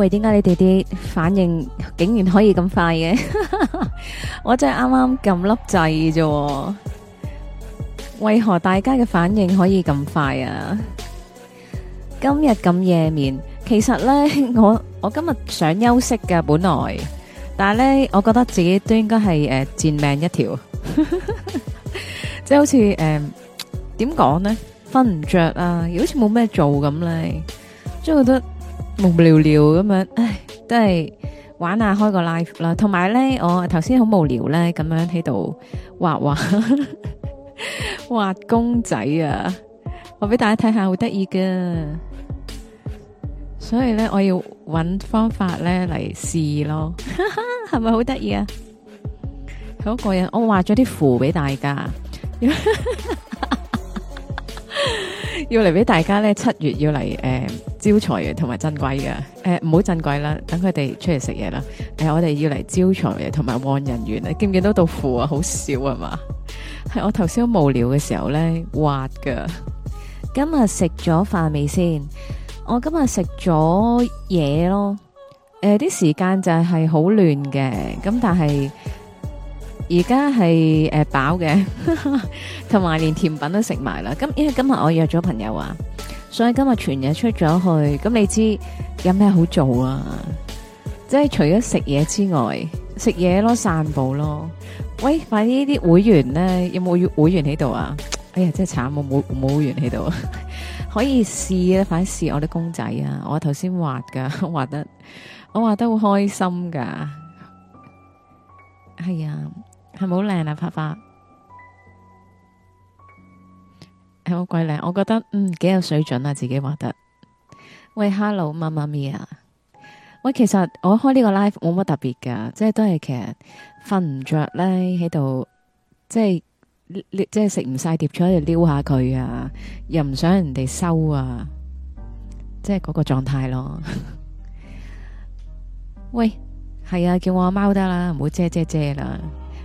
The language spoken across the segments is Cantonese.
喂，點解你哋啲反應竟然可以咁快嘅？我真係啱啱撳粒掣啫，為何大家嘅反應可以咁快啊？今日咁夜眠，其實咧我我今日想休息嘅，本來，但係咧我覺得自己都應該係誒賤命一條，即係好似誒點講咧，瞓唔着啊，又好似冇咩做咁咧，即係覺得。無無聊聊咁樣，唉，都係玩下開個 live 啦。同埋咧，我頭先好無聊咧，咁樣喺度畫畫畫公仔啊！我俾大家睇下，好得意嘅。所以咧，我要揾方法咧嚟試咯，係咪好得意啊？好過癮！我畫咗啲符俾大家。 要嚟俾大家咧，七月要嚟誒招財嘅同埋鎮鬼嘅，呃、唔好鎮鬼嘅，誒唔好鎮鬼啦，等佢哋出嚟食嘢啦。誒，我哋要嚟招財嘅同埋旺人緣啊！你見唔見到道符啊？好少啊嘛？係我頭先無聊嘅時候咧畫㗎。今日食咗飯未先？我今日食咗嘢咯。誒、呃，啲時間就係好亂嘅，咁但係。而家係誒飽嘅，同埋、呃、 連甜品都食埋啦。咁因為今日我約咗朋友啊，所以今日全日出咗去。咁你知有咩好做啊？即係除咗食嘢之外，食嘢咯，散步咯。喂，快啲啲會員咧，有冇要會員喺度啊？哎呀，真係慘，冇冇冇會員喺度。 可以試咧，快試我啲公仔啊！我頭先畫噶，畫得我畫得好開心噶，係、哎、啊。係咪好靚啊？花花係好鬼靚，我覺得嗯幾有水準啊。自己畫得喂，hello 媽媽咪啊！喂，其實我開呢個 live 冇乜特別噶，即係都係其實瞓唔着咧，喺度即係即係食唔晒碟菜喺度撩下佢啊，又唔想人哋收啊，即係嗰個狀態咯。喂，係啊，叫我阿、啊、貓得啦，唔好遮遮遮啦。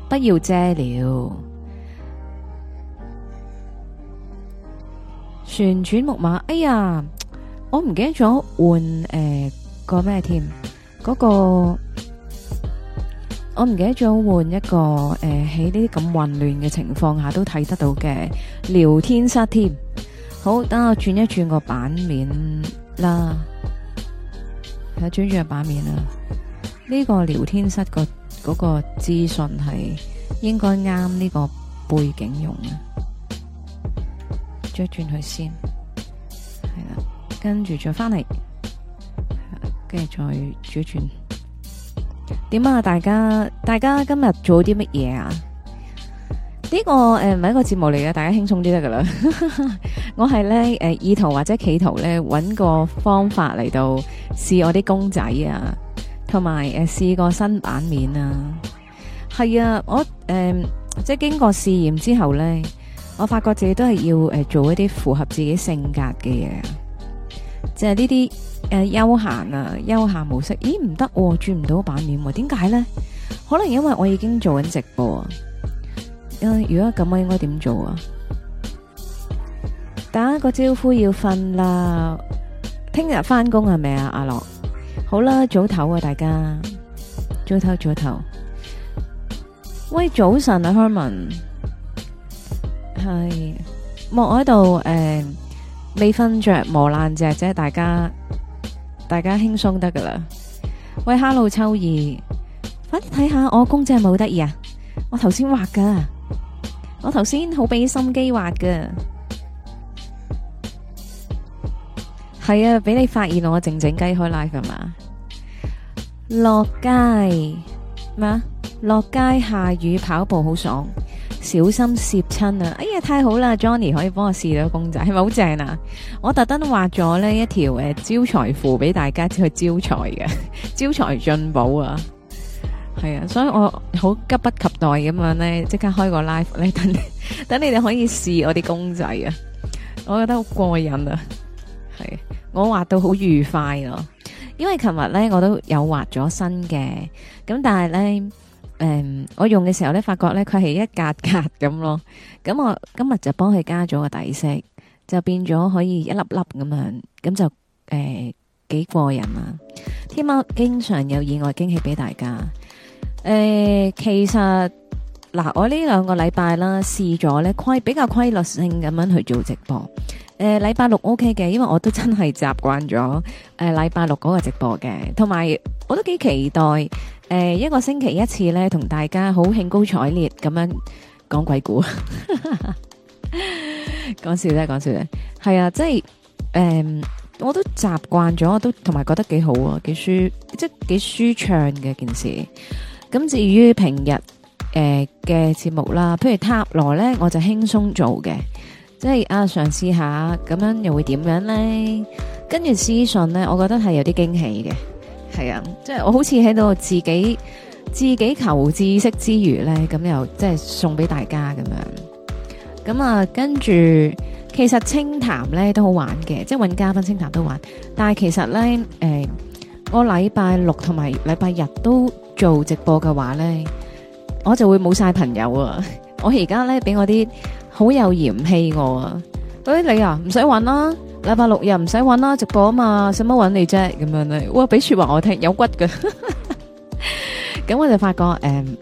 不要遮了，旋轉木馬。哎呀，我唔記得咗換誒個咩添，嗰個我唔記得咗換一個誒喺呢啲咁混亂嘅情況下都睇得到嘅聊天室添。好，等我轉一轉個版面啦，睇下轉轉個版面啦。呢個聊天室個。嗰個資訊係應該啱呢個背景用啊，轉轉佢先，係啦，跟住再翻嚟，跟住再轉轉。點啊，大家大家今日做啲乜嘢啊？呢、這個誒唔係一個節目嚟嘅，大家輕鬆啲得噶啦。 我係咧誒意圖或者企圖咧揾個方法嚟到試我啲公仔啊。同埋誒，試過新版面啊，係啊，我誒、呃，即係經過試驗之後咧，我發覺自己都係要誒、呃、做一啲符合自己性格嘅嘢，即係呢啲誒休閒啊，休閒模式，咦唔得、哦，轉唔到版面、啊，點解咧？可能因為我已經做緊直播啊、呃，如果咁，我應該點做啊？打個招呼要瞓啦，聽日翻工係咪啊？阿樂。好啦，早唞啊，大家早唞，早唞。喂，早晨啊，Herman 係，望我喺度誒，未瞓着磨爛蓆啫，大家大家輕鬆得噶啦。喂，Hello，秋怡，快睇下我公仔係咪好得意啊！我頭先畫噶，我頭先好俾心機畫噶。係啊，俾你發現我靜靜雞開 live 㗎嘛。落街咩啊？落街下雨跑步好爽，小心濕親啊！哎呀，太好啦，Johnny 可以幫我試到公仔，係咪好正啊？我特登畫咗呢一條誒招財符俾大家，只去招財嘅，招財進寶啊！係啊，所以我好急不及待咁樣咧，即刻開個 live 咧，等等你哋可以試我啲公仔啊！我覺得好過癮啊，係、啊。我畫到好愉快咯，因為琴日咧我都有畫咗新嘅，咁但係咧，誒、嗯、我用嘅時候咧發覺咧佢係一格格咁咯，咁我今日就幫佢加咗個底色，就變咗可以一粒粒咁樣，咁就誒幾、呃、過癮啊！天喵經常有意外驚喜俾大家，誒、呃、其實。嗱，我呢兩個禮拜啦，試咗咧規比較規律性咁樣去做直播。誒、呃，禮拜六 O K 嘅，因為我都真係習慣咗誒、呃、禮拜六嗰個直播嘅，同埋我都幾期待誒、呃、一個星期一次咧，同大家好興高采烈咁樣講鬼故。講笑啫，講笑啫，係啊，即係誒、呃，我都習慣咗，我都同埋覺得幾好啊，幾舒，即係幾舒暢嘅件事。咁、嗯、至於平日。誒嘅節目啦，譬如塔羅咧，我就輕鬆做嘅，即係啊嘗試下咁樣又會點樣咧？跟住資訊咧，我覺得係有啲驚喜嘅，係啊，即係我好似喺度自己自己求知識之餘咧，咁又即係送俾大家咁樣。咁啊，跟住其實清談咧都好玩嘅，即係揾嘉賓清談都玩，但係其實咧誒、呃，我禮拜六同埋禮拜日都做直播嘅話咧。我就會冇晒朋友啊！ 我而家呢，俾我啲好有嫌棄我啊！喂，你啊唔使搵啦，禮拜六日唔使搵啦，直播啊嘛，使乜搵你啫？咁樣咧，哇俾說話我聽，有骨㗎！咁我就發覺，誒、嗯，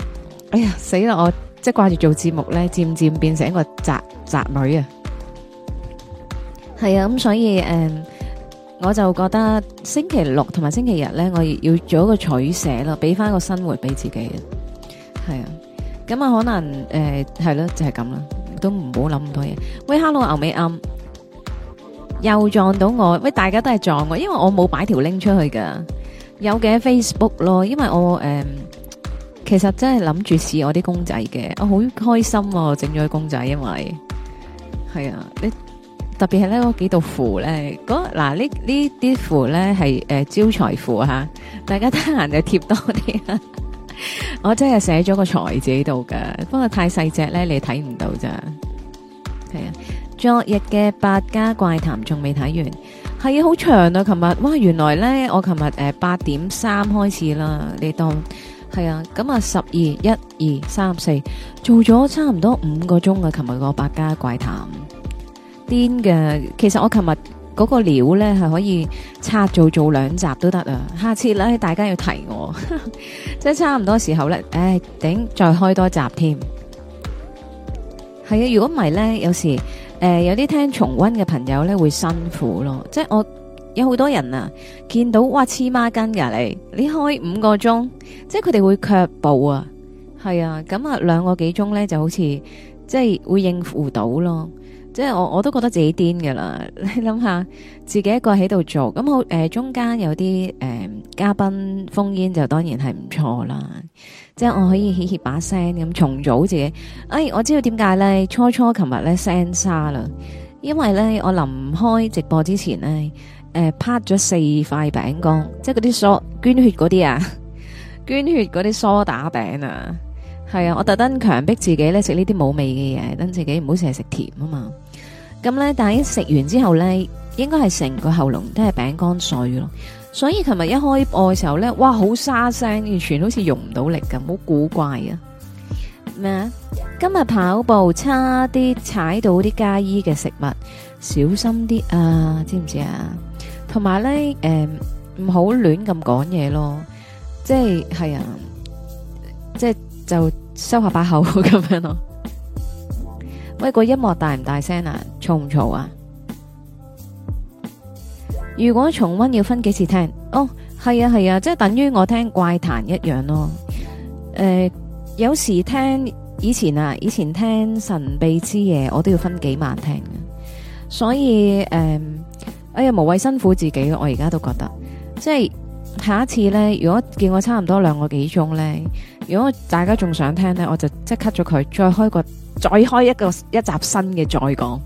哎呀死啦！我即係掛住做節目呢，漸漸變成一個宅宅女啊。係啊，咁所以、嗯、我就覺得星期六同埋星期日呢，我要做一個取捨啦，俾返個生活俾自己。係啊，咁啊可能誒，係咯，就係咁啦，都唔好諗咁多嘢。喂，Hello 牛尾暗，又撞到我。喂，大家都係撞我，因為我冇擺條 link 出去噶。有嘅 Facebook 咯，因為我誒，其實真係諗住試我啲公仔嘅。我好開心啊，整咗啲公仔，因為係啊，你特別係咧呢幾道符咧，嗰嗱，呢呢啲符咧係誒招財符吓，大家得閒就貼多啲啊。 我真係寫咗個才字喺度噶，不過太細隻咧，你睇唔到咋？係啊，昨日嘅百家怪談仲未睇完，係啊，好長啊！琴日哇，原來咧，我琴日誒八點三開始啦，你當，係啊，咁啊十二一二三四做咗差唔多五個鐘啊！琴日個百家怪談癲嘅，其實我琴日。嗰個料咧係可以拆做做兩集都得啊！下次咧大家要提我，即 係差唔多時候咧，誒、哎、頂再開多集添。係啊，如果唔係咧，有時誒、呃、有啲聽重溫嘅朋友咧會辛苦咯。即係我有好多人啊，見到哇黐孖筋㗎你，你開五個鐘，即係佢哋會卻步啊。係啊，咁啊兩個幾鐘咧就好似即係會應付到咯。即係我我都覺得自己癲嘅啦，你諗下自己一個喺度做，咁好、呃、中間有啲誒、呃、嘉賓 phone in 就當然係唔錯啦。即係我可以歇歇把聲咁重組自己。哎，我知道點解咧，初初琴日咧聲沙啦，因為咧我臨開直播之前咧誒、呃，拍咗四塊餅乾，即係嗰啲梳捐血嗰啲啊，捐血嗰啲梳打餅啊，係啊，我特登強逼自己咧食呢啲冇味嘅嘢，等自己唔好成日食甜啊嘛～咁咧，但係一食完之後咧，應該係成個喉嚨都係餅乾碎咯。所以琴日一開播嘅時候咧，哇，好沙聲，完全好似用唔到力咁，好古怪啊！咩啊？今日跑步差啲踩到啲加衣嘅食物，小心啲啊，知唔知啊？同埋咧，誒、呃，唔好亂咁講嘢咯，即係係啊，即係就收下把口咁樣咯，啊。喂，個音樂大唔大聲啊？嘈唔嘈啊？如果重温要分幾次聽？哦，係啊係啊，即係等於我聽怪談一樣咯。誒、呃，有時聽以前啊，以前聽神秘之夜，我都要分幾晚聽。所以誒、呃，哎呀，無謂辛苦自己，我而家都覺得。即係下一次呢，如果見我差唔多兩個幾鐘呢，如果大家仲想聽呢，我就即刻咗佢，再開個。再開一個一集新嘅再講，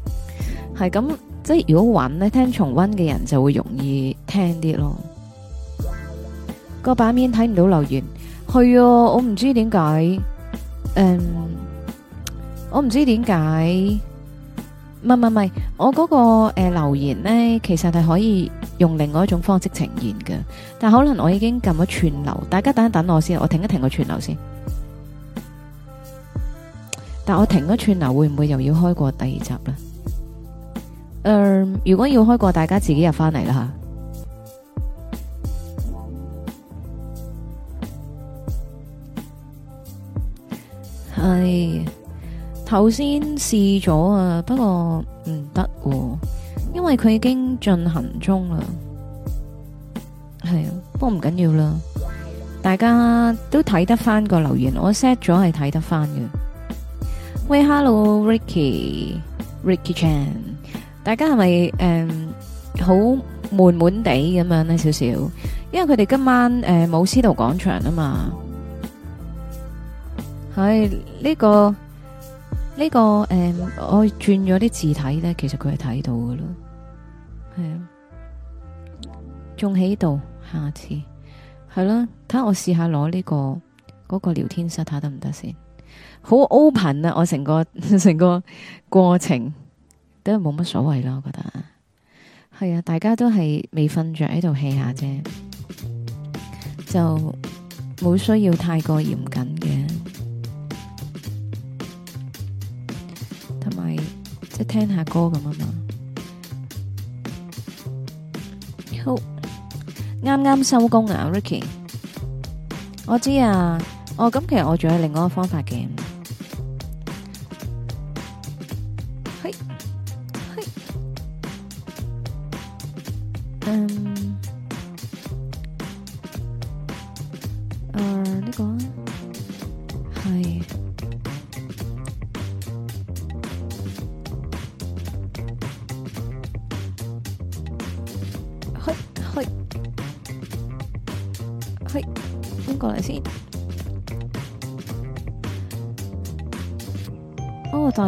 係咁即係如果搵咧聽重溫嘅人就會容易聽啲咯。個版面睇唔到留言，啊，我唔知點解，誒、嗯，我唔知點解，唔唔唔，我嗰個誒留言咧，其實係可以用另外一種方式呈現嘅，但可能我已經撳咗串流，大家等一等我先，我停一停個串流先。但我停咗串流，會唔會又要開過第二集呢？Um, 如果要開過，大家自己入翻嚟啦吓。係、嗯，頭先試咗啊，不過唔得，因為佢已經進行中啦。係啊，不過唔緊要啦，大家都睇得翻個留言，我 set 咗係睇得翻嘅。喂，Hello，Ricky，Ricky Chan，大家係咪誒好悶悶地咁樣呢？少少，因為佢哋今晚誒冇司徒廣場啊嘛，係呢、呢個呢、呢個誒、嗯，我轉咗啲字體咧，其實佢係睇到噶咯，係啊，仲喺度，下次係啦，睇下我試下攞呢個嗰、嗰個聊天室睇得唔得先。看看行好 open 啊！我成個成個過程都冇乜所謂咯，我覺得係啊，大家都係未瞓着喺度 hea 下啫，就冇需要太過嚴謹嘅，同埋即係聽下歌咁啊嘛。好，啱啱收工啊，Ricky，我知啊，哦咁，其實我仲有另外一個方法嘅。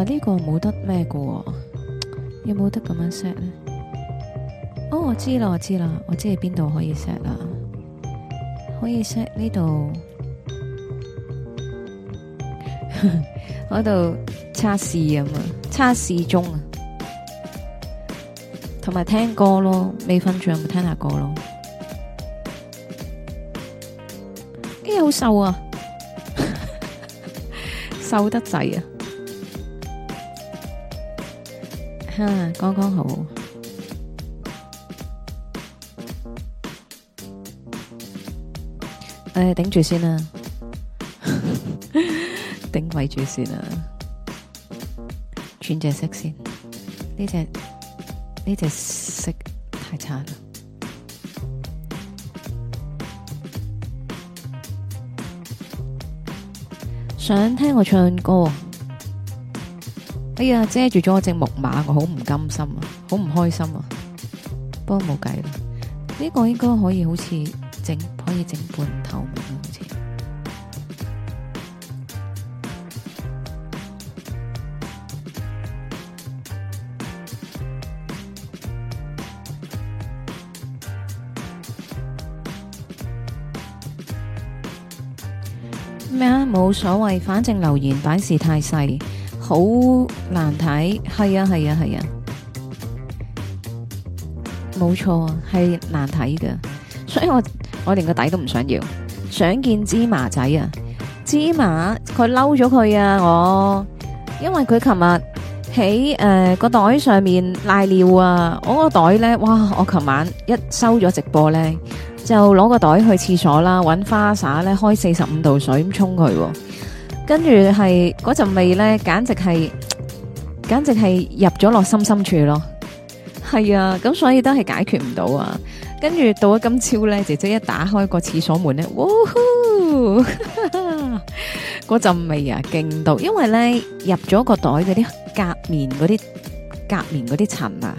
呢、啊，這個冇得咩嘅，啊，有冇得咁樣 set 咧？哦，我知啦，我知啦，我知喺邊度可以 set 啦，可以 set 呢度，嗰度測試啊測試中啊，同埋聽歌咯，未瞓着咪聽下歌咯？哎、欸、呀，好瘦啊， 瘦得滯啊！啊，剛剛好。誒，頂住先啊，頂位住先啊，轉隻色先，呢隻呢隻色太差啦。想聽我唱歌。哎呀，遮住咗我隻木馬，我好唔甘心啊，好唔開心啊！不過冇計啦，呢個應該可以好似整，可以整半透明嘅好似。咩啊？冇所謂，反正留言版係太細。好難睇，係啊，係啊，係啊，冇錯啊，係啊，啊，難睇㗎。所以我我連個底都唔想要，想見芝麻仔啊，芝麻佢嬲咗佢啊，我，因為佢琴日喺誒個袋上面瀨尿啊，我個袋呢，哇我琴晚一收咗直播呢，就攞個袋去廁所啦，搵花灑咧開四十五度水咁沖佢。跟住係嗰陣味咧，簡直係簡直係入咗落心深處咯。係啊，咁所以都係解決唔到啊。跟住到咗今朝咧，姐姐一打開個廁所門咧，哇！嗰陣味啊，勁到，因為咧入咗個袋嗰啲夾棉嗰啲夾棉嗰啲塵啊，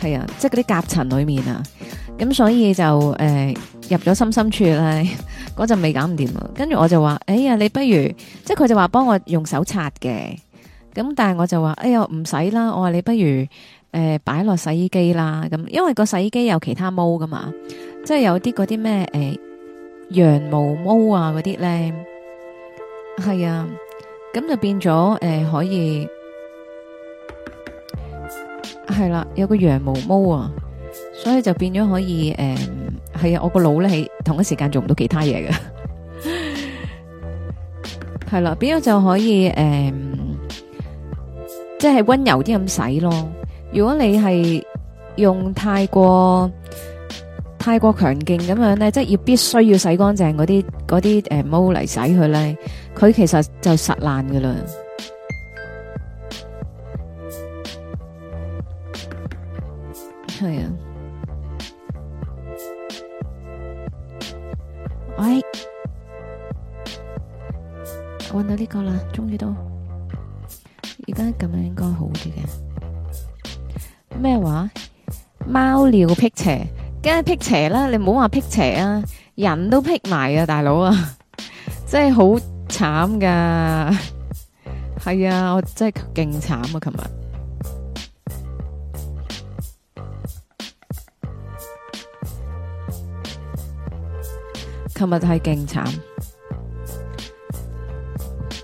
係啊，即係嗰啲夾層裏面啊，咁所以就誒。入咗深深處啦，嗰陣未搞唔掂啊，跟住我就話，哎呀，你不如，即係佢就話幫我用手擦嘅，咁但係我就話，哎呀，唔使啦，我話你不如，誒、呃，擺落洗衣機啦，咁，因為個洗衣機有其他毛噶嘛，即係有啲嗰啲咩，誒、呃，羊毛毛啊嗰啲咧，係啊，咁就變咗，誒、呃，可以，係啦、啊，有個羊毛毛啊。所以就變咗可以誒，係啊，我個腦咧係同一時間做唔到其他嘢嘅，係啦，變咗就可以誒，即係溫柔啲咁洗咯。如果你係用太過太過強勁咁樣咧，即係要必須要洗乾淨嗰啲嗰啲誒毛嚟,洗佢咧，佢其實就實爛噶啦。係啊。喂，我搵到呢個啦，終於到，而家咁樣應該好啲嘅。咩話？貓尿辟邪，梗係辟邪啦！你唔好話辟邪啊，人都劈埋啊，大佬啊，真係好慘噶。係啊，我真係勁慘啊，琴日。琴日係勁慘，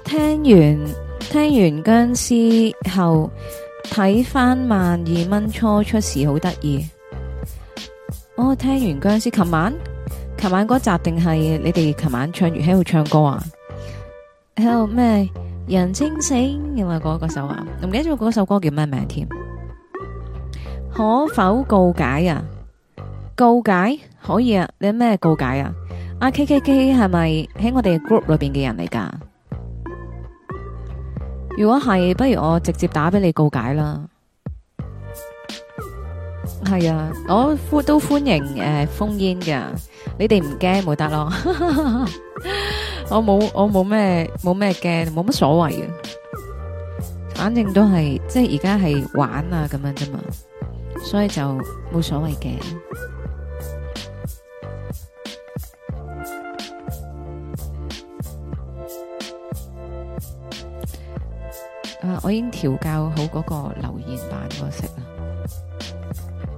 聽完聽完殭屍後，睇翻萬二蚊初出時好得意。我、哦、聽完殭屍，琴晚琴晚嗰集定係你哋琴晚唱完喺度唱歌啊？喺度咩？人清醒有冇嗰首啊？唔記得咗嗰首歌叫咩名添？可否告解啊？告解可以啊？你有咩告解啊？阿、啊、K K K 係咪喺我哋嘅 group 裏邊嘅人嚟噶？如果係，不如我直接打俾你告解啦。係啊，我歡都歡迎誒，封、呃、煙嘅你哋唔驚冇得咯。 我冇我冇咩冇咩驚，冇乜所謂啊。反正都係即係而家係玩啊咁樣啫嘛，所以就冇所謂嘅。我已經調教好嗰個留言版個色啦，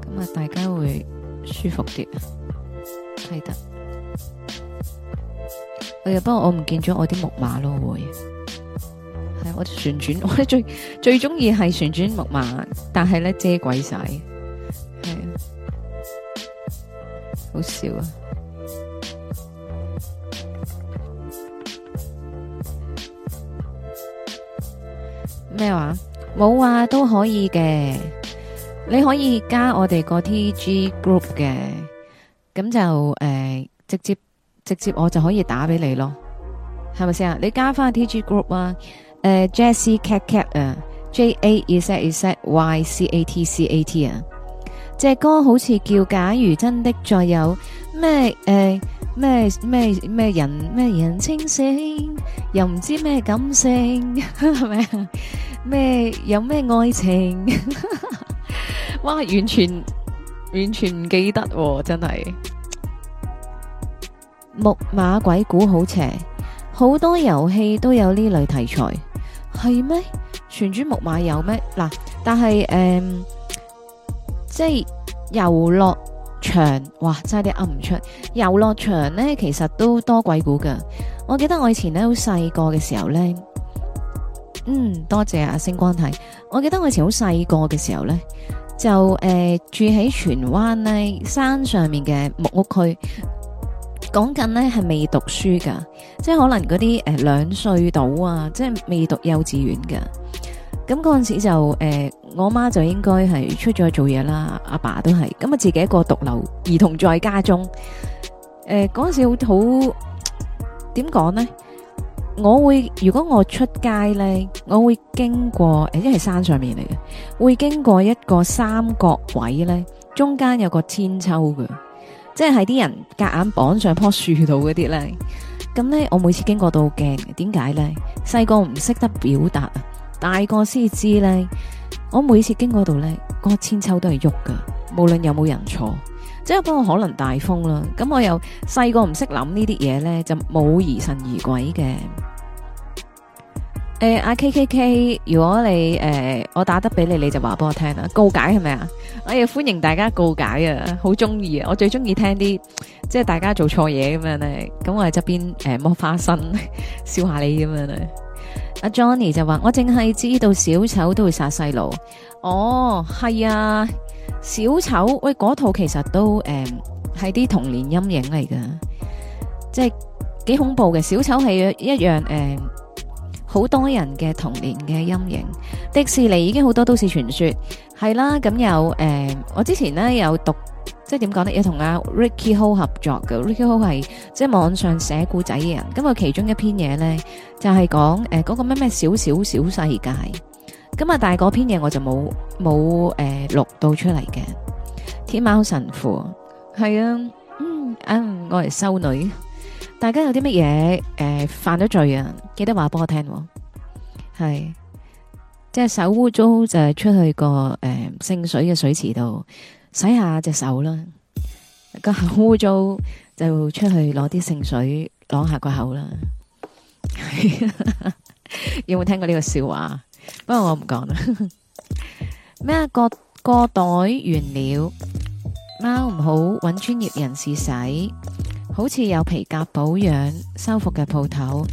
咁啊大家會舒服啲啊，係得。哎呀，不過我唔見咗我啲木馬咯，會係我旋轉，我最最中意係旋轉木馬，但係咧遮鬼晒，係啊，好笑啊。咩話冇啊，都可以嘅。你可以加我哋個 T G group 嘅，咁就誒、呃、直接直接我就可以打俾你咯，係咪先啊？你加翻 T G group 啊？誒、呃、，Jazzy Cat Cat 啊、uh,，J A Z Z Y C A T C A T 啊、uh，隻歌好似叫假如真的再有咩誒。呃咩咩咩人咩人清醒，又唔知咩感性係咪啊？咩 有咩愛情？ 哇！完全完全唔記得，哦，真係木馬鬼故好邪，好多遊戲都有呢類題材，係咩？旋轉木馬有咩？嗱，但係誒、嗯，即係遊樂。場哇，真係啲噏唔出。遊樂場咧，其實都多鬼故噶。我記得我以前咧好細個嘅時候咧，嗯，多謝阿、啊、星光睇。我記得我以前好細個嘅時候咧，就誒、呃、住喺荃灣咧山上面嘅木屋區。講緊咧係未讀書噶，即係可能嗰啲誒兩歲到啊，即係未讀幼稚園噶。咁嗰陣時就誒、呃，我媽就應該係出咗做嘢啦，阿爸都係，咁啊自己一個獨留兒童在家中。誒、呃，嗰陣時好點講呢？我會如果我出街呢，我會經過誒，一係山上面嚟嘅，會經過一個三角位呢，中間有個韆鞦嘅，即係啲人夾硬綁上棵樹度嗰啲呢。咁呢，我每次經過都驚，點解呢？細個唔識得表達啊！大個先知咧，我每次經過度咧，嗰個千秋都係喐噶無論有冇人坐，即係不過可能大風啦。咁我又細個唔識諗呢啲嘢咧，就冇疑神疑鬼嘅。誒、欸，阿 K K K，如果你誒、欸、我打得俾你，你就話俾我聽啦。告解係咪啊？哎呀，歡迎大家告解啊，好中意啊，我最中意聽啲即係大家做錯嘢咁樣咧。咁我喺側邊誒剝花生，笑下你咁樣咧。阿 Johnny 就話，我淨係知道小丑都會殺細路。哦，係啊，小丑喂，嗰套其實都誒係啲童年陰影嚟噶即係幾恐怖嘅。小丑係一樣誒，好、嗯、多人嘅童年嘅陰影。迪士尼已經好多都市傳說。係啦，咁有誒、呃，我之前咧有讀，即係點講咧，有同阿 Ricky Ho 合作嘅，Ricky Ho 係即係網上寫故仔嘅人。咁啊，其中一篇嘢咧就係講誒，嗰、呃那個咩咩小小小世界。咁啊，大嗰篇嘢我就冇冇誒錄到出嚟嘅。天喵神父，係啊，嗯，嗯我係修女，大家有啲乜嘢誒犯咗罪啊？記得話俾我聽。哦，係。即係手污糟就出去個誒聖水嘅水池度洗下隻手啦。個口污糟就出去攞啲聖水啷下個口啦。 有冇聽過呢個笑話？不過我唔講啦。咩 個個袋完了，貓唔好搵專業人士洗，好似有皮革保養修復嘅鋪頭。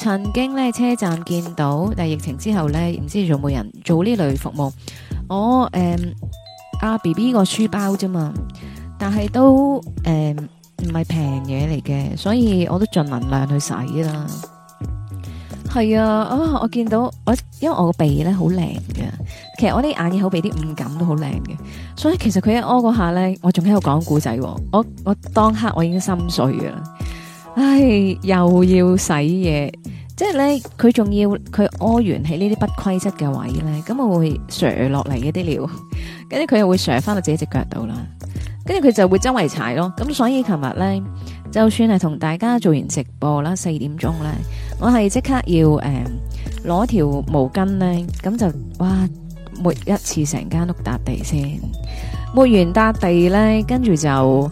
曾經咧，車站見到，但疫情之後咧，唔知仲有冇人做呢類服務。我誒阿、嗯啊、B B 個書包啫嘛，但係都誒唔係平嘢嚟嘅，所以我都盡能量去洗啦。係啊，啊、哦、我見到我，因為我個鼻咧好靚嘅，其實我啲眼耳口鼻啲五感都好靚嘅，所以其實佢一屙嗰下咧，我仲喺度講故仔，啊，我我當刻我已經心碎啦。唉，又要洗嘢，即係咧，佢仲要佢屙完喺呢啲不規則嘅位咧，咁我會瀡落嚟一啲尿，跟住佢又會瀡翻到自己隻腳度啦，跟住佢就會周圍踩咯，咁所以琴日咧，就算係同大家做完直播啦，四點鐘咧，我係即刻要誒攞條毛巾咧，咁就哇抹一次成間屋笪地先，抹完笪地咧，跟住就。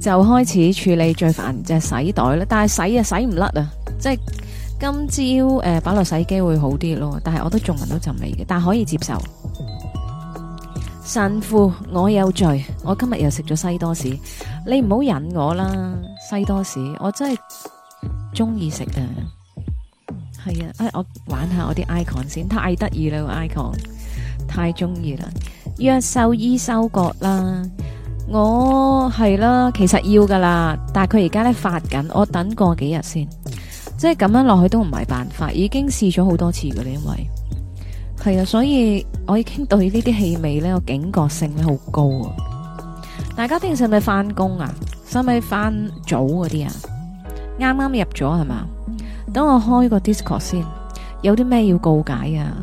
就開始處理，最煩就係洗袋啦，但係洗啊洗唔甩啊，即係今朝誒擺落洗機會好啲咯，但係我都仲聞到陣味嘅，但係可以接受。神父，我有罪，我今日又食咗西多士，你唔好忍我啦，西多士我真係中意食啊，係啊，誒、哎、我玩下我啲 icon 先，太得意啦 icon，太中意啦，約獸醫修角啦。我係啦，其實要噶啦，但係佢而家咧發緊，我等過幾日先，即係咁樣落去都唔係辦法，已經試咗好多次㗎喇，因為，係啊，所以我已經對氣呢啲氣味咧，我警覺性咧好高啊！大家聽日係咪翻工啊？係咪翻早嗰啲啊？啱啱入咗係嘛？等我開個 Discord 先，有啲咩要告解啊？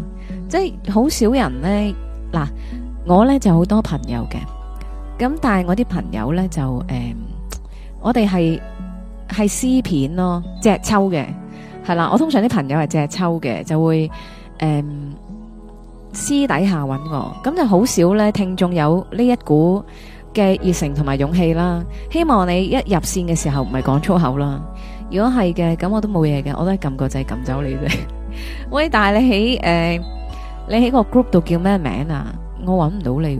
即係好少人咧，嗱，我咧就好多朋友嘅。咁但係我啲朋友咧就誒，我哋係係私片咯，隻抽嘅係啦。我通常啲朋友係隻抽嘅，就會誒私底下搵我，咁就好少咧。聽眾有呢一股嘅熱誠同埋勇氣啦。希望你一入線嘅時候唔係講粗口啦。如果係嘅，咁我都冇嘢嘅，我都係撳個掣撳走你啫。喂，但係你喺誒，你喺個 group 度叫咩名啊？我搵唔到你。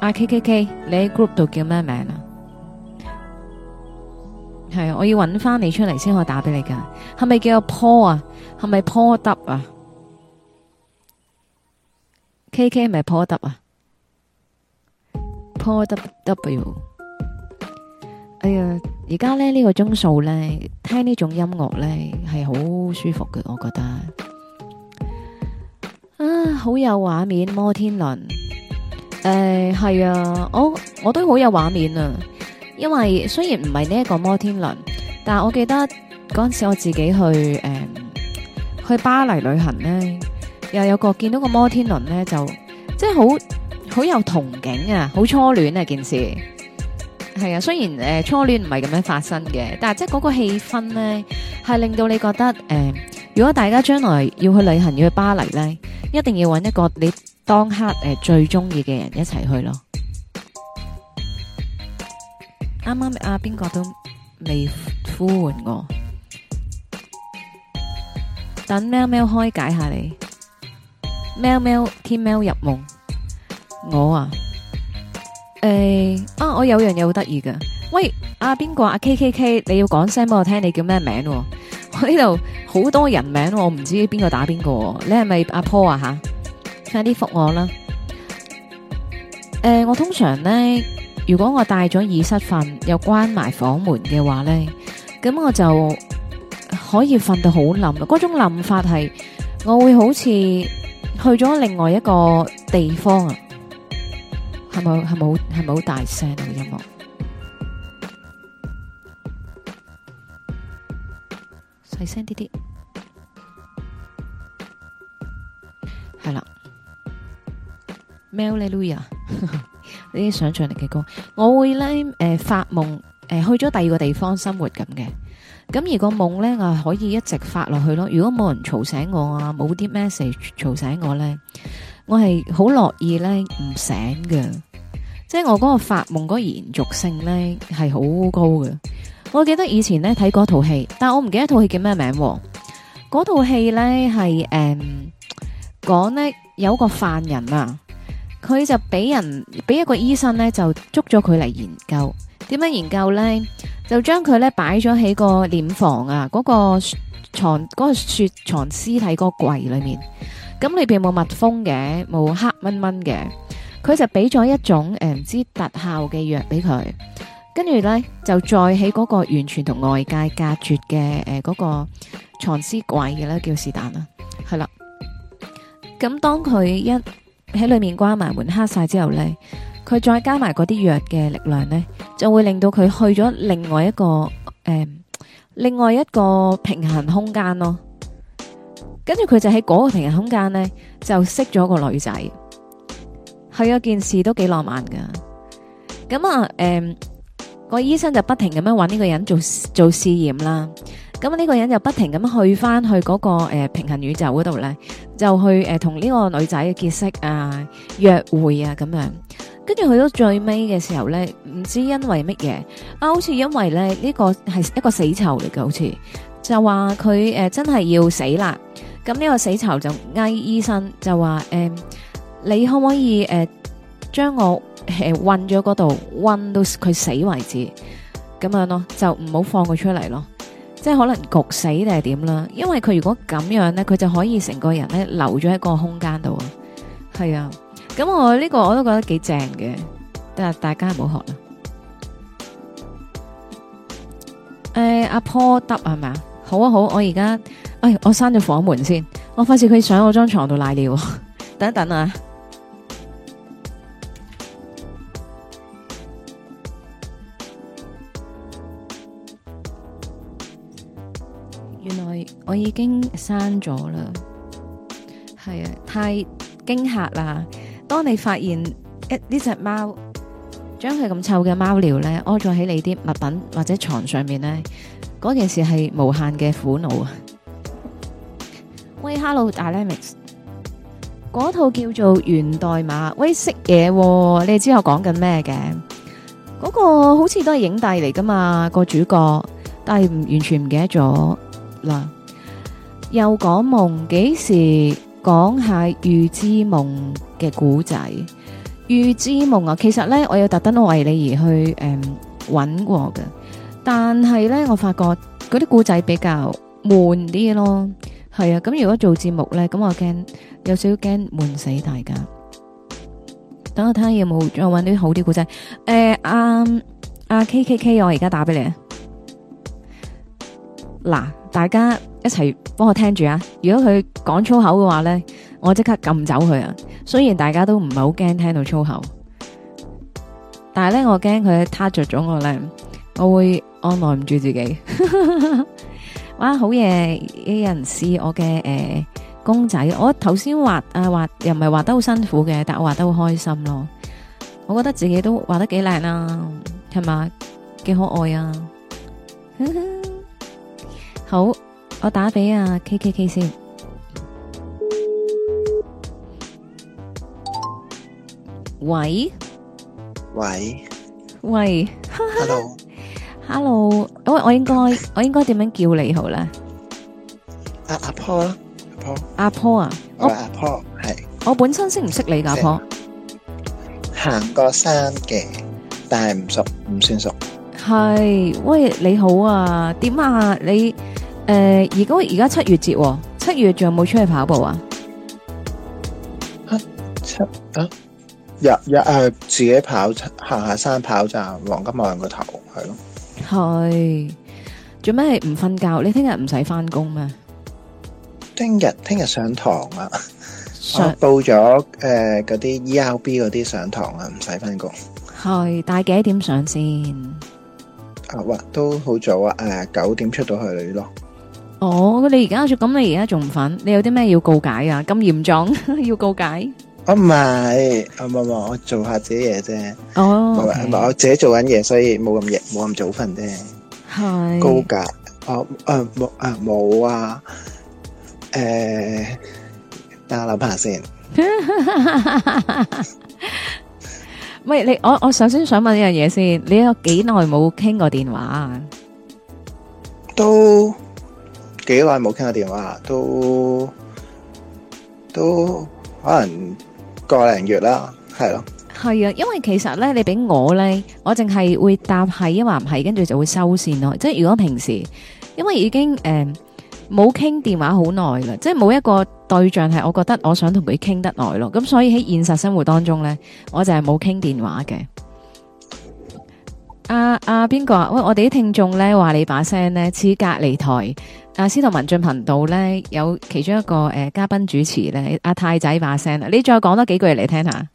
啊 K K K，你喺 group 度叫咩名啊？係啊，我要揾翻你出嚟先可以打畀你噶。係咪叫 Paul 啊？係咪 Paul W 啊？K K 係咪 Paul W 啊？Paul W。哎呀，而家咧呢個鐘數咧，聽呢種音樂咧係好舒服嘅，我覺得。啊，好有畫面，摩天輪。誒，係、呃、啊，我我都好有畫面啊，因為雖然唔係呢一個摩天輪，但係我記得嗰陣時我自己去誒、呃、去巴黎旅行咧，又有個見到個摩天輪咧，就即係好好有憧憬啊，好初戀啊件事。係啊，雖然誒、呃、初戀唔係咁樣發生嘅，但係即係嗰個氣氛咧，係令到你覺得誒、呃，如果大家將來要去旅行要去巴黎咧，一定要揾一個你。當刻誒、呃、最中意嘅人一齊去咯，啱啱阿邊個都未呼喚我，等喵喵開解下你，喵喵天喵入夢。我啊誒、欸、啊我有樣嘢好得意㗎，喂阿邊個阿 K K K，你要講聲畀我聽你叫咩名？我呢度好多人名，我唔知邊個打邊個，你係咪阿 Paul 啊吓？快啲複我啦！誒，我通常呢，如果我帶咗耳塞瞓又關埋房門嘅話呢，咁我就可以瞓到好冧。嗰種諗法係，我會好似去咗另外一個地方啊！係咪？係咪？係咪？好大聲啊！音樂細聲啲啲，係啦。m e l u i a 呢啲想象力嘅歌，我會咧誒、呃、發夢，誒、呃、去咗第二個地方生活咁嘅。咁如果夢咧，我可以一直發落去咯。如果冇人嘈醒我啊，冇啲 message 嘈醒我咧，我係好樂意咧唔醒嘅。即係我嗰個發夢嗰延續性咧係好高嘅。我記得以前咧睇嗰套戲，但我唔記得套戲叫咩名啊。嗰套戲咧係誒講呢有個犯人啊。佢就俾人俾一個醫生咧，就捉咗佢嚟研究。點樣研究咧？就將佢咧擺咗喺個殮房啊，嗰、嗰個床嗰、嗰個雪藏屍體個櫃裏面。咁裏邊冇密封嘅，冇黑蚊蚊嘅。佢就俾咗一種誒唔、嗯、知特效嘅藥俾佢，跟住咧就再喺嗰個完全同外界隔絕嘅誒嗰個藏屍櫃嘅咧叫是但啦，係啦。咁當佢一喺裏面關埋門黑晒之後呢，佢再加埋嗰啲藥嘅力量呢，就會令到佢去咗另外一個誒、嗯，另外一個平行空間咯。跟住佢就喺嗰個平行空間呢，就識咗個女仔，係有件事都幾浪漫噶。咁啊誒，嗯，那個醫生就不停咁樣揾呢個人做做試驗啦。咁呢個人就不停咁去翻去嗰、那個誒、呃、平行宇宙嗰度咧，就去誒同呢個女仔嘅結識啊、約會啊咁樣。跟住去到最尾嘅時候咧，唔知因為乜嘢啊，好似因為咧呢、這個係一個死囚嚟嘅，好似就話佢誒真係要死啦。咁呢個死囚就嗌醫生就話：誒、呃，你可唔可以誒將、呃、我誒温咗嗰度温到佢死為止咁樣咯？就唔好放佢出嚟咯。即係可能焗死定係點啦，因為佢如果咁樣咧，佢就可以成個人咧留咗喺嗰個空間度啊。係啊，咁我呢個我都覺得幾正嘅，但係大家唔好學啦。誒、欸，阿坡得係咪啊？好啊好，我而家，哎，我閂咗房門先，我怕住佢上我張床度賴尿。等一等啊！我已經刪咗啦，係啊，太驚嚇啦！當你發現一呢隻貓將佢咁臭嘅貓尿咧，屙咗喺你啲物品或者床上面咧，嗰件事係無限嘅苦惱啊！喂，Hello，Alex，嗰套叫做《源代碼》，喂，識嘢，你哋知道講緊咩嘅？嗰個好似都係影帝嚟㗎嘛，個主角，但係唔完全唔記得咗。啦，又講夢，幾時講下預知夢嘅古仔？預知夢啊，其實咧，我有特登為你而去誒揾、嗯、過嘅，但係咧我發覺嗰啲古仔比較悶啲咯。係啊，咁如果做節目咧，咁我驚有少少驚悶死大家。等我睇下有冇再揾啲好啲古仔。誒、呃，阿阿 K K K，我而家打俾你啊。嗱、啊。大家一齊幫我聽住啊！如果佢講粗口嘅話咧，我即刻撳走佢啊！雖然大家都唔係好驚聽到粗口，但係咧我驚佢 touch 咗我咧，我會按捺唔住自己。 哇！好嘢，有人試我嘅誒、呃、公仔，我頭先畫啊畫，又唔係畫得好辛苦嘅，但我畫得好開心咯。我覺得自己都畫得幾靚啊，係嘛？幾可愛啊！ 好，我打俾阿 K K K 先。喂，喂，喂，hello，hello，我我應該我應該點樣叫你好咧？阿阿婆，阿婆，阿婆啊，我阿婆係，我本身識唔識你㗎阿婆？行過山嘅，但係唔熟，唔算熟。係，喂你好啊，點啊你？誒，而家而家七月節，哦，七月仲有冇出去跑步啊？Uh, 七啊，日日係自己跑，行下山跑咋，黃金旺個頭係咯。係，做咩係唔瞓覺？你聽日唔使返工咩？聽日聽日上堂啊！Sir? 我報咗誒嗰啲 ERB 嗰啲上堂啊，唔使返工。係，大 幾點上先？啊，哇，都好早啊！誒，九點出到去咯。哦，你而家就咁，你而家仲唔瞓？你有啲咩要告解啊？咁嚴重要告解？唔係，唔唔唔，我做下自己嘢啫。哦，唔係，唔係，我自己做緊嘢，所以冇咁夜，冇咁早瞓啫。係告解？哦，誒，冇，誒，冇啊。誒，等我諗下先。喂，你我我首先想問呢樣嘢先，你有幾耐冇傾過電話？都。幾耐冇傾過電話，都都可能個零月啦，係咯，係啊，因為其實咧，你俾我咧，我淨係會答係，因為唔係，跟住就會收線咯。即係如果平時，因為已經誒冇傾電話好耐啦，即係冇一個對象係，我覺得我想同佢傾得耐咯。咁所以喺現實生活當中咧，我就係冇傾電話嘅。阿阿邊個啊，啊？喂，我哋啲聽眾咧話你把聲咧似隔離台阿司徒文進頻道咧有其中一個誒、呃、嘉賓主持咧，阿泰仔把聲啊，你再講多幾句嚟聽，聽下。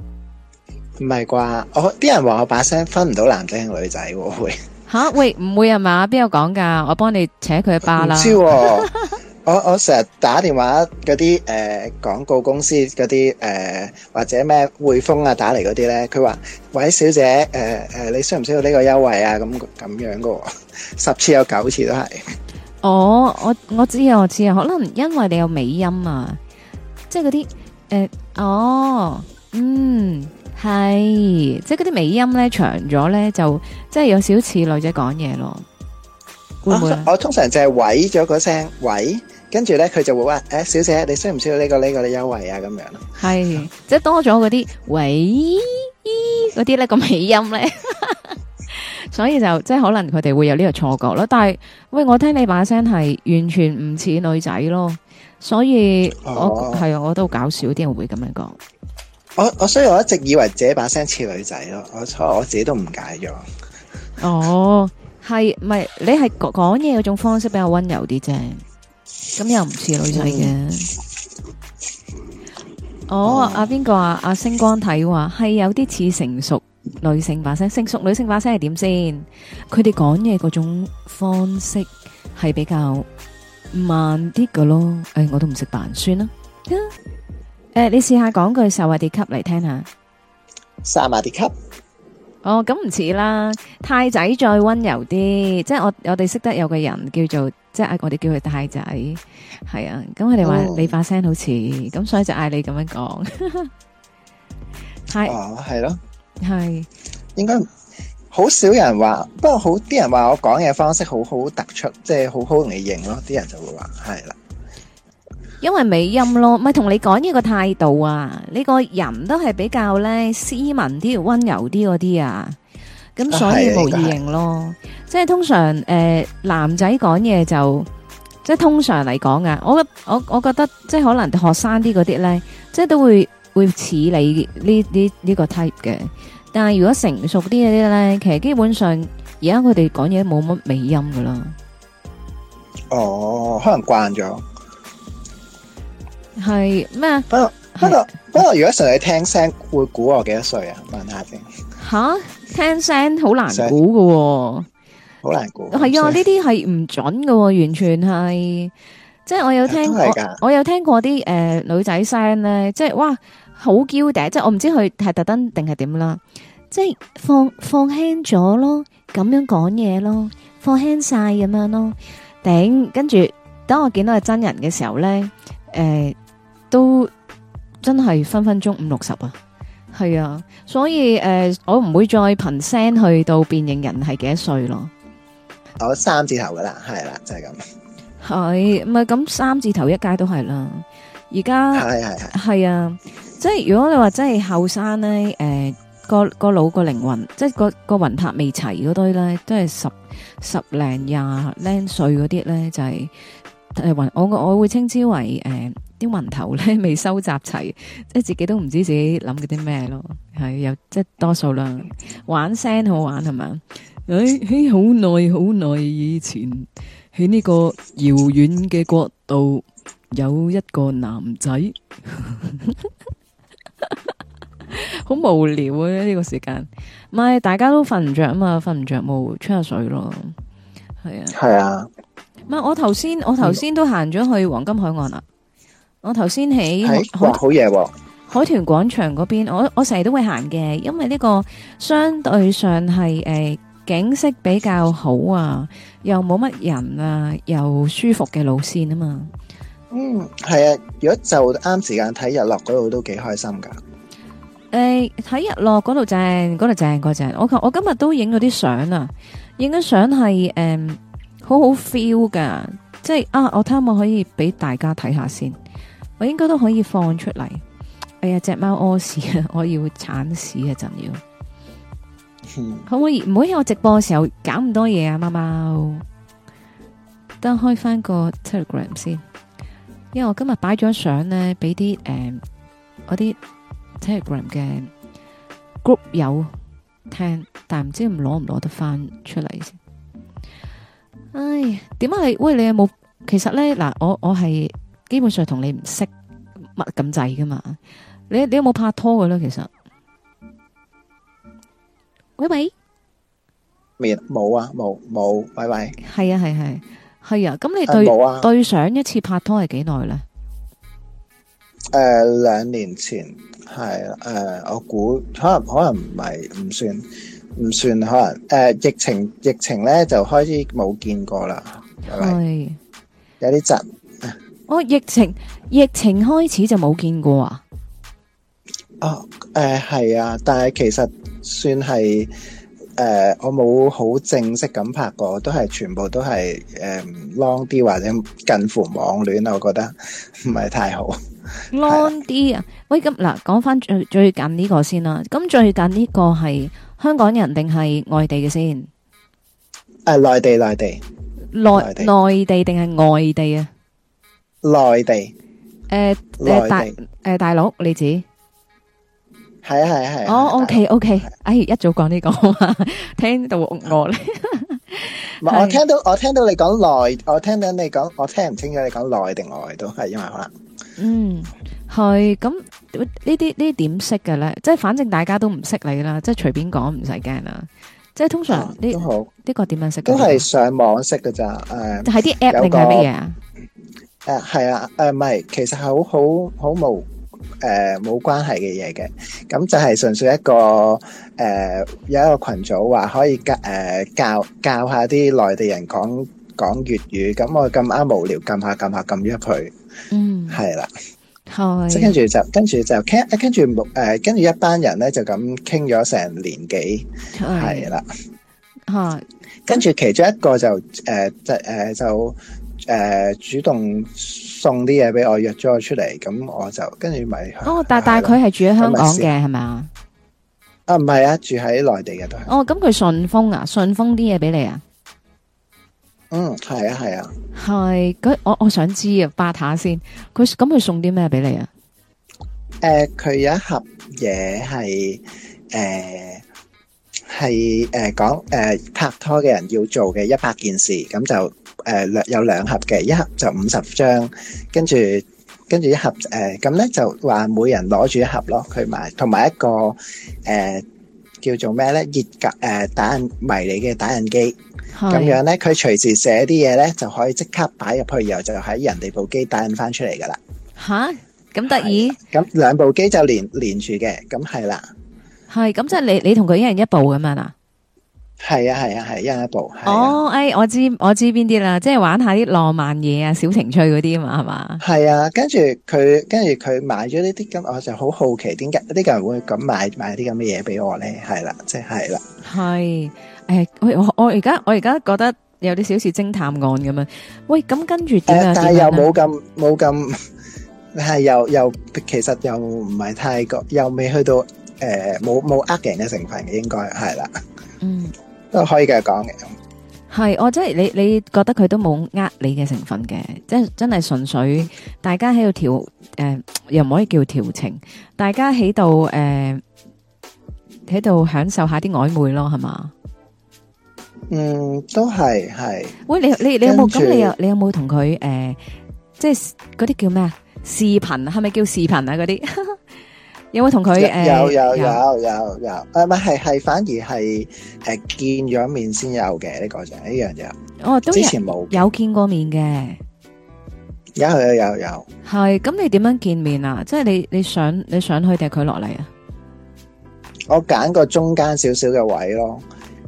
唔係啩？我啲人話我把聲分唔到男仔女仔喎。吓喂，唔會係嘛？邊個講噶？我幫你扯佢一巴啦。 我我成日打電話嗰啲誒廣告公司嗰啲誒或者咩匯豐啊打嚟嗰啲咧，佢話：，喂，小姐，誒、呃、誒、呃，你需唔需要呢個優惠啊？咁咁樣噶、哦，十次有九次都係。哦，我我知啊，我知啊，可能因為你有尾音啊，即係嗰啲誒，哦，嗯，係，即係嗰啲尾音咧長咗咧，就即係有少少似女仔講嘢咯。會唔會？啊、我通常就係喂咗個聲，喂。跟住咧，佢就會話：，誒、欸，小姐，你需唔需要呢、這個呢、這個嘅優惠啊？咁樣係，是 即係多咗嗰啲喂嗰啲咧，個尾音咧， 所以就即係可能佢哋會有呢個錯覺咯。但係，喂，我聽你把聲係完全唔似女仔咯，所以我係啊、哦，我都搞笑啲人會咁樣講。我我雖然我一直以為自己把聲似女仔咯，我錯，我自己都唔解咗。 哦，係、唔係你係講嘢嗰種方式比較溫柔啲啫？咁又唔似女仔嘅。哦，阿邊個啊？阿星光睇話係有啲似成熟女性把聲。成熟女性把聲係點先？佢哋講嘢嗰種方式係比較慢啲噶咯。誒，我都唔識扮，算啦。誒，你試下講句薩瓦迪卡嚟，聽下。薩瓦迪卡。哦，咁唔似啦，太仔再溫柔啲，即係我我哋識得有個人叫做，即係我哋叫佢太仔，係啊，咁佢哋話你把聲好似，咁、哦、所以就嗌你咁樣講，係 是，係咯、哦、係，的應該好少人話，不過好啲人話我講嘢方式好好突出，即係好好容易認咯，啲人就會話係啦。因為美音咯，咪同你講呢個態度啊，呢個人都係比較咧斯文啲、溫柔啲嗰啲啊，咁所以無異形咯。即係通常誒男仔講嘢就，即係通常嚟講啊，我我我覺得即係可能學生啲嗰啲咧，即係都會會似你呢呢呢個 type 嘅。但係如果成熟啲嗰啲咧，其實基本上而家佢哋講嘢冇乜美音噶啦。哦，可能慣咗。係咩？不過不過不過，我是如果純係聽聲，會估我幾多歲啊？問下先吓，聽聲好難估噶，好難估。係啊，呢啲係唔準噶，完全係。以即係我有聽，我有聽過啲誒、呃、女仔聲咧，即係哇好嬌嗲，即係我唔知佢係特登定係點啦。即係放放輕咗咯，咁樣講嘢咯，放輕晒咁樣咯，頂。跟住當我見到係真人嘅時候咧，誒、呃。都真係分分鐘五六十啊，係啊，所以誒、呃，我唔會再憑聲去到辨認人係幾多歲咯。我三字頭噶啦，係啦、啊，就係、是、咁。係咪咁三字頭一街都係啦？而家係係係啊，啊即係如果你話真係後生咧，誒、呃、個個腦個靈魂，即係個個魂魄未齊嗰堆咧，都係十十零廿零歲嗰啲咧，就係、是、誒、呃、我我我會稱之為誒。呃啲雲頭咧未收集齊，即係自己都唔知自己諗嗰啲咩咯，係又即係多數啦。玩聲好玩係咪？喺好耐好耐以前，喺呢個遙遠嘅國度，有一個男仔，好 無聊啊！呢、呢個時間，唔係大家都瞓唔着啊嘛，瞓唔着冇吹下水咯，係啊，係啊，唔係我頭先我頭先都行咗去黃金海岸啦。我頭先喺好夜喎，海豚廣場嗰邊，我我成日都會行嘅，因為呢個相對上係誒、呃、景色比較好啊，又冇乜人啊，又舒服嘅路線啊嘛。嗯，係啊，如果就啱時間睇日落嗰度都幾開心噶。誒、呃，睇日落嗰度正，嗰度正過正。我我今日都影咗啲相啊，影咗相係誒好好 feel 噶，即係啊，我睇下我可以俾大家睇下先。我應該都可以放出嚟。哎呀，隻貓屙屎啊！我要鏟屎一陣要，可唔可以唔好喺我直播嘅時候搞咁多嘢啊？貓貓，等開翻個 Telegram 先，因為我今日擺咗相呢，俾、呃、啲誒啲 Telegram 嘅 group 友聽，但唔知攞唔攞得翻出嚟先。哎，點解你喂你有冇？其實呢，嗱，我我係。基本上同你唔識乜咁滯㗎嘛？你你有冇拍拖㗎咧？其實，喂喂，未冇啊，冇冇，喂喂，係啊係係係啊，咁你對對上一次拍拖係幾耐咧？誒兩年前係誒，我估可能可能唔係唔算唔算可能誒，疫情疫情咧就開始冇見過啦，係咪有啲窒？哦，疫情疫情開始就冇見過啊！啊、哦，誒、呃，係啊，但係其實算係誒、呃，我冇好正式咁拍過，都係全部都係誒 long 啲或者近乎網戀啊，我覺得唔係太好 long 啲啊！喂，咁嗱，講翻最最近呢個先啦，咁最近呢個係香港人定係外地嘅先？誒、啊，內地內地內內，內地定係外地啊？內地，誒誒大誒大陸你知，係啊係啊係啊。哦，OK OK，哎，一早講呢個，聽到我咧。唔係，我聽到我聽到你講內，我聽到你講，我聽唔清楚你講內定外都係，因為可能。嗯，係咁呢啲呢點識嘅咧？即係反正大家都唔識你啦，即係隨便講唔使驚啦。即係通常呢，呢個點樣識？都係上網識噶咋？誒，係啲 App 定係乜嘢啊？誒係啊，誒唔係，其實好好好冇誒冇關係嘅嘢嘅，咁就係純粹一個誒有一個羣組話可以教誒教教下啲內地人講講粵語，咁我咁啱無聊撳下撳下撳咗入去，嗯，係啦，即係跟住就跟住就傾，跟住冇誒跟住一班人咧就咁傾咗成年幾，係啦，嚇，跟住其中一個就誒就誒就。誒、呃，主動送啲嘢俾我，約咗我出嚟，咁我就跟住咪。哦，但但佢係住喺香港嘅係咪？係咪啊，唔係啊，住喺內地嘅都係。對哦，咁佢順豐啊，順豐啲嘢俾你啊？嗯，係啊，係啊。係佢，我我想知啊，八下先。佢咁佢送啲咩俾你啊？誒、呃，佢有一盒嘢係誒係誒講誒、呃、拍拖嘅人要做嘅一百件事，咁就。誒，兩有兩盒嘅，一盒就五十張，跟住跟住一盒誒，咁咧就話每人攞住一盒咯，佢買，同埋一個誒叫做咩咧熱格誒打印迷你嘅打印機，咁樣咧佢隨時寫啲嘢咧就可以即刻擺入去，然後就喺人哋部機打印翻出嚟噶啦。吓，咁得意？咁兩部機就連連住嘅，咁係啦。係，咁即係你你同佢一人一部咁樣啊？係啊係啊係，一步、啊、一步。啊、哦，誒、哎，我知我知邊啲啦，即係玩下啲浪漫嘢啊，小情趣嗰啲嘛係嘛？係啊，跟住佢跟住佢買咗呢啲咁，我就好好奇點解啲人會咁買買啲咁嘅嘢俾我咧？係啦、啊，即係啦。係誒、啊哎，我我而家我而家覺得有啲小事偵探案咁樣。喂，咁跟住、哎、但係又冇咁冇咁係又又其實又唔係太過又未去到誒冇冇呃人嘅成分嘅應該係啦。啊、嗯。都可以咁樣講嘅，係我真係你你覺得佢都冇呃你嘅成分嘅，即係真係純粹大家喺度調，誒、呃、又唔可以叫調情，大家喺度誒喺度享受一下啲曖昧咯，係嘛？嗯，都係係。喂，你你你有冇咁？你有，有著你有冇同佢誒，即係嗰啲叫咩啊？視頻係咪叫視頻啊？嗰啲？有冇同佢？有有有有有，唔唔係係反而係係、呃、見咗面先有嘅呢、呢個就呢樣就。我、哦、之前冇有，有見過面嘅，有有有有。係，咁你點樣見面啊？即係你你想你想去定佢落嚟啊？我揀個中間少少嘅位咯，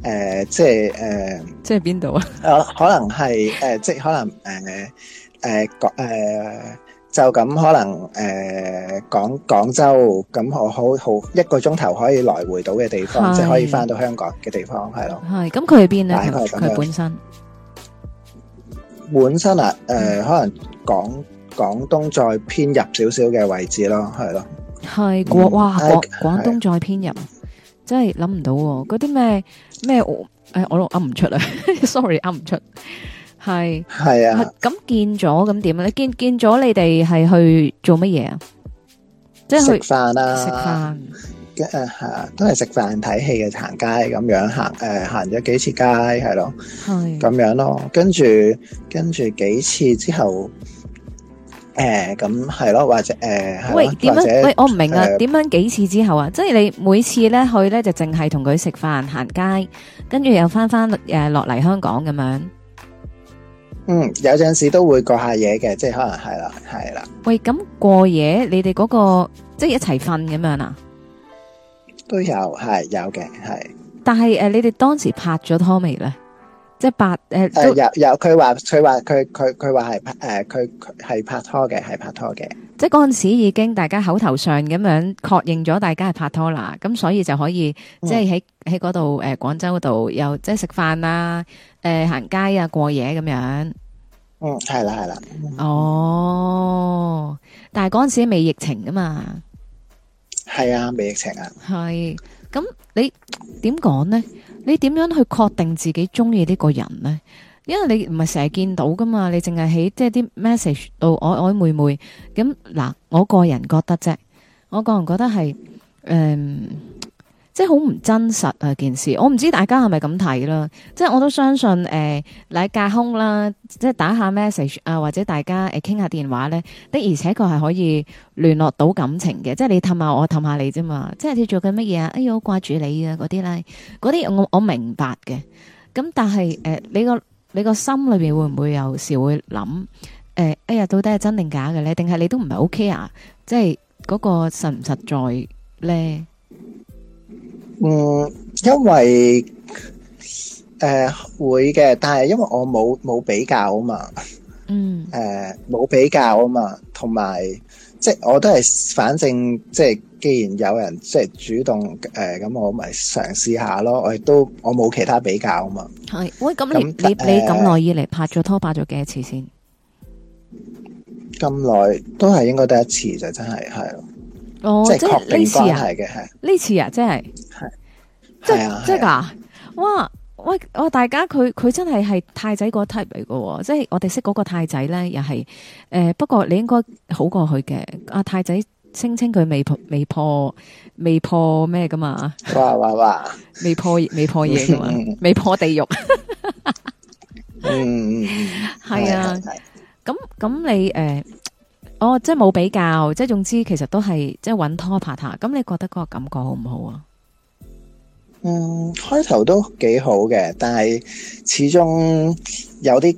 誒、呃，即係誒，呃、即係邊度啊、呃？可能係誒、呃，即係可能誒誒，誒、呃。呃呃呃就咁可能誒，廣廣州咁我好好一個鐘頭可以來回到嘅地方，即係可以返到香港嘅地方，係咯。係，咁佢係邊咧？佢本身本身啊，誒，可能廣廣東再偏入少少嘅位置咯，係咯。係廣哇廣廣東再偏入，真係諗唔到喎！嗰啲咩咩我誒我諗噏唔出啊，sorry 噏唔出。係係啊，咁見咗咁點啊？你見見咗你哋係去做乜嘢啊？即係去食飯啊，食飯跟誒係啊，都係食飯睇戲嘅，行街咁樣行誒行咗幾次街係咯，係咁樣咯。跟住跟住幾次之後誒咁係咯，或者誒喂，點樣喂我唔明啊？點樣幾次之後啊？即係你每次咧去咧就淨係同佢食飯行街，跟住又返返誒落嚟香港咁樣。嗯，有陣時都會過下夜嘅，即係可能係啦，係啦。喂，咁過夜你哋嗰、那個即係、就是、一齊瞓咁樣啊？都有係有嘅係。但係誒、呃，你哋當時拍咗拖未咧？即係拍誒誒，有有，佢話佢話佢佢佢話係拍誒，佢佢係拍拖嘅，係拍拖嘅。即係嗰陣時已經大家口頭上咁樣確認咗大家係拍拖啦，咁所以就可以即係喺喺嗰度誒廣州嗰度又即係食飯啊、誒行街啊、過夜咁樣。嗯，係啦，係啦。哦，但係嗰陣時未疫情㗎嘛？係啊，未疫情啊。係，咁你點講呢？你點樣去確定自己中意呢個人呢？因為你唔係成日見到㗎嘛，你淨係喺即係啲 message 度曖曖昧昧咁。嗱，我個人覺得啫，我個人覺得係誒、嗯，即係好唔真實啊件事。我唔知大家係咪咁睇啦，即係我都相信誒，你、呃、隔空啦，即係打下 message 啊、呃，或者大家誒傾、呃、下電話咧的，而且確係可以聯絡到感情嘅，即係你氹下我，氹下你啫嘛，即係你做緊乜嘢啊？哎呦，掛住你啊嗰啲啦，嗰啲我我明白嘅，咁但係誒、呃、你個。你個心裏邊會唔會有時會諗誒？哎呀，到底係真定假嘅咧？定係你都唔係 OK 啊？即係嗰個實唔實在咧？嗯，因為誒會嘅，但係因為我冇冇比較啊嘛，嗯，誒冇比較啊嘛，同埋。即係我都係，反正即係既然有人即係主動誒，咁、呃、我咪嘗試下咯。我亦都我冇其他比較啊嘛。係，喂，咁你咁你、呃、你咁耐以嚟拍咗拖，拍咗幾多次先？咁耐都係應該第一次就真係係。哦，即係呢次啊，係嘅係。呢次啊，即係係。係即係噶，啊、哇！喂，我、哦、大家佢佢真係係太仔個 type 嚟噶，即、就、係、是、我哋識嗰個太仔咧，又係誒。不過你應該好過佢嘅，阿、啊、太仔聲稱佢未破未破未破咩噶嘛？未破未破嘢嘛？未破， 未破地獄。 嗯，係 啊。咁咁的你誒、呃，哦，即係冇比較，即係總之其實都係即係揾拖拍下。咁你覺得嗰個感覺好唔好啊？嗯，開頭都幾好嘅，但係始終有啲誒、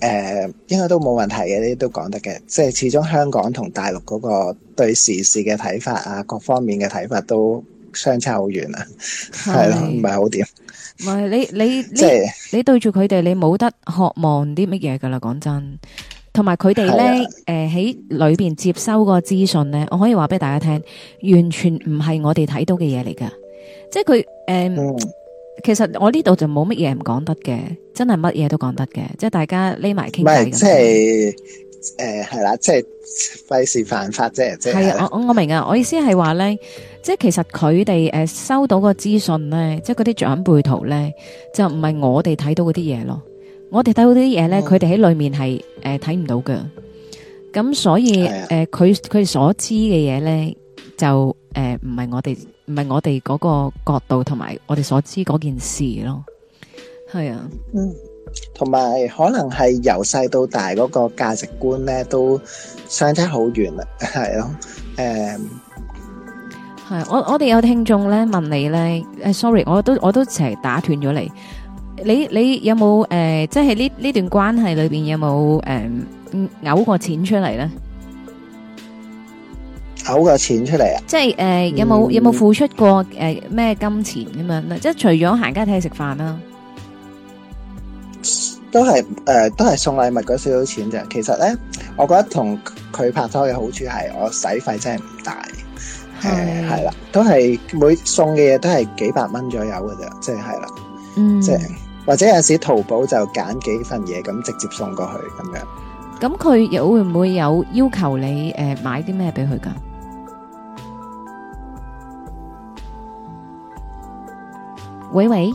呃，應該都冇問題嘅，呢啲都講得嘅。即係始終香港同大陸嗰個對時事嘅睇法啊，各方面嘅睇法都相差好遠啊，係咯是，唔係好掂。唔係你你呢即？你對住佢哋，你冇得渴望啲乜嘢噶啦，講真。同埋佢哋咧，誒喺的、呃、裏邊接收個資訊咧，我可以話俾大家聽，完全唔係我哋睇到嘅嘢嚟噶。即係佢，誒，嗯嗯、其實我呢度就冇乜嘢，唔講得嘅，真係乜嘢都講得嘅。即係大家匿埋傾偈。唔係，即係誒，係啦樣，即係費事犯法啫。即係係啊，我我明啊，我意思係話咧，即係其實佢哋誒收到個資訊咧，即係嗰啲長輩圖咧，就唔係我哋睇到嗰啲嘢咯。我哋睇到啲嘢咧，佢哋喺裏面係誒睇唔到嘅。咁所以誒，佢佢哋、呃、所知嘅嘢咧，就誒唔係我哋。唔係我哋嗰個角度，同埋我哋所知嗰件事咯，係啊，嗯，同埋可能係由細到大嗰個價值觀咧，都相差好遠啦，係咯，誒，係，我我哋有聽眾咧問你咧，誒，sorry，我都我都成日打斷咗你，你你有冇誒，即係呢呢段關係裏邊有冇誒，嘔過錢出嚟咧？有個錢出嚟啊！即係誒、呃，有冇有冇付出過誒咩、呃、金錢咁樣？嗯嗯、即係除咗行街睇食飯啦，都係誒，都係送禮物嗰少少錢咋。其實咧，我覺得同佢拍拖嘅好處係，我使費真係唔大。誒是，係啦、呃，都係每送嘅嘢都係幾百蚊左右嘅啫，即係啦。嗯，即係或者有時淘寶就揀幾份嘢咁直接送過去咁樣。咁佢又會唔會有要求你誒、呃、買啲咩俾佢噶？喂喂，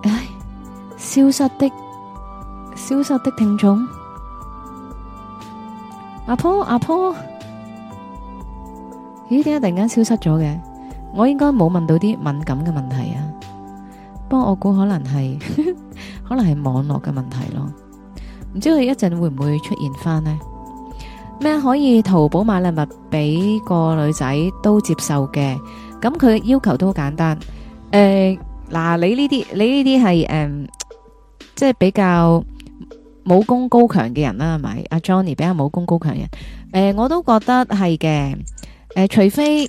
唉，消失的，消失的聽眾，阿婆阿婆，咦，點解突然間消失咗嘅？我應該冇問到啲敏感嘅問題啊，不過我估可能係，可能係網絡嘅問題咯。唔知佢一陣會唔會出現翻呢？咩可以淘寶買禮物俾個女仔都接受嘅？咁佢要求都好簡單。誒，嗱，呃啊，你呢啲，你呢啲係誒，即係比較武功高強嘅人啦，係咪？阿 Johnny 比較武功高強嘅人，誒，呃，我都覺得係嘅。誒，呃，除非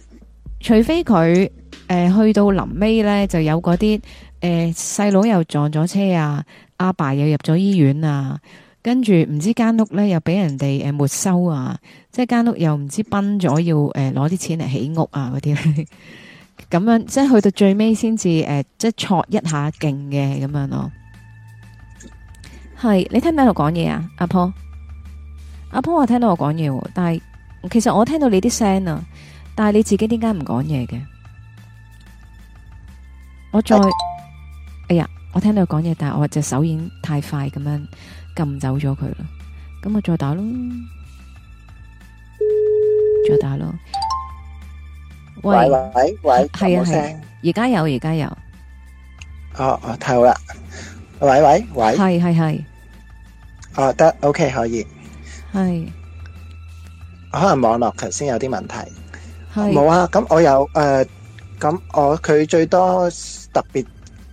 除非佢誒，呃，去到臨尾咧，就有嗰啲誒細佬又撞咗車啊，阿爸又入咗醫院啊，跟住唔知間屋咧又俾人哋誒，呃，沒收啊，即係間屋又唔知崩咗要誒攞啲錢嚟起屋啊嗰啲。 咁樣即係去到最尾先至誒，即係挫一下勁嘅咁樣咯。係，你聽唔聽到我講嘢啊？阿婆，阿婆我聽到我講嘢，但係其實我聽到你啲聲啊，但係你自己點解唔講嘢嘅？我再，哎呀，我聽到佢講嘢，但係我隻手已經太快咁樣撳走咗佢啦。咁我再打咯，再打咯。喂喂喂喂，係啊係，而家有而家有，哦哦，太好啦！喂喂喂，係係係，啊得，哦，OK 可以，係，可能網絡頭先有啲問題，冇啊。咁我有誒，咁，呃，我佢最多特別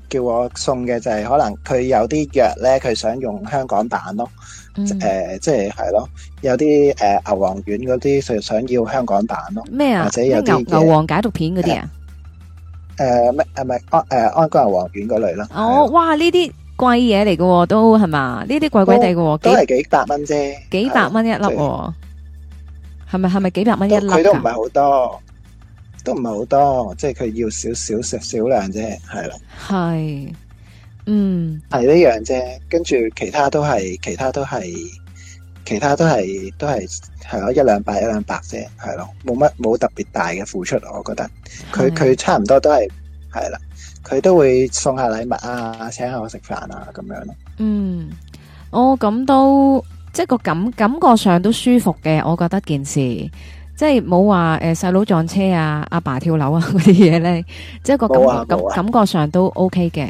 叫我送嘅就係可能佢有啲藥咧，佢想用香港版咯。誒、嗯呃，即係係咯，有啲誒、呃、牛黃丸嗰啲，想想要香港版咯。咩啊？或者有牛黃解毒片嗰啲啊？誒、呃、咩、呃？誒、呃、唔、呃呃呃、安誒、呃、安哥、呃、牛黃丸嗰類咯。哦，哇！呢啲貴嘢嚟嘅，都係嘛？呢啲貴貴地嘅，都係幾百蚊啫。對幾百蚊一粒，啊，係咪係咪幾百蚊一粒？佢都唔係好多，都唔係好多，即係佢要少少少少量啫，係啦。係。嗯，係呢樣啫，跟住其他都係，其他都係，其他都係，都係係咯，一兩百一兩百啫，係咯，冇乜冇特別大嘅付出，我覺得佢佢的差唔多都係係啦，佢都會送下禮物啊，請下我食飯啊咁樣咯。嗯，我咁都即係個感感覺上都舒服嘅，我覺得件事即係冇話誒細佬撞車啊，阿爸，爸跳樓啊嗰啲嘢咧，即係個感、啊、感、啊、感覺上都 OK 嘅。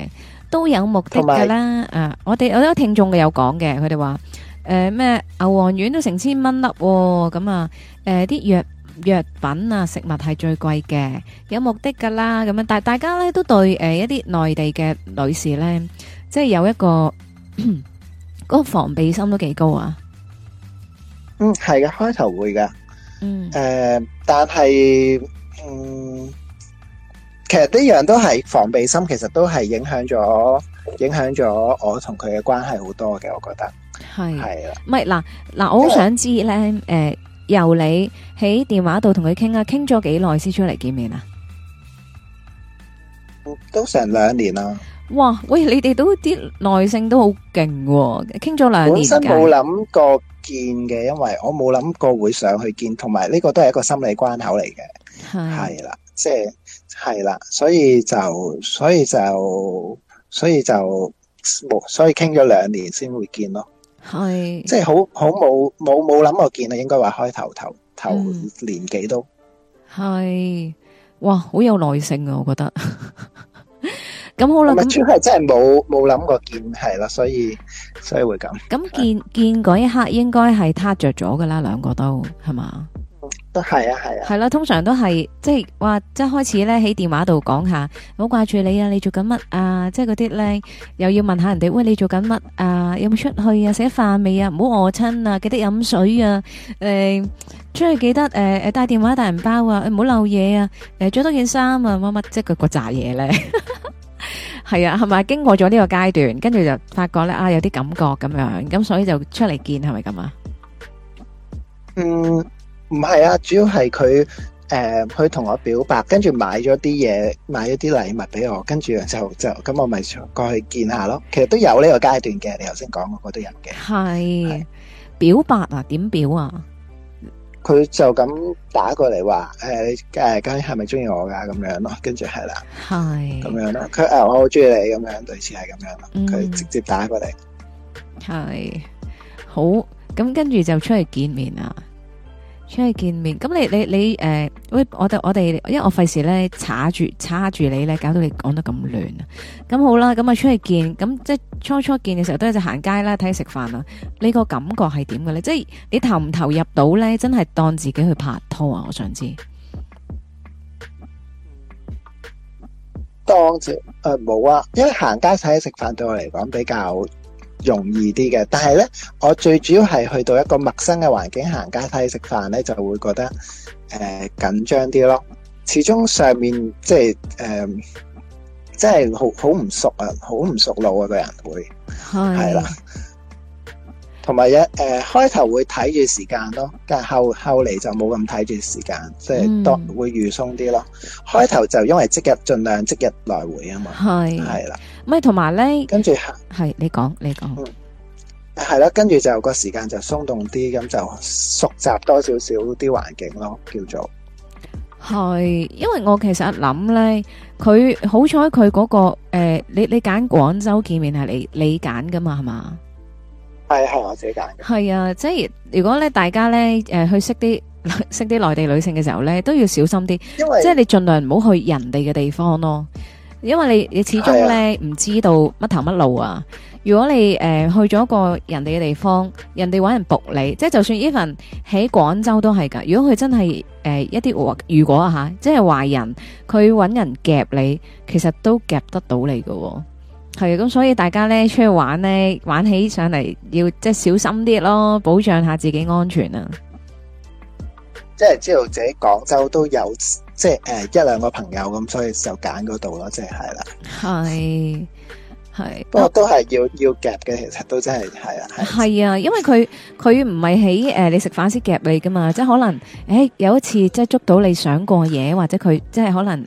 都有目的噶啦，啊！我哋好多聽眾嘅有講嘅，佢哋話誒咩牛黃丸都成千蚊粒，咁啊，誒啲藥藥品啊食物係最貴嘅，有目的噶啦，咁啊，但大家咧都對誒一啲內地嘅女士咧，即係有一個嗰個防備心都幾高啊。嗯，係嘅，開頭會噶，嗯，誒，但係，嗯。其實呢樣都係防備心，其實都係影響咗，影響咗我同佢嘅關係好多嘅，我覺得係係啦，唔係嗱嗱，我好想知咧，誒，由你喺電話度同佢傾啊，傾咗幾耐先出嚟見面啊？都成兩年啦！哇，喂，你哋都啲耐性都好勁，傾咗兩年，本身冇諗過見嘅，因為我冇諗過會上去見，同埋呢個都係一個心理關口嚟嘅，係係啦，即係。係啦，所以就，所以就，所以就冇，所以傾咗兩年先會見咯。係是，即係好，好冇冇冇諗過見啊！應該話開頭頭、嗯、頭年幾都係，哇，好有耐性啊！我覺得。咁 好啦了，咁係真係冇冇諗過見，係啦，所以所以會咁。咁見對見嗰一刻應該係撻着咗，應該係撻着咗噶啦，兩個都係嘛。是都係啊，係啊，係、啊、通常都係即係話，即係開始咧喺電話度講下，好掛住你啊，你做緊乜啊？即係嗰啲咧，又要問下人哋，喂，你做緊乜啊？有冇出去啊？食咗飯未啊？唔好餓親啊！記得飲水啊！誒、呃，出去記得誒誒，帶、呃、電話、帶銀包啊！唔、呃、好漏嘢啊！誒、呃，着多件衫啊，乜乜，即係嗰個雜嘢咧。係 啊，係咪經過咗呢個階段，跟住就發覺咧啊，有啲感覺咁樣，咁所以就出嚟見，係咪咁啊？嗯。唔係啊，主要係佢誒，佢、呃、同我表白，跟住買咗啲嘢，買咗啲禮物俾我，跟住就就咁，我咪去過去見下咯。其實都有呢個階段嘅，你頭先講嗰個都有嘅。係是是表白啊？點表啊？佢就咁打過嚟話：誒、哎，你誒、呃，究竟係咪中意我噶？咁樣咯，跟住係啦，係咁是樣咯。佢誒，我好中意你咁樣，類似係咁樣。佢、嗯、直接打過嚟，係好。咁跟住就出去見面啊！出去見面，咁你你你誒，喂、呃，我哋我哋，因為我費事咧叉住叉住你咧，搞到你講得咁亂啊！咁好啦，咁啊出去見，咁即係初初見嘅時候都係就行街啦，睇食飯啦，呢個感覺係點嘅咧？即係你投唔投入到咧？真係當自己去拍拖啊！我想知，當住誒冇啊，因為行街睇食飯對我嚟講比較容易啲嘅，但係咧，我最主要係去到一個陌生嘅環境行街睇食飯咧，就會覺得誒緊張啲咯。始終上面即係誒，即係好好唔熟啊，好唔熟路啊，個人會係是啦。同埋一誒開頭會睇住時間咯，但後後嚟就冇咁睇住時間，嗯、即係多會預鬆啲咯。開頭、嗯、就因為即日盡量即日來回啊嘛，係係是啦。咪同埋咧，跟住着係你講你講，係、嗯、啦，跟住就個時間就鬆動啲，咁就熟習多少少啲環境咯，叫做係。因為我其實諗咧，佢好彩佢嗰個、呃、你你揀廣州見面係你你揀噶嘛，係嘛？係係啊，是是我自己大。係啊，即係如果咧，大家咧，誒、呃，去識啲識啲內地女性嘅時候咧，都要小心啲。因為即係你盡量唔好去人哋嘅地方咯，因為你你始終咧唔知道乜頭乜路啊。如果你誒、呃、去咗一個人哋嘅地方，人哋搵人撲你，即係就算 even 喺廣州都係噶。如果佢真係誒、呃、一啲如果吓、啊，即係壞人，佢搵人夾你，其實都夾得到你噶。係，咁所以大家咧出去玩咧，玩起上嚟要即係小心啲咯，保障下自己安全啊！即係知道自己廣州都有，即係誒、呃、一兩個朋友咁，所以就揀嗰度咯，即係係啦。係。係，是不過都係要、啊、要夾嘅，其實都真係係啊，係啊，因為佢佢唔係喺誒你食飯先夾你噶嘛，即係可能誒、欸、有一次即係捉到你想過夜，或者佢即係可能誒氹、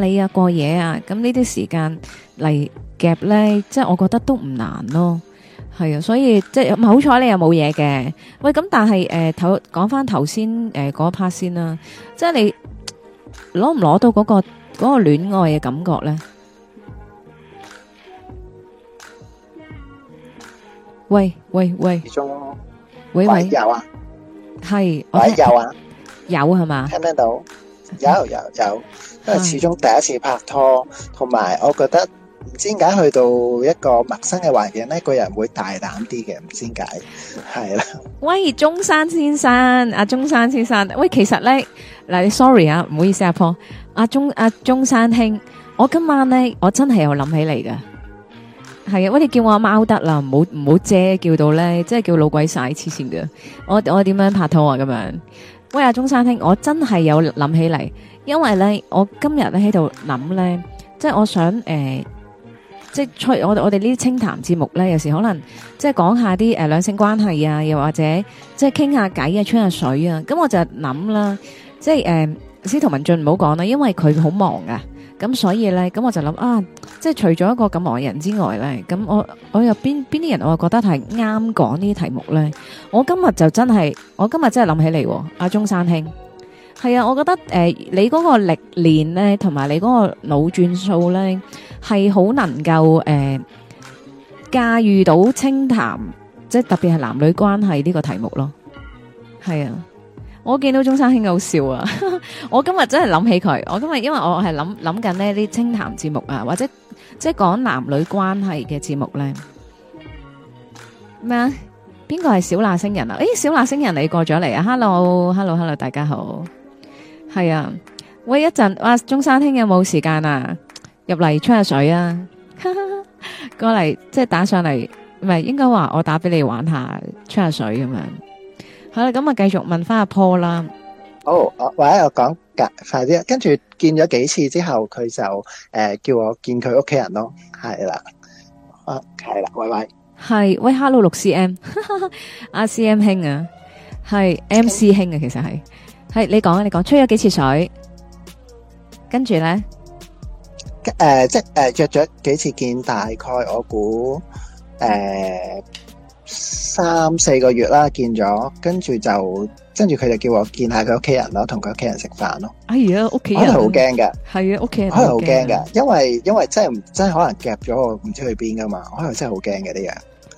呃、你啊過夜啊，咁呢啲時間嚟夾咧，即係我覺得都唔難咯，係啊，所以即係唔好彩你又冇嘢嘅，喂咁但係誒頭講翻頭先誒嗰 part 先啦，即係你攞唔攞到嗰、嗰個嗰、嗰個戀愛嘅感覺咧？喂喂喂，始終，喂喂，係，有啊，有係嘛？聽唔聽到？有有有，因為始終第一次拍拖，同埋我覺得唔知點解去到一個陌生嘅環境咧，個人會大膽啲嘅，唔知點解，係啦。喂，中山先生，阿中山先生，喂，其實咧，嗱，你 sorry 啊，唔好意思啊，阿婆阿中阿中山兄，我今晚咧，我真係有諗起嚟噶。係啊，我哋叫我阿貓得啦，唔好唔好遮叫，叫到咧，即係叫老鬼晒黐線嘅。我我點樣拍拖啊？咁樣，喂阿中山兄，我真係有諗起嚟，因為咧，我今日咧喺度諗咧，即係我想誒、呃，即係出我我哋呢啲清談節目咧，有時可能即係講下啲誒兩性關係啊，又或者即係傾下偈啊，吹下水啊，咁我就諗啦，即係誒，呃、司徒文進唔好講啦，因為佢好忙啊。咁所以咧，咁我就諗啊，即係除咗一個咁忙人之外咧，咁我我入邊邊啲人我係覺得係啱講呢啲題目咧。我今日就真係，我今日真係諗起嚟，阿中山兄係啊，我覺得誒，你嗰個歷練咧，同埋你嗰個腦轉數咧，係好能夠誒駕馭到清談，即係特別係男女關係呢個題目咯，係啊。我見到中山兄好笑啊！ 我今日真係諗起佢，我今日因為我係諗諗緊呢啲清談節目啊，或者即係講男女關係嘅節目咧。咩啊？邊個係小辣星人啊？誒，小辣星人你過咗嚟啊！Hello，Hello，Hello，Hello, Hello，大家好。係啊，喂一陣，哇！中山兄有冇時間啊？入嚟吹下水啊 過！過嚟即係打上嚟，唔係應該話我打俾你玩下，吹下水咁樣。好啦，咁啊，繼續問翻阿波啦。好，我或者我講快啲。跟住見咗幾次之後，佢就誒叫我見佢屋企人咯。係啦，啊係啦，喂喂，係喂，hello，六 C M，阿 C M 兄啊，係 M C 兄啊，其實係，係你講啊，你講，吹咗幾次水，跟住咧，誒，即係誒約咗幾次見，大概我估誒。三四個月啦，見咗，跟住就，跟住佢就叫我見下佢屋企人咯，同佢屋企人食飯咯。哎呀，屋企人，我係好驚嘅。係啊，屋企人，我係好驚嘅，因為因為真係真係可能夾咗，我唔知去邊噶嘛，我係真係好驚嘅呢樣。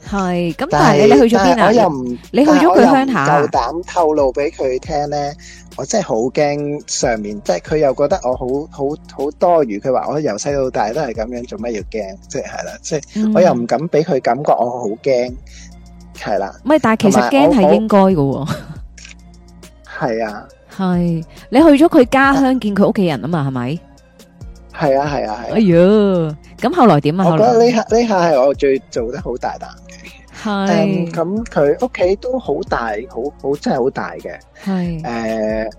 係，咁但係你去咗邊啊？我又唔，你去咗佢鄉下，夠膽透露俾佢聽咧？我真係好驚上面，即係佢又覺得我好好好多餘，佢話我由細到大都係咁樣，做咩要驚？即係啦，即係我又唔敢俾佢感覺我好驚。係啦，唔係但係其實驚係應該嘅，係啊，係你去咗佢家鄉見佢屋企人啊嘛，係咪？係啊，係啊，係，哎喲，咁後來點啊？我覺得呢下呢下係我最做得好大膽嘅，係，咁佢屋企都好大，好好真係好大嘅，係，誒，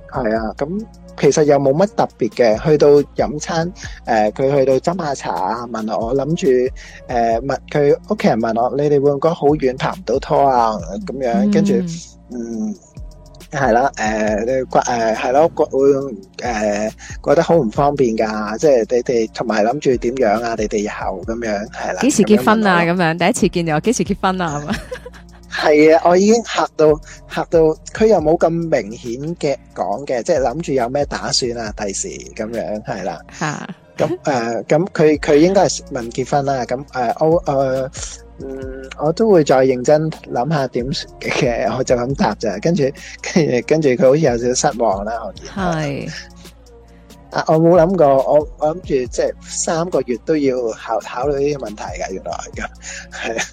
係啊，咁。其實又冇乜特別嘅，去到飲餐，誒佢去到斟下茶啊，問我諗住誒問佢屋企人問我，你哋會唔會覺得好遠拍唔到拖啊咁樣？跟住嗯，係啦，誒你誒係咯，會誒覺得好唔方便噶，即係你哋同埋諗住點樣啊？你哋以後咁樣係啦。幾時結婚啊？咁樣第一次見你我幾時結婚啊？係啊，我已經吓到吓到，佢又冇咁明顯嘅講嘅，即係諗住有咩打算啊，第時咁樣係啦。吓咁誒，咁佢佢應該係問結婚啦。咁誒，我誒，嗯，我都會再認真諗下點嘅，我就咁答咋。跟住跟住跟住，佢好似有少少失望啦。我係啊，我冇諗過，我我諗住即係三個月都要考考慮呢個問題噶，原來咁係。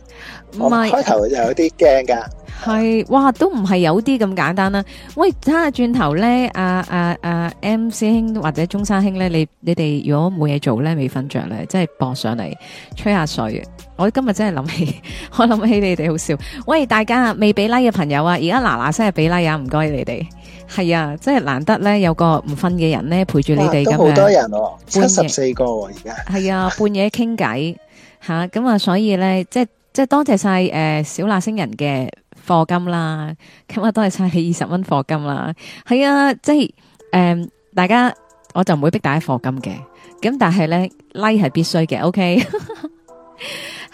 唔係開頭就有啲驚噶，係是、啊、哇都唔係有啲咁簡單啦、啊。喂，睇下轉頭咧，阿啊啊,啊,啊 M 師兄或者中山兄咧，你你哋如果冇嘢做咧，未瞓着咧，即係駁上嚟吹下水。我今日真係諗起，我諗起你哋好笑。喂，大家未俾 like 嘅朋友啊，而家嗱嗱聲係俾 like 啊！唔該你哋，係啊，真係難得咧有個唔瞓嘅人咧陪住你哋咁係，都好多人哦、啊，七十四個喎而家。係啊，半夜傾偈吓，咁 啊，所以咧即係。即係多謝晒誒、呃、小辣星人嘅課金啦，今日多謝晒起二十蚊課金啦。係啊，即係誒、呃，大家我就唔會逼大家課金嘅。咁但係咧 like 係必須嘅。OK，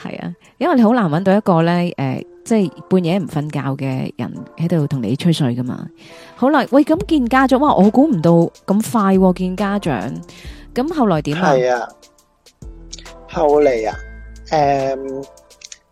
係 啊，因為你好難揾到一個咧誒、呃，即係半夜唔瞓覺嘅人喺度同你吹水噶嘛。好啦，喂，咁見家長，哇，我估唔到咁快，啊、見家長。咁後來點啊？係啊，後嚟啊，誒、嗯。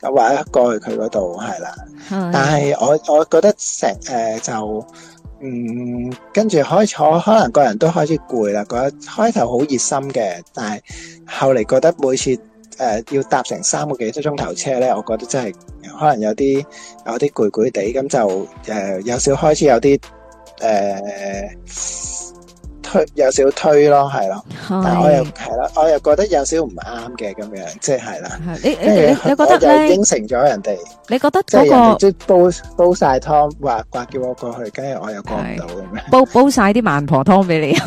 咁或者過去佢嗰度係啦，但係我我覺得成誒就嗯跟住開坐，可能個人都開始攰啦。覺得開頭好熱心嘅，但係後嚟覺得每次誒要搭成三個幾多鐘頭車咧，我覺得真係可能有啲有啲攰攰哋，咁就誒有少開始有啲誒。有少推咯，係咯，但係我又係啦，我又覺得有少唔啱嘅咁樣，即係啦。你你覺得咧？又應承咗人哋。你覺得嗰個即係煲煲晒湯，話話叫我過去，跟住我又過唔到咁樣。煲煲晒啲孟婆湯俾你。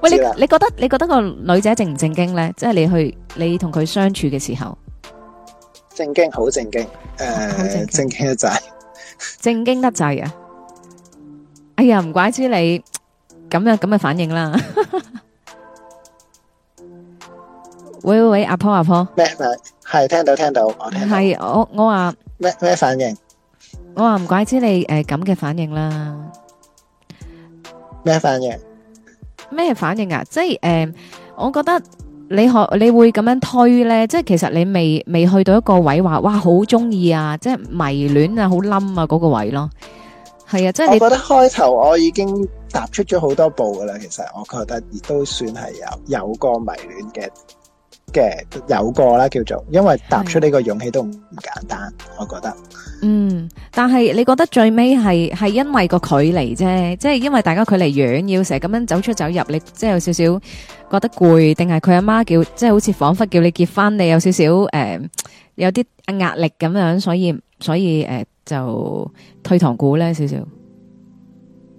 喂，你你覺得你覺得個女仔正唔正經咧？即係你去你同佢相處嘅時候，正經好正經，誒，正經得滯，正經得滯啊！哎呀，唔怪之你。咁樣咁嘅反應啦。喂喂喂，阿婆阿婆咩咩係聽到聽到，我聽到，係我我話咩咩反應？我話唔怪之你誒咁嘅反應啦。咩反應？咩反應啊？即係誒，我覺得你學你會咁樣推咧，即係其實你未未去到一個位，話哇好中意啊，即係迷戀啊，好冧啊嗰個位咯。係啊，即係你覺得開頭我已經。踏出咗好多步噶啦，其實我覺得亦都算係有有個迷戀嘅嘅有個啦，叫做因為踏出呢個勇氣都唔簡單，的我覺得。嗯，但係你覺得最尾係係因為個距離啫，即係因為大家距離遠，要成日咁樣走出走入，你即係有少少覺得攰，定係佢阿媽叫，即係好似仿佛叫你結婚，你有少少誒有啲壓力咁樣，所以所以誒、呃、就退堂鼓咧少少。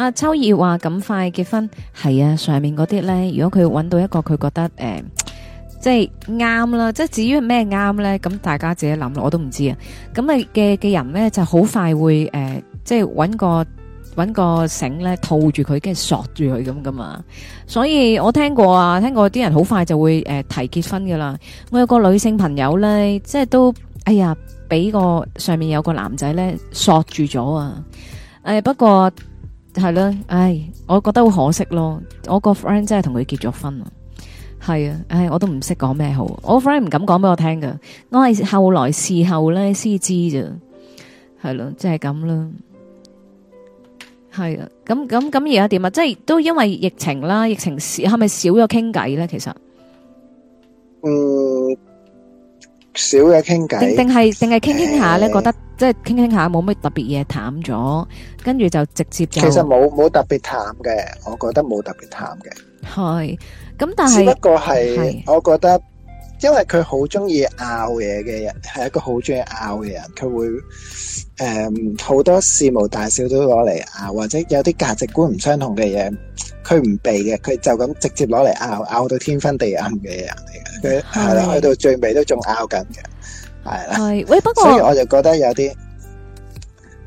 阿、啊、秋葉話咁快結婚係啊，上面嗰啲呢，如果佢搵到一個佢覺得誒、呃，即係啱啦，即係至於咩啱呢？咁大家自己諗我都唔知啊。咁啊嘅嘅人呢，就好快會誒、呃，即係搵個搵個繩呢，套住佢，跟住索住佢咁,噶嘛。所以我聽過啊，聽過啲人好快就會誒、呃、提結婚噶啦。我有個女性朋友呢，即係都哎呀，俾個上面有個男仔呢，索住咗啊，誒、呃、不過。係咯，唉，我覺得好可惜咯。我個 friend 真係同佢結咗婚啊，係啊，唉，我都唔識講咩好。我 friend 唔敢講俾我聽噶，我係後來事後咧先知咋，係咯、就係，即係咁啦。係啊，咁咁咁而家點啊？即係都因為疫情啦，疫情少係咪少咗傾偈咧？其實，嗯。少嘢傾偈，定定係定係傾傾下咧，覺得即係傾傾下冇乜特別嘢淡咗，跟住就直接就。其實冇冇特別淡嘅，我覺得冇特別淡嘅。係，咁但係只不過係，我覺得因為佢好中意拗嘢嘅人，係一個好中意拗嘅人，佢會。誒，好多事無大小都攞嚟拗，或者有啲價值觀唔相同嘅嘢，佢唔避嘅，佢就咁直接攞嚟拗，拗到天昏地暗嘅人嚟嘅，係啦，佢去到最尾都仲拗緊嘅，係啦。係喂，不過所以我就覺得有啲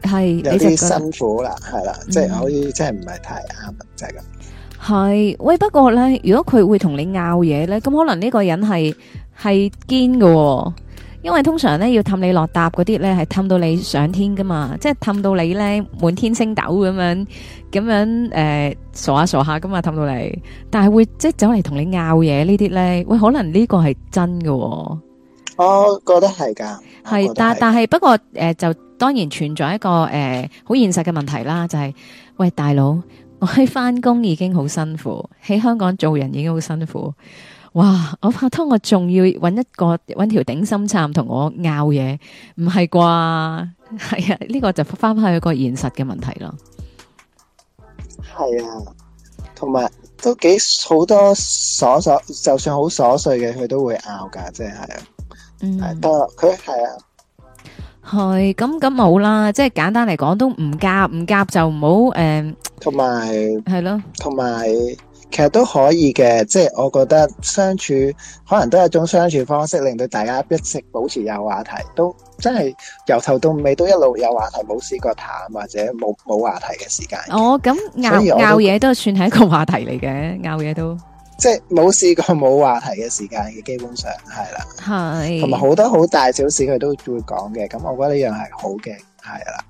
係有啲辛苦啦，係啦，即係可以，即係唔係太啱，就係咁。係喂，不過咧，如果佢會同你拗嘢咧，咁可能呢個人係係堅㗎喎。因為通常咧要氹你落搭嗰啲咧係氹到你上天噶嘛，即係氹到你咧滿天星斗咁樣咁樣誒、呃、傻下傻下噶嘛氹到你，但係會即係走嚟同你拗嘢呢啲咧，喂可能呢個係真喎。哦。我覺得係噶，係是但但係不過誒、呃、就當然存在一個誒好、呃、現實嘅問題啦，就係、是、喂大佬，我喺返工已經好辛苦，喺香港做人已經好辛苦。哇！我拍拖，我仲要揾一個揾條頂心杉同我拗嘢，唔係啩？係啊，呢個就返返去個現實嘅問題咯。係啊，同埋都幾好多瑣瑣，就算好瑣碎嘅，佢都會拗㗎，即係，嗯，都佢係啊，係咁咁冇啦。即係簡單嚟講，都唔夾唔夾就唔好誒。同埋係咯，同埋。其實都可以嘅，即係我覺得相處可能都係一種相處方式，令到大家一直保持有話題，都真係由頭到尾都一路有話題，冇試過淡或者冇冇話題嘅時間。哦，咁拗嘢都算係一個話題嚟嘅，拗嘢都即係冇試過冇話題嘅時間嘅，基本上係啦，係同埋好多好大小事佢都會講嘅，咁我覺得呢樣係好嘅，係啦。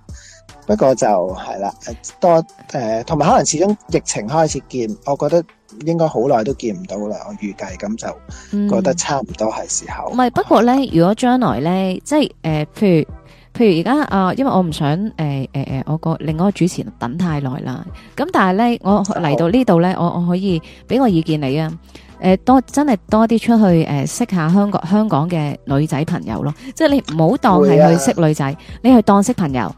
不過就係啦，多誒，同、呃、埋可能始終疫情開始見，我覺得應該好耐都見唔到啦。我預計咁就覺得差唔多係時候。唔係、嗯、的不過咧，如果將來咧，即係誒、呃，譬如譬如而家啊，因為我唔想誒誒誒，我個另外個主持人等太耐啦。咁但係咧，我嚟到呢度咧，哦、我我可以俾個意見你啊。誒、呃，多真係多啲出去誒，呃、識下香港香港嘅女仔朋友咯。即係你唔好當係去識女仔，啊、你去當識朋友。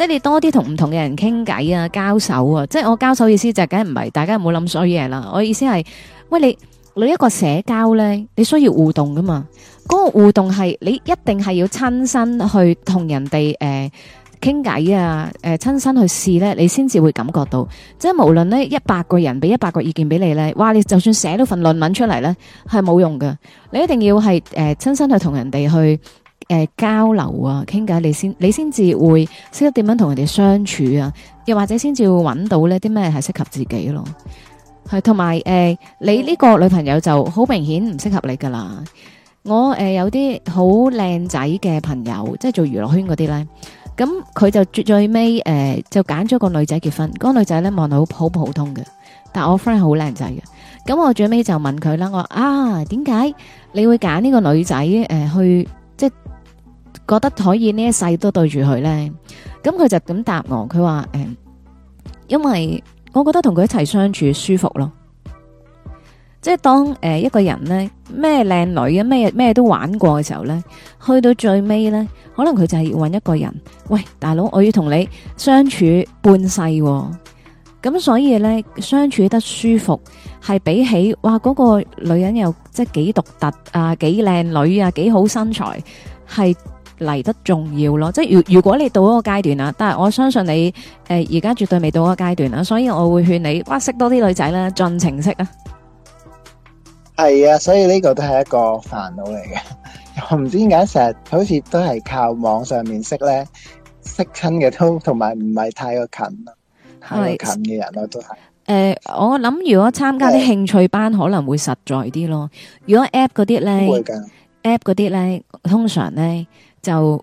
即係你多啲同唔同嘅人傾偈啊，交手啊！即係我交手意思就梗係唔係大家唔好諗衰嘢啦。我意思係，喂你你一個社交呢，你需要互動噶嘛？嗰個互動係你一定係要親身去同人哋誒傾偈啊！誒、呃，親身去試呢，你先至會感覺到。即係無論呢一百個人俾一百個意見俾你呢，哇！你就算寫到份論文出嚟呢，係冇用㗎。你一定要係誒親身去同人哋去。誒，交流啊，傾偈，你先你先至會識得點樣同人哋相處啊，又或者先至會揾到呢啲咩係適合自己咯。係同埋誒，你呢個女朋友就好明顯唔適合你噶啦。我誒、呃、有啲好靚仔嘅朋友，即係做娛樂圈嗰啲呢，咁佢就最最尾誒就揀咗個女仔結婚。嗰、嗰個女仔呢，望到好好普通嘅，但我 friend 好靚仔嘅。咁我最尾就問佢啦，我話，啊點解你會揀呢個女仔誒、呃、去覺得可以呢一世都對住佢呢，咁佢就咁答我，佢話誒，因為我覺得同佢一齊相處舒服咯。即係當誒、呃、一個人呢，咩靚女啊，咩咩都玩過嘅時候呢，去到最尾呢，可能佢就係要揾一個人，喂，大佬，我要同你相處半世。咁、嗯、所以呢，相處得舒服係比起哇嗰、那個女人又即係幾獨特啊，幾靚女啊，幾好身材係。是嚟得重要咯，即係如如果你到嗰個階段啦，但係我相信你誒，而家絕對未到嗰個階段啦，所以我會勸你，哇，識多啲女仔啦，盡情識啊。係啊，所以呢個都係一個煩惱嚟嘅。我唔知點解成日好似都係靠網上面識咧，識親嘅都同埋唔係太過近，係太過近嘅人咯，都係誒。我諗如果參加啲興趣班可能會實在啲咯。如果 app 嗰啲咧，會㗎。app 嗰啲咧，通常咧。就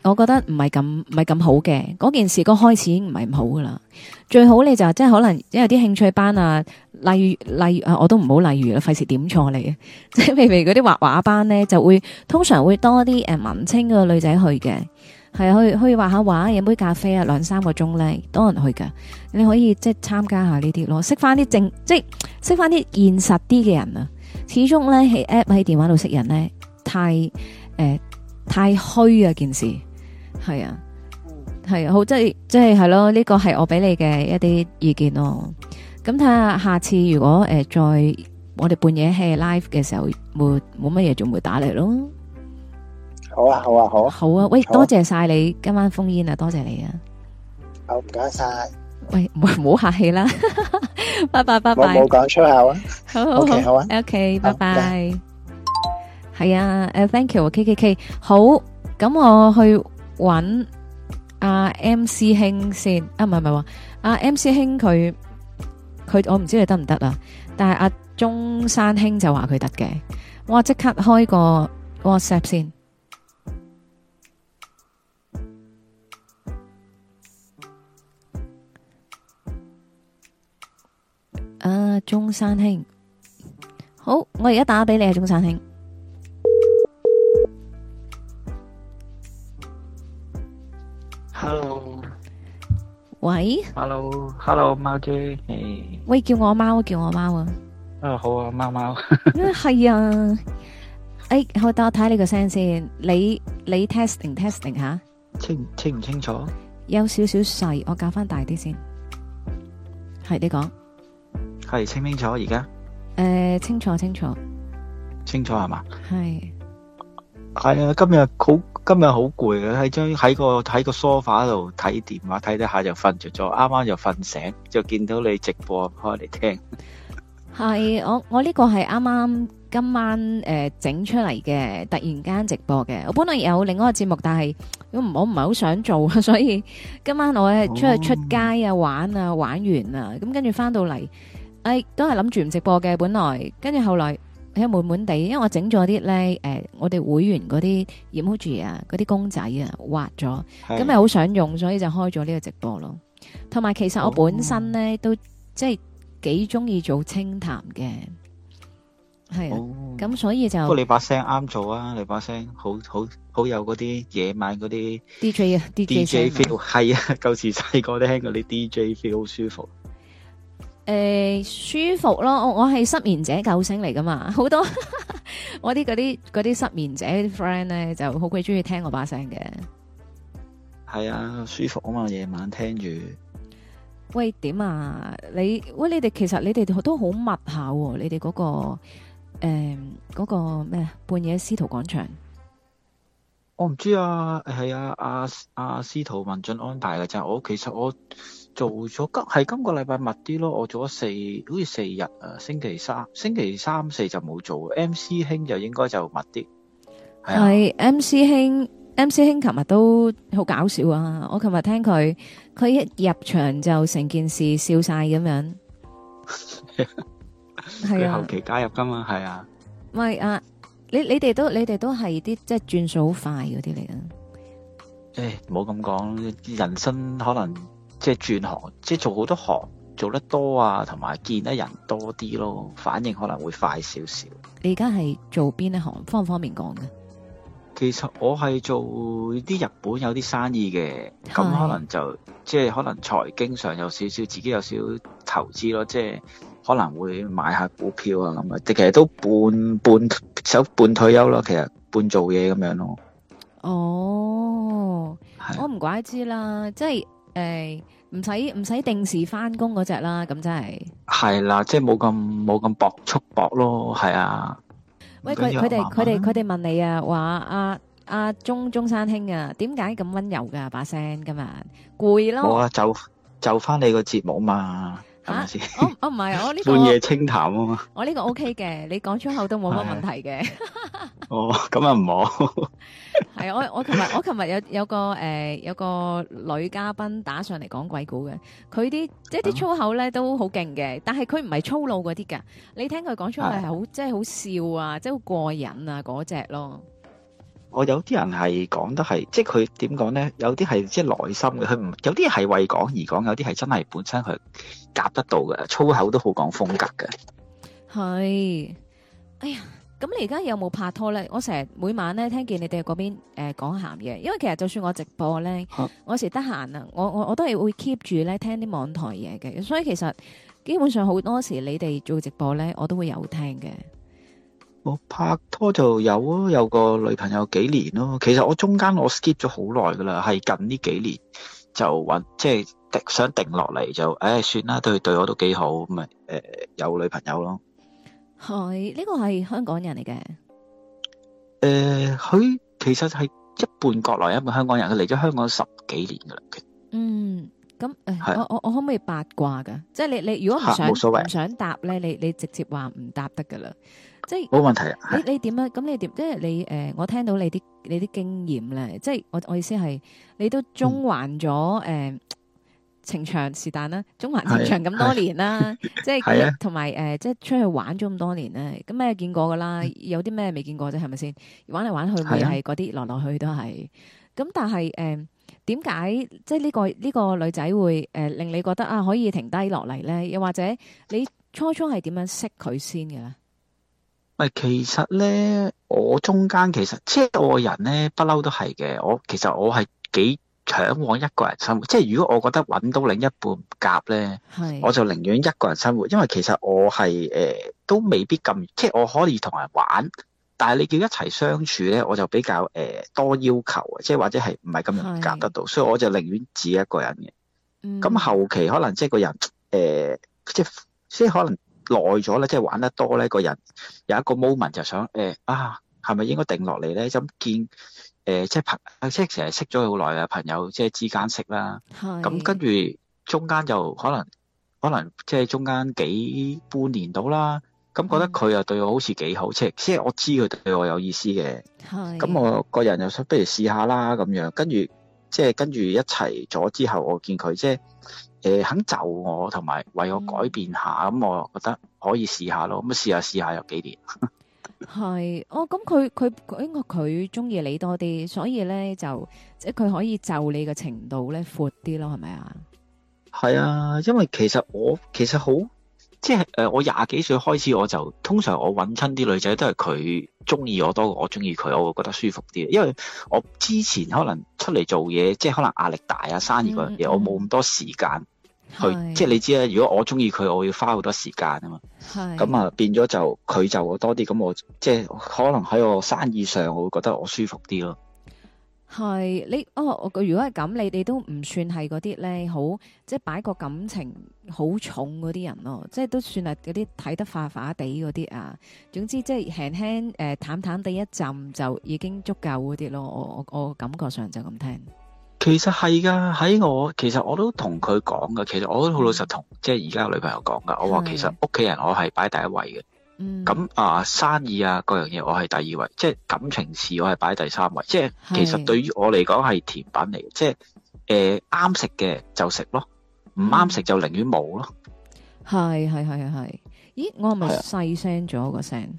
我覺得唔係咁唔係咁好嘅，嗰件事個開始已經唔係唔好噶啦。最好你就即係可能因為啲興趣班啊，例如例如啊，我都唔好例如啦，費事點錯你。即係譬如嗰啲畫畫班咧，就會通常會多啲誒、呃、文青嘅女仔去嘅，係去去畫下畫，飲杯咖啡啊，兩三個鐘咧，多人去嘅。你可以即係參加下呢啲咯，識翻啲正，即係識翻啲現實啲嘅人啊。始終咧喺 app 喺電話度識人咧，太誒。呃太虛啊！件事係啊，係啊，好即係即係係咯，呢個係我俾你嘅一啲意見咯。咁睇下下次如果誒再我哋半夜 hea live 嘅時候，冇冇乜嘢仲會打嚟咯。好啊，好啊，好，好啊。喂，多謝晒你今晚 phone in 啊，多謝你啊。好，唔該晒。喂，唔好客氣啦。拜拜，拜拜。我冇講粗口啊。好好好。OK，拜拜。係啊，誒，thank you，KKK，好，咁我去揾阿 M 師兄先，啊，唔係唔係，阿 M 師兄佢佢我唔知佢得唔得啦，但係阿中山兄就話佢得嘅，哇，即刻開個 WhatsApp 先，啊，中山兄，好，我而家打俾你啊，中山兄。Hello，喂，Hello，Hello，貓姐，你，hello, hello, 姐 hey. 喂，叫我阿貓，叫我阿貓啊，啊、uh, 好啊，貓貓，係 啊，誒、哎，好，等我睇你個聲先，你你 testing，testing 吓 testing，清清唔清楚？有少少細，我教翻大啲先，係你講，係清清楚而家？誒，清楚清楚，清楚係嘛？係。係啊、哎，今日好今日好攰嘅，喺張喺個喺個 sofa 度睇電話，睇睇下就瞓着咗，啱啱就瞓醒，就見到你直播開嚟聽。係我我呢個係啱啱今晚誒整、呃、出嚟嘅，突然間直播嘅。我本來有另外一個節目，但係我唔我唔係好想做，所以今晚我係出去、哦、出街啊玩啊玩完啦，咁跟住翻到嚟，誒、哎、都係諗住唔直播嘅本來，跟住後來。係滿滿地，因為我整咗啲咧，誒，我哋會員嗰啲 emoji 啊，嗰啲公仔啊，畫咗，咁咪好想用，所以就開咗呢個直播咯。同埋其實我本身咧都即係幾中意做清談嘅，係啊，咁所以就，不過你把聲啱做啊，你把聲好好好有嗰啲夜晚嗰啲 DJ 啊 DJ feel 係啊，舊時細個聽嗰啲 DJ feel 好舒服。誒、欸，舒服咯！我我係失眠者救星嚟噶嘛，好多 我啲嗰啲啲失眠者啲 friend 咧，就好鬼中意聽我把聲嘅。係啊，舒服啊嘛，夜晚聽住、啊。喂，點啊？你喂、那個，你哋其實你哋都好密下，你哋嗰個誒，嗰個咩半夜司徒廣場。我唔知啊，係啊阿啊！啊啊司徒文進安排嘅咋？我其實我。做咗今係今個禮拜密啲咯。我做咗四好似四日啊，星期三、星期三四就冇做。MC 兄就應該就密啲係。MC 兄，MC 兄，琴日都好搞笑啊！我琴日聽佢，佢一入場就成件事笑晒咁樣，係啊。佢後期加入噶嘛，係啊。唔係啊，你你哋都你哋都係啲即係轉數好快嗰啲嚟啊。誒，唔好咁講，人生可能。即係轉行，即係做好多行，做得多啊，同埋見得人多啲咯，反應可能會快少少。你而家係做邊一行？方唔方便講嘅？其實我係做啲日本有啲生意嘅，咁可能就的即係可能財經上有少少，自己有少少投資咯，即係可能會買下股票啊咁啊。其實都半半手半，半退休咯，其實半做嘢咁樣咯。哦，是我唔怪之啦，即係。誒，唔使唔使定時翻工嗰隻啦，咁真係係啦，即係冇咁冇咁薄促薄咯，係啊。喂，佢佢哋佢哋佢哋問你啊，話阿阿鍾中山兄啊，點解咁溫柔噶、啊、把聲今日攰咯。冇啊，就就翻你個節目嘛。嚇、啊啊！我、啊、我唔係我呢個半夜清談啊嘛！我呢個 OK 嘅，你講粗口都冇乜問題嘅。 哦，咁又唔好。係 我我琴日我琴日有有個誒、呃、有個女嘉賓打上嚟講鬼故嘅，佢啲即係啲粗口咧都好勁嘅，但係佢唔係粗魯嗰啲嘅。你聽佢講出嚟係好即係好笑啊，即係好過癮啊嗰隻，那個，咯。我有啲人係講得係，即係佢點講咧？有啲係即係內心嘅，佢唔有啲係為講而講，有啲係真係本身佢夾得到嘅，粗口都好講風格嘅。係，哎呀，咁你而家有冇拍拖咧？我成日每晚咧聽見你哋嗰邊誒、呃、講鹹嘢，因為其實就算我直播咧、啊，我有時得閒啊，我我我都係會 keep 住咧聽啲網台嘢嘅，所以其實基本上好多時你哋做直播咧，我都會有聽嘅。我拍拖就有啊，有個女朋友幾年咯。其實我中間我 skip 咗好耐噶啦，係近呢幾年就搵即係想定落嚟就誒算啦，對對我都幾好咁咪誒有女朋友咯。係呢個係香港人嚟嘅誒，佢其實係一半國內，一半香港人。佢嚟咗香港十幾年噶啦。嗯，咁誒，我我我可唔可以八卦噶？即係你你如果唔想，冇所謂，唔想答咧，你你直接話唔答得噶啦。即係冇問題。你你點啊？咁你點？即係你誒、呃，我聽到你啲你啲經驗咧，即係我我意思係你都中環咗誒情場是但啦，中環情場咁多年啦，即係同埋誒即係出去玩咗咁多年咧，咁咩見過㗎啦？有啲咩未見過啫？係咪先玩嚟玩去那些，咪係嗰啲來來去去都係咁？但係誒，點、呃、解即係、呢、呢個呢、呢個女仔會誒、呃、令你覺得啊可以停低落嚟咧？又或者你初初係點樣識佢先嘅咧？其實咧，我中間其實即係、就是、我嘅人咧，不嬲都係嘅。我其實我係幾向往一個人生活，即、就、係、是、如果我覺得揾到另一半夾咧，係是我就寧願一個人生活，因為其實我係誒、呃、都未必咁，即、就、係、是、我可以同人玩，但係你叫一齊相處咧，我就比較誒、呃、多要求，即係、就是、或者係唔係咁容易夾得到，是所以我就寧願自己一個人嘅。咁、嗯嗯、後期可能即係個人誒，即係即係可能。耐咗咧，即係玩得多咧，個人有一個 moment 就想誒啊，係咪應該定落嚟咧？咁見誒，即係朋即係成日識咗好耐嘅朋友，即係之間識啦。咁跟住中間就可能可能即係中間幾半年到啦。咁覺得佢又對我好似幾好，即係即係我知佢對我有意思嘅。係。咁我個人又想，不如試下啦咁樣。跟住即係跟住一齊咗之後，我見佢即係。誒、呃，肯就我，同埋為我改變下，咁、嗯嗯、我覺得可以試下咯。咁試下試下有幾年？係是 哦，咁佢佢應該佢中意你多啲，所以咧就即係佢可以就你嘅程度咧闊啲咯，係咪啊？係啊，因為其實我其實好即係誒，我廿幾歲開始我就通常我揾親啲女仔都係佢中意我多過我中意佢，我會覺得舒服啲。因為我之前可能出嚟做嘢，即係可能壓力大啊，生意嗰樣嘢，嗯嗯我冇咁多時間。佢他是即係你知啦，如果我中意佢，我要花好多時間啊嘛。係咁是啊，變咗就佢就會多啲，咁我即係可能喺我生意上，我會覺得我舒服啲咯。係你哦，我如果係咁，你哋都唔算係嗰啲咧，好即係擺個感情好重嗰啲人咯。即係都算係嗰啲睇得化化地嗰啲啊。總之即係輕輕誒，淡淡地一浸就已經足夠嗰啲咯。我我我感覺上就咁聽。其實係噶，喺我其實我都同佢講噶，其實我都好老實同、嗯、即係而家女朋友講噶，我話其實屋企人我係擺第一位嘅，咁啊、嗯呃、生意啊各樣嘢我係第二位，即係感情事我係擺第三位，即係是其實對於我嚟講係甜品嚟，即係誒啱食嘅就食咯，唔啱食就寧願冇咯。係係係啊係，咦我係咪細聲咗個聲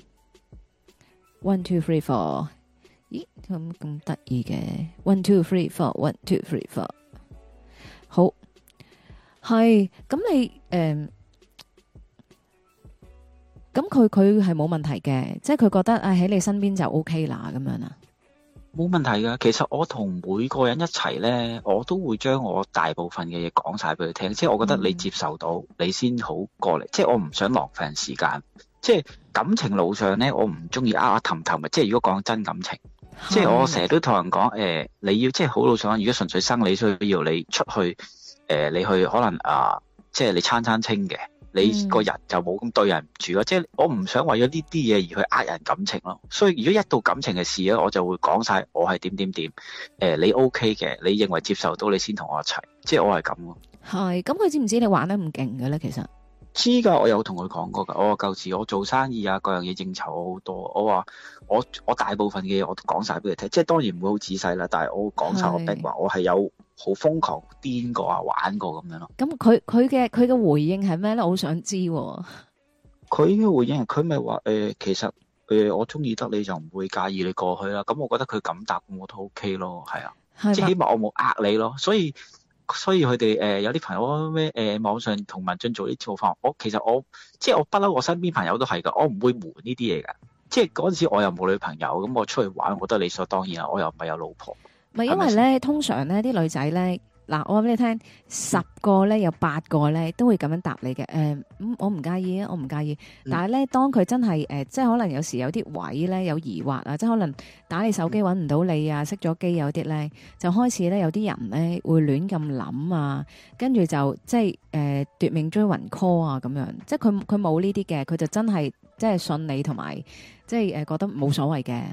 ？One two three four。咦咁咁得意嘅？One, two, three, four. One, two, three, four。好係咁，你誒咁佢佢係冇問題嘅，即係佢覺得誒喺、哎、你身邊就 OK 啦。咁樣啊，冇問題噶。其實我同每個人一齊咧，我都會將我大部分嘅嘢講晒俾佢聽，即係我覺得你接受到，嗯、你先好過嚟。即係我唔想浪費時間。即係感情路上咧，我唔中意啊啊氹氹咪。即係如果講真感情。是即係我成日都同人講，誒、呃，你要即係好老實。如果純粹生理需要，你出去，誒、呃，你去可能啊、呃，即係你餐餐清嘅，你個人就冇咁對人唔住咯。嗯、即係我唔想為咗呢啲嘢而去呃人感情咯。所以如果一到感情嘅事咧，我就會講晒我係點點點，誒、呃，你 O K 嘅，你認為接受到你先同我一齊，即係我係咁咯。係咁，佢知唔知你玩得唔勁嘅咧？其實。知噶，我有同佢講過噶。我話舊時我做生意啊，各樣嘢應酬我好多。我話我我大部分嘅嘢，我都講晒俾佢聽。即係當然唔會好仔細啦，但係我講晒個冰話，是我係有好瘋狂癲過啊，玩過咁樣咯。咁佢佢嘅佢嘅回應係咩咧？我好想知。佢嘅回應，佢咪話其實、呃、我中意得你就唔會介意你過去啦。咁我覺得佢咁答我都 OK 咯，係啊，吧即係起碼我冇呃你咯，所以。所以佢哋誒有啲朋友咩誒、呃、網上同文進做啲做法，我其實我即係我不嬲，我身邊朋友都係噶，我唔會瞞呢啲嘢噶。即係嗰陣時我又冇女朋友，咁我出去玩，我覺得理所當然啦。我又唔係有老婆，咪因為咧，通常咧啲女仔咧。嗱，我話俾你聽，十個咧有八個咧都會咁樣答你嘅。誒、呃，我唔介意啊，我唔介意。介意。嗯、但係咧，當佢真係誒、呃，即係可能有時有啲位咧有疑惑啊，即係可能打你手機揾唔到你啊，熄咗機有啲咧，就開始咧有啲人咧會亂咁諗啊，跟住就即係誒奪命追魂 call 啊咁樣。即係佢佢冇呢啲嘅，佢就真係即係信你同埋即係誒、呃、覺得冇所謂嘅。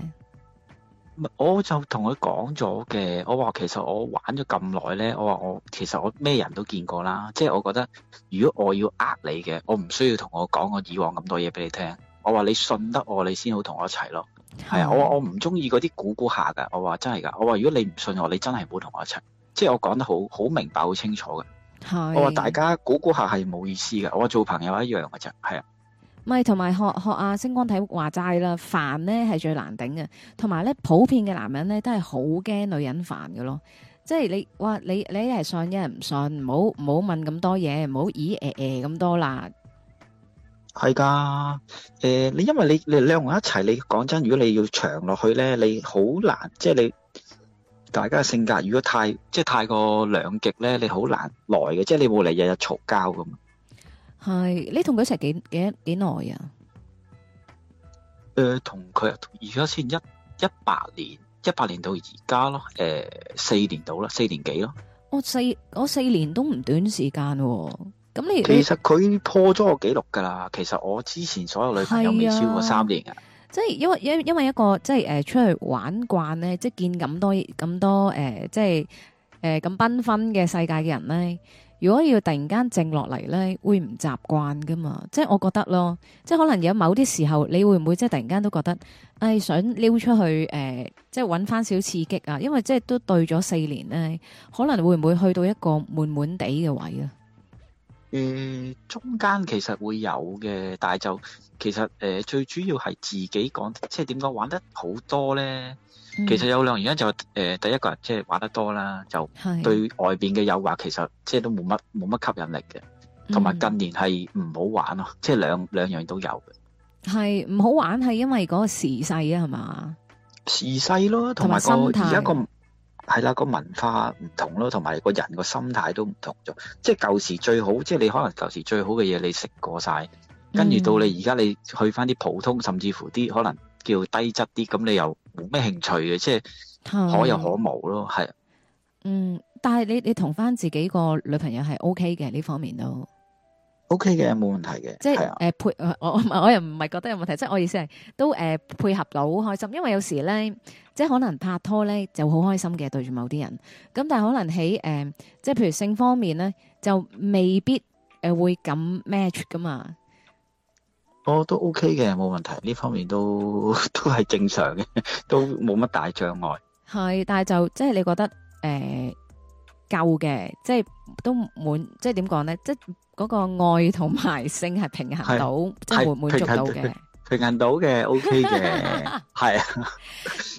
我就同佢講咗嘅，我話其實我玩咗咁耐咧，我話我其實我咩人都見過啦，即係我覺得如果我要呃你嘅，我唔需要同我講我以往咁多嘢俾你聽。我話你信得我，你先好同我一齊咯。係啊的，我話我唔中意嗰啲估估下噶，我話真係噶，我話如果你唔信我，你真係唔好同我一齊。即係我講得好好明白、好清楚嘅的。我話大家估估下係冇意思嘅，我話做朋友一樣嘅啫。係啊。咪同埋學學阿星光體話齋啦，煩咧係最難頂嘅。同埋咧，普遍嘅男人咧都係好驚女人煩嘅咯。即係你，哇！你你一係信一係唔信，唔好唔好問咁多嘢，唔好咦誒誒咁多啦。係噶，誒，你因為你你兩人一齊，你講真，如果你要長落去咧，你好難，即係你大家嘅性格如果太即係太過兩極咧，你好難來嘅，即係你會嚟日日嘈交。咁。係，你同佢一齊幾幾幾耐啊？誒、呃，同佢而家先一一八年，一八年到而家咯。誒、呃哦，四年到啦，四年幾咯？我四我四年都唔短時間，咁你其實佢破咗個紀錄噶啦。其實我之前所有女朋友未超過三年噶、啊啊。即係因為因因為一個即係誒、呃、出去玩慣咧，即係見咁多咁多誒、呃，即係誒咁繽紛嘅世界嘅人咧。如果要突然間靜落嚟呢，會唔習慣㗎嘛？即係我覺得咯，即係可能有某啲時候，你會唔會即係突然間都覺得，誒、哎、想溜出去誒、呃，即係揾翻少刺激啊？因為即係都對咗四年呢，可能會唔會去到一個悶悶地嘅位啊？誒、嗯，中間其實會有嘅，但係就其實誒、呃，最主要係自己講，即係點講，玩得好多呢。其實有兩原因，就誒、呃、第一個人即係玩得多啦，就對外邊嘅誘惑其實即係都冇乜冇乜吸引力嘅，同埋近年係唔好玩咯，嗯、即係兩兩樣都有嘅。嘅，係唔好玩係因為嗰個時勢啊，係嘛？時勢咯，同埋、嗰個而家、嗰個係啦個文化唔同咯，同埋個人個心態都唔同咗。即係舊時最好，即係你可能舊時最好嘅嘢你食過晒，跟住到你而家你去翻啲普通，甚至乎啲可能。叫低質啲，咁你又冇咩興趣嘅，即係可有可無咯，係的。是嗯，但係你你同翻自己個女朋友係 O K 嘅呢方面都 O K 嘅，冇、okay、問題嘅。即係誒的、呃、配，我我又唔係覺得有問題，即係我意思係都誒、呃、配合到好開心，因為有時咧即係可能拍拖咧就好開心嘅對住某啲人，咁但係可能喺誒、呃、即係譬如性方面咧就未必誒會咁 match 噶嘛。我都 OK 嘅，冇問題，呢方面都都係正常嘅，都冇乜大障礙。係，但係就即係你覺得誒夠嘅，即係都滿，即係點講咧？即係嗰個愛同埋性係平衡到，即係滿唔滿足到嘅，平衡到嘅 OK 嘅，係啊。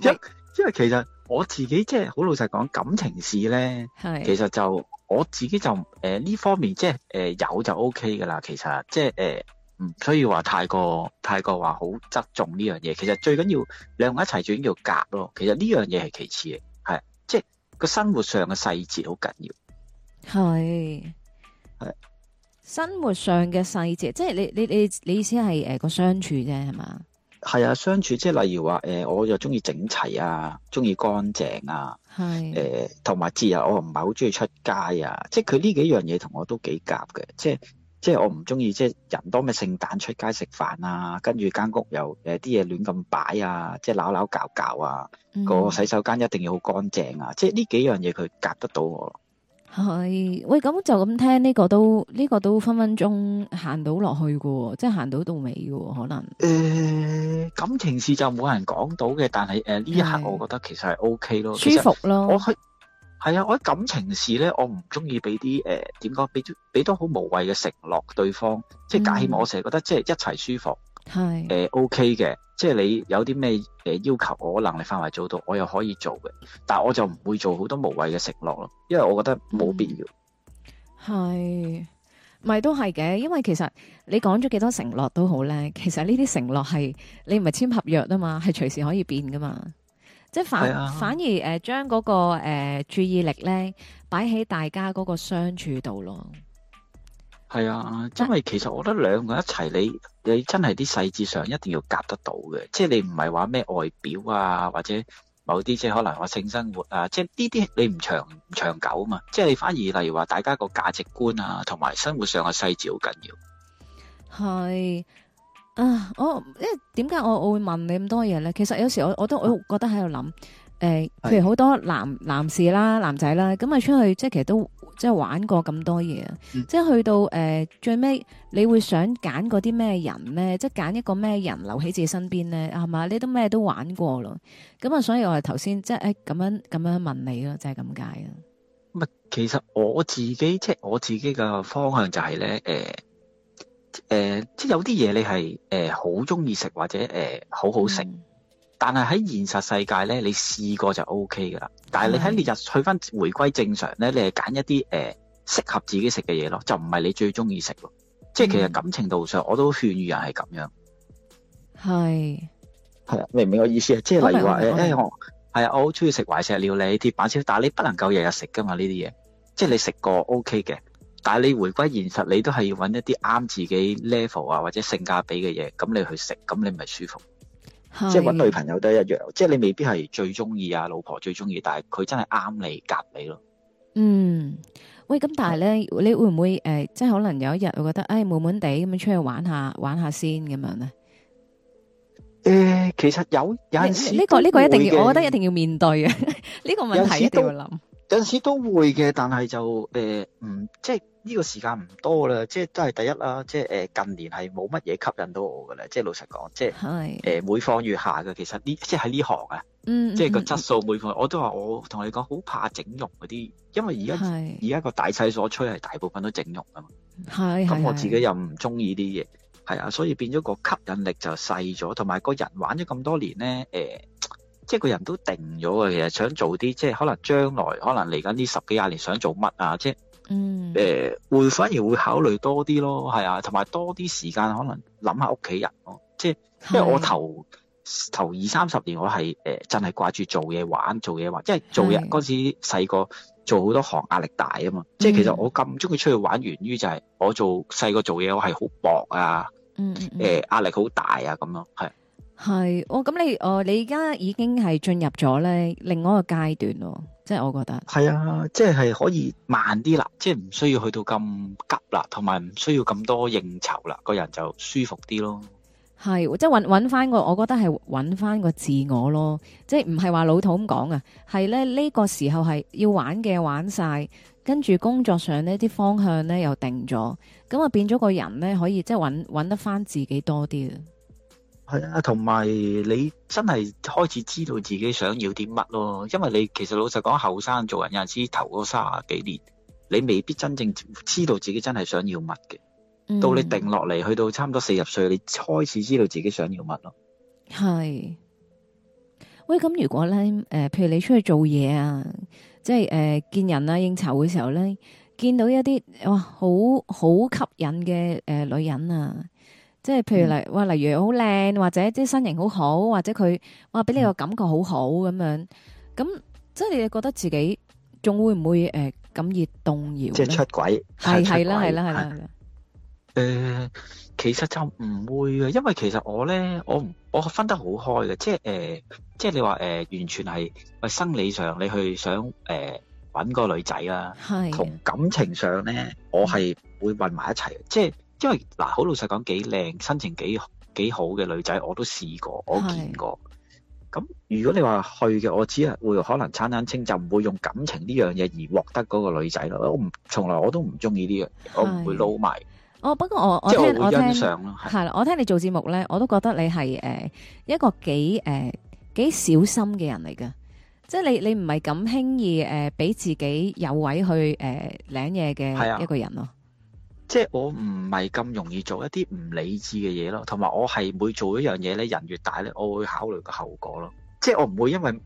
因因為其實我自己即係好老實講，感情事咧，係，其實就我自己就誒呢方面即係誒有就 OK 噶啦，其實即係誒。唔需要話太過太過話好側重呢樣嘢，其實最緊要兩個人一齊最緊要夾咯。其實呢樣嘢係其次嘅，係即係個生活上嘅細節好緊要。係，係是的生活上嘅細節，即係你你你你意思係誒個相處啫係嘛？係啊，相處即係例如話誒、呃，我就中意整齊啊，中意乾淨啊，係誒的，同埋自己，自我唔係好中意出街啊，即係佢呢幾樣嘢同我也都幾夾嘅，即係。即係我唔中意，即係人多咪聖誕出街食飯啊，跟住間屋又誒啲嘢亂咁擺啊，即係扭扭搞搞啊，個、嗯、洗手間一定要好乾淨啊！即係呢幾樣嘢佢夾得到我。係，喂，咁就咁聽呢、呢個都呢、呢個都分分鐘行到落去嘅喎，即係行到到尾嘅喎，可能。誒、欸，感情事就冇人講到嘅，但係呢、呃、一刻，我覺得其實係 O K 咯，是其實 舒服咯。我係啊，我喺感情事咧，我唔中意俾啲誒點講，俾俾多好無謂嘅承諾對方，嗯、即係假設我成日覺得即係一齊舒服，誒係、呃、OK 嘅，即係你有啲咩誒要求我，我能力範圍做到，我又可以做嘅，但係我就唔會做好多無謂嘅承諾咯，因為我覺得冇必要。係、嗯，咪都係嘅，因為其實你講咗幾多承諾都好咧，其實呢啲承諾係你唔係簽合約啊嘛，係隨時可以變噶嘛。即反反而誒將嗰個誒注意力咧擺喺大家嗰個相處度咯。係啊，因為其實我覺得兩個一齊，你你真係啲細節上一定要夾得到嘅。即係你唔係話咩外表啊，或者某啲即係可能話性生活啊，即係呢啲你唔長唔長久啊嘛。即係你反而例如話大家個價值觀啊，同埋生活上嘅細節好緊要。係。啊！我因為點解我我會問你咁多嘢咧？其實有時我我都我覺得喺度諗，誒、啊欸，譬如好多男男士啦、男仔啦，咁啊出去即係其實都即係玩過咁多嘢，嗯、即係去到誒、呃、最尾你會想揀嗰啲咩人咧？即係揀一個咩人留喺自己身邊咧？係嘛？你都咩都玩過咯，咁啊，所以我係頭先即係咁、欸、樣咁樣問你咯，就係咁解啦。咪其實我自己即係我自己嘅方向就係、是、咧，誒、欸。誒、呃，即係有啲嘢你係誒好中意食或者誒、呃、好好食，嗯、但係喺現實世界咧，你試過就 O K 噶啦。但係你喺現實去翻回歸正常咧，你係揀一啲誒適合自己食嘅嘢咯，就唔係你最中意食咯。即係其實感情度上，嗯、我都勸喻人係咁樣。係係啊，明唔明我意思啊？即係例如話誒、哎哎，我係啊，我好中意食懷石料理、鐵板燒，但係你不能夠日日食噶嘛呢啲嘢。即係你食過 O K 嘅。OK 但係你回歸現實，你都係要揾一啲啱自己 level 啊，或者性價比嘅嘢，咁你去食，咁你咪舒服。即係揾女朋友都一樣，即係你未必係最中意啊，老婆最中意，但係佢真係啱你夾你咯。嗯，喂，咁但係咧，你會唔會誒，即係可能有一日我覺得，誒悶悶地咁樣出去玩下，玩下先咁樣咧？誒，其實有有陣時呢個呢個一定要，我覺得一定要面對嘅呢個問題一定要諗。有陣時都會嘅，但係就誒，嗯，即係。呢個時間唔多啦，即係都係第一啦，即係誒近年係冇乜嘢吸引到我㗎啦，即係老實講，即係誒是每況愈下嘅。其實呢，即係喺呢行啊，嗯、即係個質素每況、嗯，我都話我同你講好怕整容嗰啲，因為而家而家個大勢所趨係大部分都整容啊嘛。係是，咁我自己又唔中意啲嘢，係啊的，所以變咗個吸引力就細咗，同埋個人玩咗咁多年咧，誒、呃，即係個人都定咗嘅。其實想做啲即係可能將來可能嚟緊呢十幾廿年想做乜啊，即係。嗯，誒、呃，會反而會考慮多啲咯，係啊，同埋多啲時間可能諗下屋企人咯，即係因為我頭是頭二三十年我係誒、呃、真係掛住做嘢玩，做嘢玩，即係做人嗰是時細個做好多行壓力大啊嘛，即係其實我咁中意出去玩，源於就係我做細個做嘢我係好搏啊嗯，嗯，誒、呃，壓力好大啊，咁樣係係，我咁、哦、你誒、呃，你而家已經係進入咗咧另外一個階段咯。即係我覺得係啊，即係可以慢啲啦，即係唔需要去到咁急啦，同埋唔需要咁多應酬啦，個人就舒服啲咯。係即係搵搵翻個，我覺得係搵翻個自我咯。即係唔係話老土咁講啊，係咧呢個時候係要玩嘅玩晒，跟住工作上呢啲方向呢又定咗，咁啊變咗個人呢，可以即係搵搵得翻自己多啲啊係啊，同埋你真係開始知道自己想要啲乜咯，因為你其實老實講，後生做人又知頭嗰三十幾年，你未必真正知道自己真係想要乜嘅。嗯、到你定落嚟，去到差唔多四十歲，你開始知道自己想要乜咯。係，喂，咁如果咧，誒、呃，譬如你出去做嘢啊，即係誒見人啊，應酬嘅時候咧，見到一啲哇好好吸引嘅誒、呃、女人啊。即係譬如例，哇！例如好靚，或者啲身形好好，或者佢哇，俾你個感覺好好咁樣。咁即係你哋覺得自己仲會唔會誒咁易動搖？即係出軌，係係啦，係啦，係啦。誒，其實就唔會嘅，因為其實我咧，我我分得好開嘅，即係誒，即係你話誒，完全係誒生理上你去想誒搵個女仔啦，係同感情上咧，我係會混埋一齊，即係。因為嗱，好老實講，幾靚，心情幾幾好嘅女仔，我都試過，我都見過。咁的如果你話去嘅，我只係會可能餐餐清，就唔會用感情呢樣嘢而獲得嗰個女仔咯。我唔從來我都唔中意呢樣，的我唔會撈埋。哦，不過我我我欣賞咯，係啦聽，我聽你做節目咧，我都覺得你係誒、呃、一個幾誒幾小心嘅人嚟噶，即係你你唔係咁輕易誒俾、呃、自己有位去誒、呃、領嘢嘅一個人咯。即係我唔係咁容易做一啲唔理智嘅嘢咯，同埋我係每做一樣嘢咧，人越大咧，我會考慮個後果咯。即係我唔會因為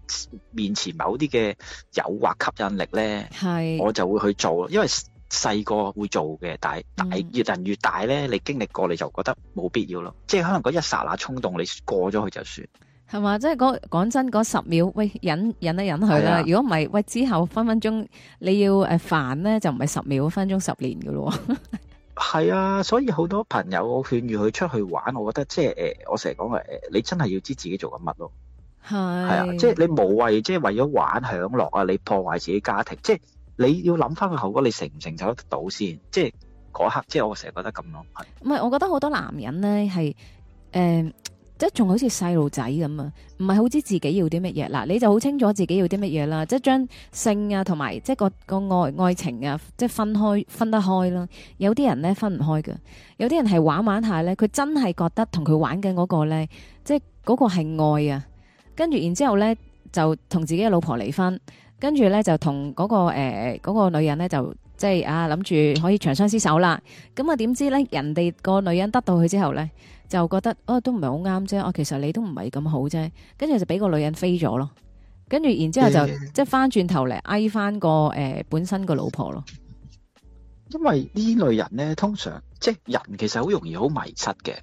面前某啲嘅誘惑吸引力咧，是我就會去做咯。因為細個會做嘅，但係越人越大咧，你經歷過你就覺得冇必要咯。即係可能嗰一剎那衝動，你過咗去就算係嘛。即係講真嗰十秒，喂，忍忍一忍佢啦。如果唔係，喂，之後分分鐘你要誒煩咧，就唔係十秒分鐘十年嘅咯。 係啊，所以好多朋友勸住佢出去玩，我覺得即係誒，我成日講嘅誒，你真係要知自己做緊乜咯。係係啊，即係你無謂即係為咗玩享樂啊，你破壞自己家庭，即係你要諗翻個後果，你承唔承受得到先。即係嗰刻，即係我成日覺得咁咯。係。唔係，我覺得好多男人咧係誒。是呃即仲好似細路仔咁啊，唔係好知自己要啲乜嘢嗱，你就好清楚自己要啲乜嘢啦。即係將性啊，同埋即係個個愛愛情啊，即係分開分得開啦。有啲人咧分唔開㗎，有啲人係玩玩下咧，佢真係覺得同佢玩緊嗰個咧，即係嗰個係愛啊。跟住然之後咧，就同自己嘅老婆離婚，呢跟住咧就同嗰個誒嗰、呃嗰個女人咧就即係啊諗住可以長相廝守啦。咁啊點知咧人哋個女人得到佢之後咧，就覺得哦、啊，都唔係好啱啫。哦、啊，其實你都唔係咁好啫。跟住就俾個女人飛咗咯。跟住然之後就 Yeah. 即係翻轉頭嚟嗌翻個誒、呃、本身個老婆咯。因為呢類人呢，通常即係人其實好容易好迷失嘅。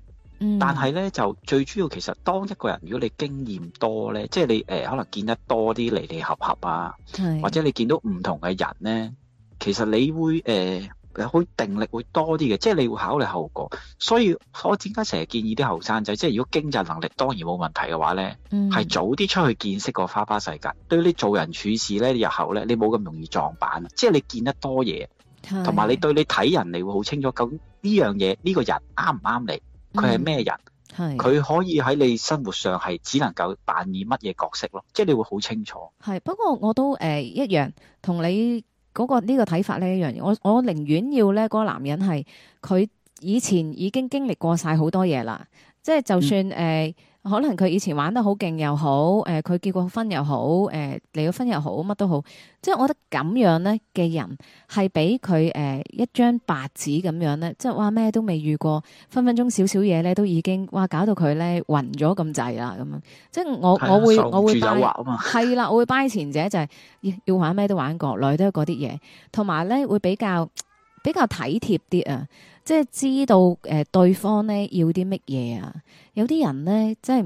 嗯、但係呢，就最主要其實當一個人如果你經驗多呢，即係你、呃、可能見得多啲離離合合啊，是或者你見到唔同嘅人呢，其實你會誒。呃定力會多啲嘅，即係你會考慮後果，所以我點解成日建議啲後生仔，即係如果經濟能力當然冇問題嘅話呢係、嗯、早啲出去見識個花花世界，對你做人處事呢，日後呢，你冇咁容易撞板，即係你見得多嘢，同埋是你對你睇人你會好清楚，究竟呢樣嘢呢個人啱唔啱你，佢係咩人，佢是可以喺你生活上係只能夠扮演乜嘢角色咯，即係你會好清楚。係不過我都誒、呃、一樣同你。嗰個呢個睇法呢，一樣嘢，我我寧願要呢嗰個男人係佢以前已經經歷過晒好多嘢啦，即係就算誒。嗯可能佢以前玩得好勁又好，誒、呃、佢結過婚又好，誒離咗婚又好，乜都好，即係我覺得咁樣咧嘅人係俾佢誒一張白紙咁樣咧，即係哇咩都未遇過，分分鐘少少嘢咧，都已經哇搞到佢咧暈咗咁滯啦咁樣，即係我、啊、我會我會係啦，我會拜前者就係要玩咩都玩過，女都嗰啲嘢，同埋咧會比較比較體貼啲啊。即係知道誒、呃，對方咧要啲乜嘢啊？有啲人咧，真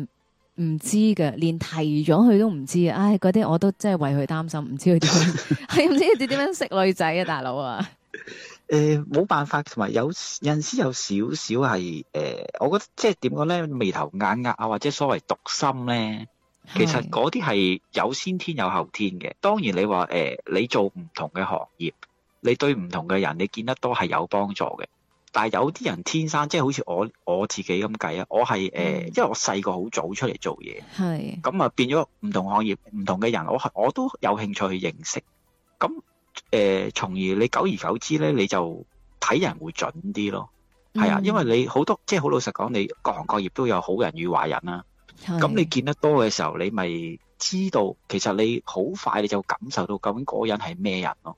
係唔知嘅，連提咗佢都唔知啊！唉、哎，嗰啲我都真係為佢擔心，唔知佢點，你唔、 哎、知佢點樣識女仔啊，大佬啊！誒、呃，冇辦法，同埋有有陣時有少少係誒，我覺得即係點講咧，眉頭眼額啊，或者所謂讀心咧，其實嗰啲係有先天有後天嘅。當然你話誒、呃，你做唔同嘅行業，你對唔同嘅人，你見得多係有幫助嘅。但有啲人天生即係、就是、好似我我自己咁計啊，我係誒、呃嗯、因為我細個好早出嚟做嘢，咁啊是變咗唔同行業唔同嘅人，我係我都有興趣去認識，咁誒從而你久而久之咧，你就睇人會準啲咯，係、嗯、啊，因為你好多即係好老實講，你各行各業都有好人與壞人啦、啊，咁是你見得多嘅時候，你咪知道其實你好快你就感受到究竟嗰個人係咩人咯。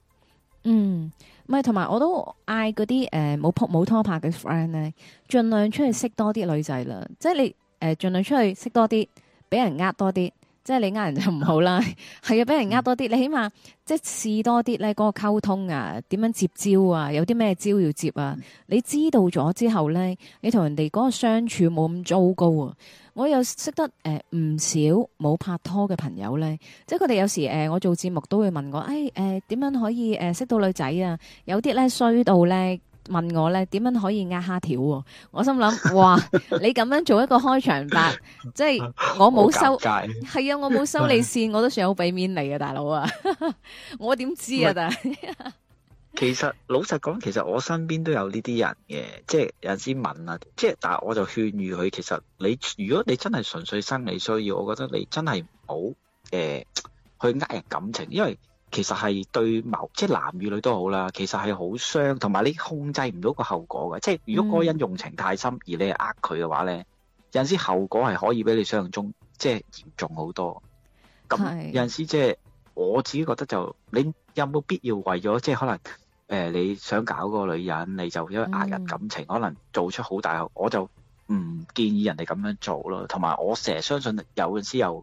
嗯，唔係同埋我都嗌嗰啲誒冇扑冇拖拍嘅 friend 咧，盡量出去識多啲女仔啦。即係你誒，盡、呃、量出去識多啲，俾人呃多啲。即係你呃人就唔好啦，係 啊，俾人呃多啲，你起碼即係試多啲咧，嗰個溝通啊，點樣接招啊，有啲咩招要接啊，嗯、你知道咗之後咧，你同人哋嗰個相處冇咁糟糕啊。我又識得誒唔少冇拍拖嘅朋友咧，即係佢哋有時誒，我做節目都會問我，誒誒點樣可以誒識到女仔啊？有啲咧衰到咧問我咧點樣可以呃蝦條喎，啊？我心諗哇， 你咁樣做一個開場白， 即係我冇收，係啊，我冇收你線，我都算好俾面嚟嘅大佬啊！大 我點知啊？但係。其實老實講，其實我身邊都有呢啲人嘅，即係有陣時問啊，即係但係我就勸喻佢，其實你如果你真係純粹生理需要，我覺得你真係唔好誒去呃人感情，因為其實係對某即係男與女都好啦，其實係好傷，同埋你控制唔到個後果嘅。即係如果嗰個人用情太深，嗯、而你又呃佢嘅話咧，有陣時後果係可以比你想象中即係嚴重好多。咁是有陣時即係我自己覺得就你有冇必要為咗即係可能？誒，你想搞嗰個女人，你就因為壓人感情，可能做出好大，我就唔建議人哋咁樣做咯。同埋我成日相信有陣時有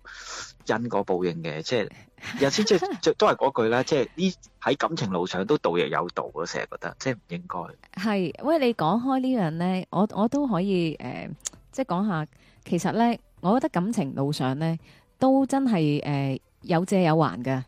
因果報應嘅，即係有陣時即係都係嗰句咧，即係呢喺感情路上都盜亦有道咯。成日覺得即係唔應該係。喂，你講開呢樣咧，我我都可以誒，即係講下其實咧，我覺得感情路上咧都真係誒有借有還嘅。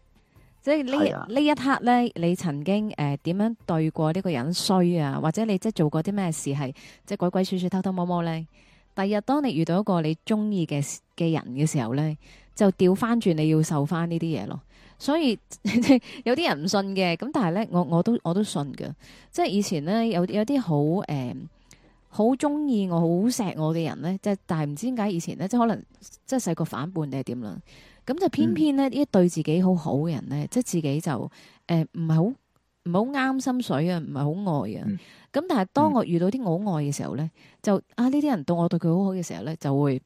即係呢，呢一刻呢，你曾經誒點樣對過呢個人衰啊？或者你即係做過啲咩事係即係鬼鬼祟祟、偷偷摸摸呢。第日當你遇到一個你中意嘅嘅人嘅時候呢，就掉翻轉，你要受翻呢啲嘢咯。所以 有啲人唔信嘅，咁但係呢，我我都我都信嘅。即係以前呢，有有啲好誒。呃好中意我好錫我嘅人咧，即係但係唔知點解以前咧，即係可能即係細個反叛定係點啦？咁就偏偏咧呢、嗯、一對自己好好嘅人咧，即係自己就誒唔係好唔係好啱心水啊，唔係好愛啊。咁、嗯、但係當我遇到啲我好愛嘅時候咧，就啊呢啲人對我對佢好好嘅時候咧，就會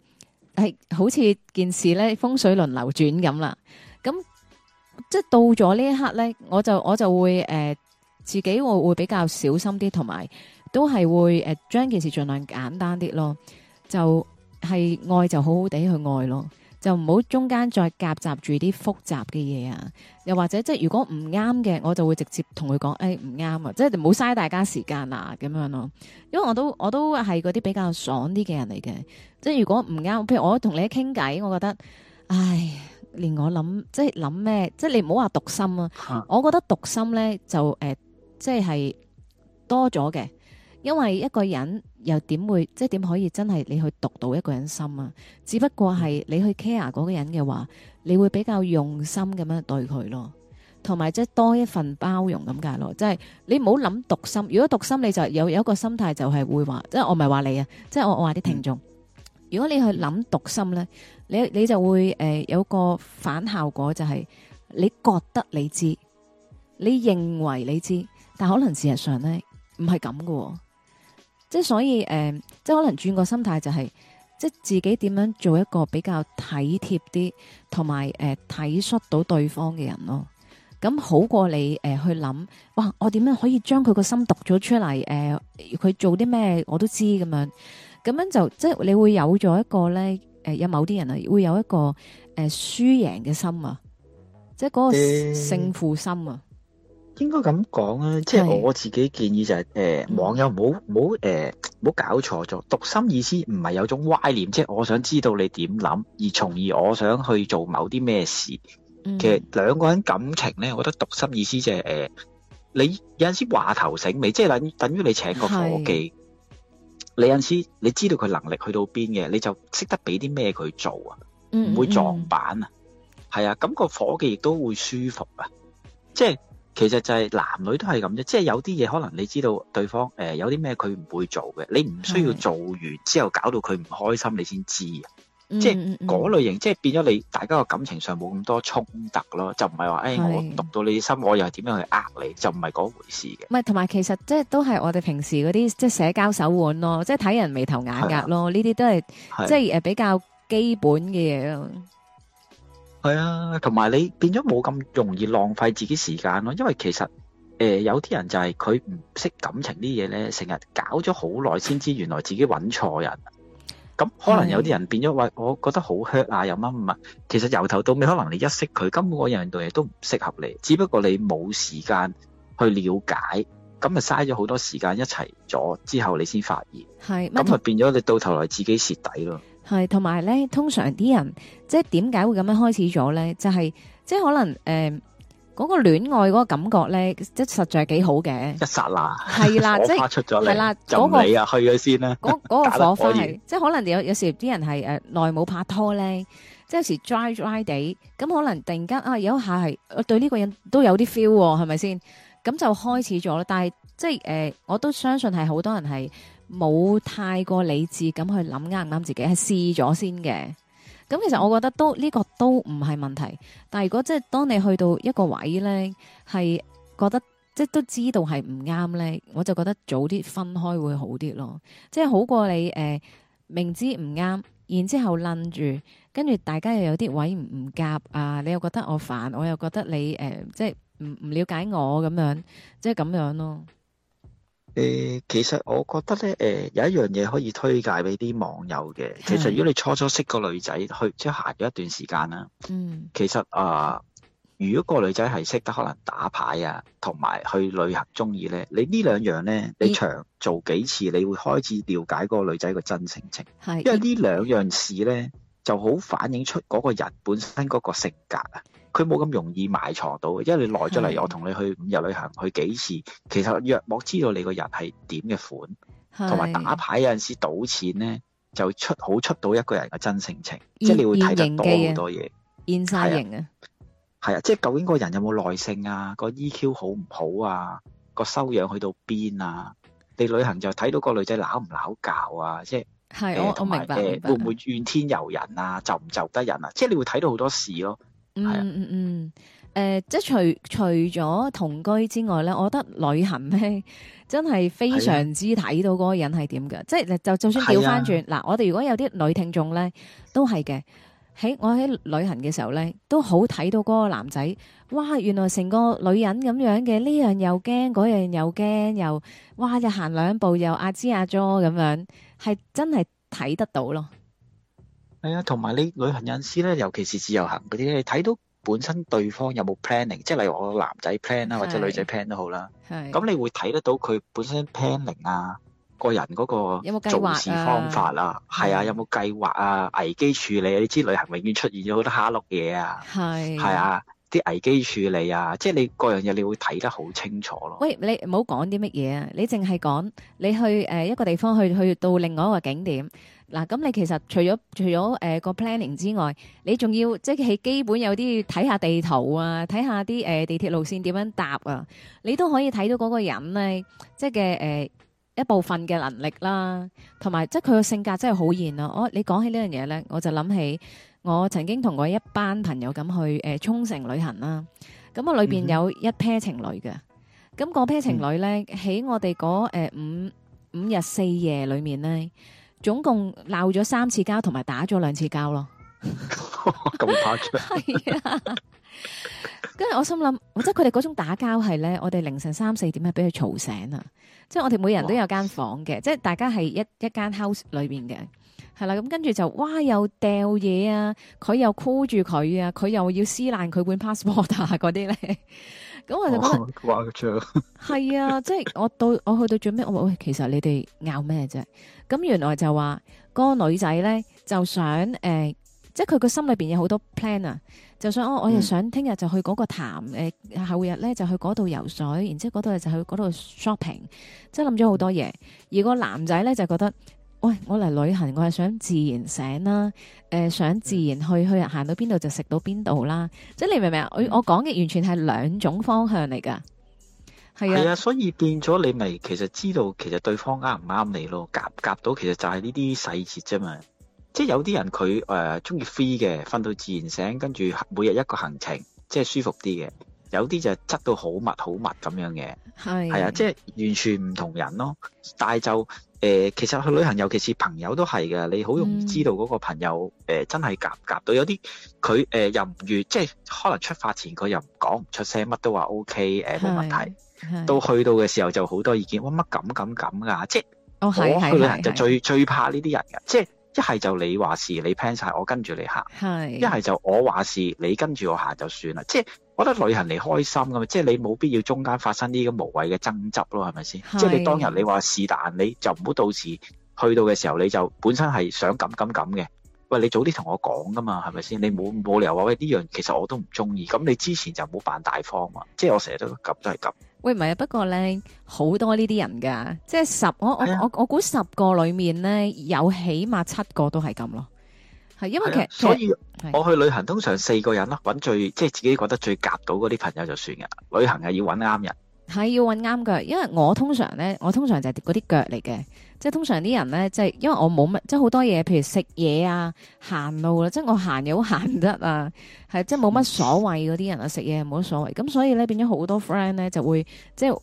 係好似件事咧風水輪流轉咁啦。咁即係到咗呢一刻咧，我就我就會誒、呃、自己會會比較小心啲同埋。都係會誒，將件事盡量簡單啲咯。就係愛就好好地去愛咯，就唔好中間再夾雜住啲複雜嘅嘢啊。又或者即係如果唔啱嘅，我就會直接同佢講誒，唔啱啊，即係唔好嘥大家時間啊，咁樣咯。因為我都我都係嗰啲比較爽啲嘅人嚟嘅，即係如果唔啱，譬如我同你傾偈，我覺得唉，連我諗即係諗咩，即係你唔好話讀心啊。嗯，我覺得讀心咧就誒，即係多咗嘅。因為一個人又點會即係點可以真係你去讀到一個人心啊？只不過係你去 care 嗰個人嘅話，你會比較用心咁樣對佢咯，同埋即係多一份包容咁解咯。即係你唔好諗讀心，如果讀心你就有有一個心態就係會話，即係我唔係話你啊，即係我我話啲聽眾，如果你去諗讀心咧，你你就會誒有個反效果，就係你覺得你知，你認為你知，但可能事實上咧唔係咁噶。即所以，誒、呃，即可能轉個心態、就係，就係即自己點樣做一個比較體貼啲，同埋誒體恤到對方嘅人咯。咁好過你誒、呃、去諗，哇！我點樣可以將佢個心讀咗出嚟？誒、呃，佢做啲咩我都知咁樣。咁樣就即你會有咗一個咧，誒、呃、有某啲人啊，會有一個誒、呃、輸贏嘅心啊，即嗰個勝負心啊。應該咁講啊，即、就、係、是、我自己建議就係、是、誒是、呃、網友唔好唔好誒唔好搞錯咗，讀心意思唔係有種歪念，即、就、係、是、我想知道你點諗，而從而我想去做某啲咩事。嗯、其實兩個人感情咧，我覺得讀心意思就係、是、誒、呃，你有陣時話頭醒尾，即係等等於你請個伙計，是你有陣時你知道佢能力去到邊嘅，你就識得俾啲咩佢做啊，唔、嗯嗯嗯、會撞板是啊。係啊，咁個伙計亦都會舒服啊，即係。其實就係男女都係咁啫，即係有啲嘢可能你知道對方誒有啲咩佢唔會做嘅，你唔需要做完之後搞到佢唔開心，你先知啊。即係嗰類型，即係變咗你大家個感情上冇咁多衝突咯，就唔係話誒我讀到你心，我又係點樣去呃你，就唔係嗰回事嘅。唔係，同埋其實即係都係我哋平時嗰啲即係社交手腕咯，即係睇人眉頭眼額咯，呢啲都係即係誒比較基本嘅嘢咯。係啊，同埋你變咗冇咁容易浪費自己時間咯，因為其實誒、呃、有啲人就係佢唔識感情啲嘢咧，成日搞咗好耐先知原來自己揾錯人，咁可能有啲人變咗是話，我覺得好 hurt 啊，又乜乜，其實由頭到尾可能你一識佢，根本嗰樣嘢都唔適合你，只不過你冇時間去了解，咁咪嘥咗好多時間一齊咗之後，你先發現，咁咪是變咗你到頭來自己蝕底咯。係，同埋咧，通常啲人即係點解會咁樣開始咗咧？就係、是、即係可能誒，嗰、呃那個戀愛嗰個感覺咧，即係實在幾好嘅。一剎啦係啦，即係拍出咗嚟，係啦的，嗰你啊去咗先啦。嗰個火花係，即係、那個那個、可能有有時啲人係誒、呃，耐冇拍拖咧，即係有時 dry dry 地，咁可能突然間啊，有一下係對呢個人都有啲 feel，係、哦、咪先？咁就開始咗啦。但係即係誒、呃，我都相信係好多人係。冇太過理智咁去諗啱唔啱自己，係試咗先嘅。咁其實我覺得都呢個都唔係問題。但係如果即係當你去到一個位呢，係覺得即係都知道係唔啱呢，我就覺得早啲分開會好啲咯。即係好過你誒、呃、明知唔啱，然之後楞住，跟住大家又有啲位唔夾啊，你又覺得我煩，我又覺得你誒、呃、即係唔唔瞭解我咁樣，即係咁樣咯。誒，嗯、其實我覺得咧，誒有一樣嘢可以推介俾啲網友嘅。其實如果你初初識個女仔，的去即係行咗一段時間啦。嗯。其實啊、呃，如果個女仔係識得可能打牌啊，同埋去旅行中意咧，你呢兩樣咧，你長做幾次，的你會開始了解個女仔個真性情。係的。因為呢兩樣事咧，就好反映出嗰個人本身嗰個性格啊。佢冇咁容易埋藏到，因為你耐咗嚟，的我同你去五日旅行去幾次，其實約莫知道你個人係點嘅款，同埋的打牌有陣時賭錢咧，就出好出到一個人嘅真性情，以即係你會睇得多好多嘢。現形啊，係啊，啊，啊，即係究竟嗰個人有冇耐性啊？個 EQ 好唔好啊？個修養去到邊啊？你旅行就睇到個女仔鬧唔鬧教啊？即係係的、呃、我我明白，會唔會怨天尤人啊？就唔就得人啊？即係你會睇到好多事咯。嗯嗯嗯，誒、嗯呃，即係除除咗同居之外咧，我覺得旅行咧真係非常之睇到嗰個人係點㗎，是啊、即係就就，就算調翻轉嗱，我哋如果有啲女聽眾咧，都係嘅，喺我喺旅行嘅時候咧，都好睇到嗰個男仔，哇，原來成個女人咁樣嘅，呢樣又驚，嗰樣又驚，又哇，就行兩步又阿吱阿咗 o 咁樣，係真係睇得到咯。係啊，同埋你旅行人士咧，尤其是自由行嗰啲，你睇到本身對方有冇 planning，即係例如我男仔 plan 啦或者女仔 plan 都好啦。係咁，你會睇得到佢本身 planning 啊，哦、個人嗰個做事方法啊，係啊，啊，有冇計劃啊，危機處理啊，你知旅行永遠出現咗好多蝦碌嘢啊。係係是啊，啲危機處理啊，即係你各樣嘢，你會睇得好清楚咯。喂，你唔好講啲乜嘢啊，你淨係講你去誒一個地方去去到另外一個景點。嗱，咁你其實除咗除咗誒個 planning 之外，你仲要即係基本有啲睇下地圖啊，睇下啲誒地鐵路線點樣搭啊，你都可以睇到嗰個人咧，即嘅誒一部分嘅能力啦，同埋即佢嘅性格真係好現啊！哦，你講起呢樣嘢咧，我就諗起我曾經同過一班朋友咁去誒沖繩旅行啦。咁啊，裏邊有一 pair 情侶嘅，咁嗰 pair 情侶咧，喺我哋嗰誒五五日四夜裏面咧。總共鬧咗三次交，同埋打咗兩次交咯。咁誇張？係啊，跟 住 我心諗，即係佢哋嗰種打交係咧，我哋凌晨三四點係俾佢嘈醒啊。即係我哋每人都有間房嘅，塞即係大家係一一間 house 裏邊嘅。係啦，咁跟住就哇，又掉嘢啊！佢又箍住佢啊！佢又要撕爛佢本 passport 嗰、啊、啲咧。咁、 嗯、我就覺得係啊，即係我到我去到最尾，我問喂，其實你哋拗咩啫？咁原來就話嗰、嗰個女仔咧，就想誒、呃，即係佢個心裏邊有好多 plan 啊，就想哦，我又想聽日就去嗰個潭，誒、呃、後日咧就去嗰度游水，然之後嗰度就去嗰度 shopping，即係諗咗好多嘢。嗯、而個男仔咧就覺得。喂，我嚟旅行，我係想自然醒啦，啊，誒、呃，想自然去，嗯、去行到邊度就食到邊度啦。即係你明唔明啊？我我講嘅完全係兩種方向嚟噶，係啊，係啊，所以變咗你咪其實知道，其實對方啱唔啱你咯，夾夾到其實就係呢啲細節啫嘛。即係有啲人佢誒中意 free 嘅，瞓到自然醒，跟住每日一個行程，即係舒服啲嘅。有啲就執到好密好密咁樣嘅，係係啊，即係完全唔同人咯，但係就。誒、呃，其實去旅行，尤其是朋友都係嘅，你好容易知道嗰個朋友，誒、嗯呃，真係夾唔夾到？有啲佢誒，又唔如，即係可能出發前佢又唔講唔出聲，乜都話 OK，誒，冇問題。到去到嘅時候就好多意見，哇，乜咁咁咁噶？即係、哦、我去旅行就最最，最怕呢啲人噶，即係一係就你話事，是你 plan 晒，我跟住你行；一係是就我話事，你跟住我行就算啦，即係。我覺得旅行嚟開心噶嘛，即係你冇必要中間發生呢啲咁無謂嘅爭執咯，係咪先？即係你當日你話是但，你就唔好到時去到嘅時候，你就本身係想咁咁咁嘅。喂，你早啲同我講噶嘛，係咪先？你冇冇理由話喂，呢樣其實我都唔中意，咁你之前就唔好扮大方嘛。即係我成日都咁都係咁。喂，唔係啊，不過咧好多呢啲人噶，即係十我我的我我估十個裏面咧有起碼七個都係咁咯。係，因為其實、啊、所以我去旅行通常四個人咯，揾是最即係自己覺得最夾到嗰啲朋友就算嘅。旅行係要揾啱人，係要揾啱腳。因為我通常咧，我通常就係嗰啲腳嚟嘅，即係通常啲人咧，即、就、係、是、因為我冇乜，即係好多嘢，譬如食嘢啊、行路啦，即係我行又好行得啊，係即係冇乜所謂嗰啲人啊，食嘢冇乜所謂。咁所以咧，變咗好多 friend 咧就會即係。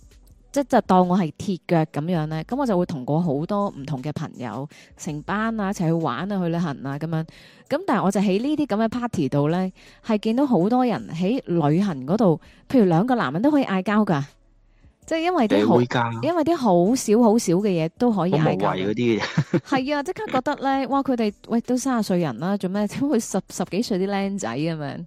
即就當我係鐵腳咁樣咧，咁我就會跟過很多不同過好多唔同嘅朋友，成班啊一齊去玩啊、去旅行啊咁樣。咁但係我就喺呢啲咁嘅 party 度咧，係見到好多人喺旅行嗰度，譬如兩個男人都可以嗌交噶，即係因為啲好因為啲好少好少嘅嘢都可以嗌交。係啊，即刻覺得咧，哇！佢哋喂都三十歲人啦，做咩，點會十十幾歲啲僆仔咁樣？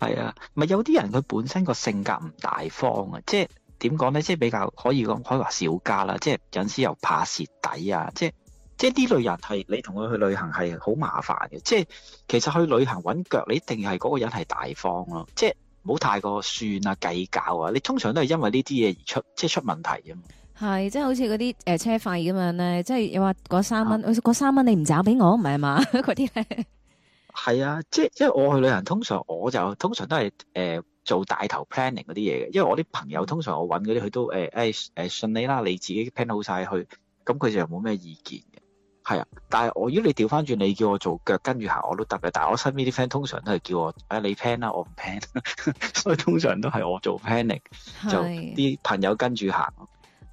係啊，咪有啲人佢本身個性格唔大方啊，即係。點講咧，即係比較可以講，可以話小家啦。即係隱私又怕蝕底啊！即係即係呢類人係你同佢去旅行係好麻煩嘅。即係其實去旅行揾腳，你一定係嗰個人係大方咯。即係唔好太過算啊計較啊。你通常都係因為呢啲嘢而出，即係出問題啊嘛。係即係好似嗰啲誒車費咁樣咧，即係、呃、你話嗰三蚊，好似嗰三蚊你唔找俾我，唔係嘛？嗰啲咧係啊，即係即係我去旅行，通常我就通常都係誒。呃做大頭 planning 嗰啲嘢嘅，因為我啲朋友通常我揾嗰啲佢都誒誒誒信你啦，你自己 plan 好晒去，咁佢就冇咩意見嘅，係啊。但係我如果你調翻轉，你叫我做腳跟住行我都得嘅。但係我身邊啲 friend 通常都係叫我誒、欸、你 plan 啦，我唔 plan， 所以通常都係我做 planning， 就啲朋友跟住行。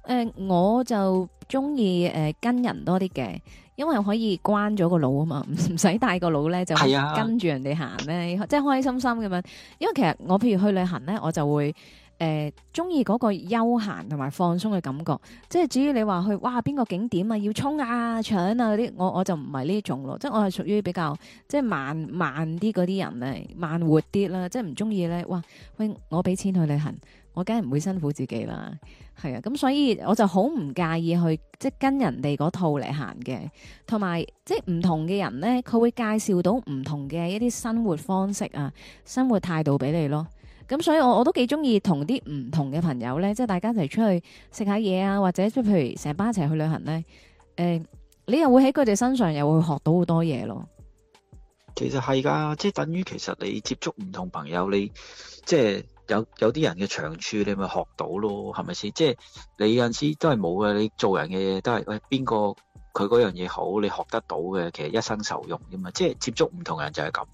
誒、呃，我就中意誒跟人多啲嘅，因為可以關咗個腦啊嘛，唔使帶個腦咧就係、跟住人哋行咧，哎、呀即係開開心心咁樣。因為其實我譬如去旅行咧，我就會誒中意嗰個休閒同埋放鬆嘅感覺。即係至於你話去哇邊個景點啊，要衝啊搶啊嗰啲，我我就唔係呢種咯。即係我係屬於比較即係慢慢啲嗰啲人咧，慢活啲啦，即係唔中意咧。哇，喂，我俾錢去旅行。我梗係唔會辛苦自己啦，係啊，咁所以我就好唔介意去即係跟人哋嗰套嚟行嘅，同埋即係唔同嘅人呢，佢會介紹到唔同嘅一啲生活方式啊，生活態度俾你咯。咁所以我我都幾中意同啲唔同嘅朋友呢，即係大家一齊出去食下嘢啊，或者即譬如成班一齊去旅行呢，誒、呃，你又會喺佢哋身上又會學到好多嘢咯。其實係噶，即係等於其實你接觸唔同朋友，你即係。有有啲人嘅長處，你咪學到咯，係咪先？即係你有陣時都係冇嘅，你做人嘅嘢都係喂，邊個佢嗰樣嘢好，你學得到嘅，其實一生受用㗎嘛。即係接觸唔同的人就係咁。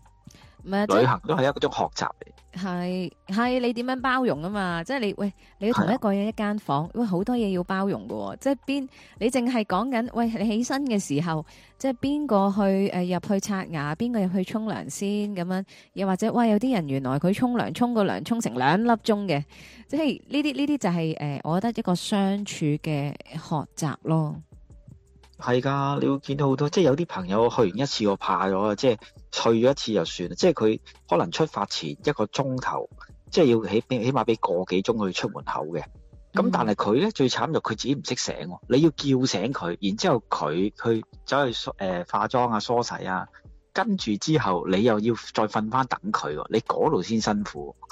唔係旅行都係一種學習嚟，係，係你點樣包容啊嘛？即係你喂，你要同一個人一間房，喂好多嘢要包容嘅喎。即係邊你淨係講緊喂，你起身嘅時候，即係邊個去誒入去刷牙，邊個入去沖涼先咁樣？又或者喂有啲人原來佢沖涼沖個涼沖成兩粒鐘嘅，即係呢啲呢啲就係誒，我覺得一個相處嘅學習咯。係噶，你會見到好多，即係有啲朋友去完一次我怕咗啊！即係去咗一次就算啦，即係佢可能出發前一個鐘頭，即係要起，起碼俾個幾鐘佢出門口嘅。咁、嗯、但係佢咧最慘就佢自己唔識醒、啊，你要叫醒佢，然之後佢去走去梳誒、呃、化妝啊、梳洗啊，跟住之後你又要再瞓翻等佢、啊，你嗰度先辛苦、啊。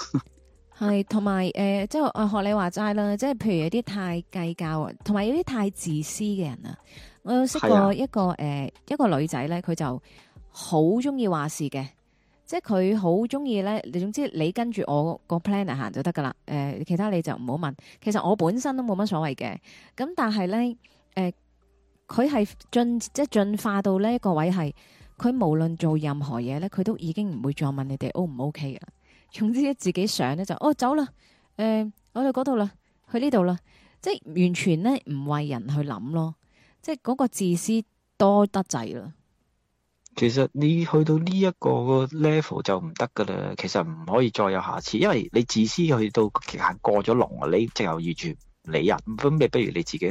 係同埋誒，即係我學你話齋啦，即係譬如有啲太計較啊，同埋有啲太自私嘅人啊。我有識過一個誒、啊呃，一個女仔咧，佢就好中意話事嘅，即係佢好中意咧。你總之你跟住我個 plan 行就得噶啦。誒、呃，其他你就唔好問。其實我本身都冇乜所謂嘅。咁但係咧，誒、呃，佢係進即係進化到呢個位係，佢無論做任何嘢咧，佢都已經唔會再問你哋 O 唔 O K 噶啦。總之自己想咧就哦走啦，誒、呃，我哋嗰度啦，去呢度啦，即係完全咧唔為人去諗咯。即係嗰個自私多得滯啦。其實你去到呢一個 level 就唔得㗎啦。其實唔可以再有下次，因為你自私去到極限，過咗龍啊，你即係意住你人咁，不如你自己去。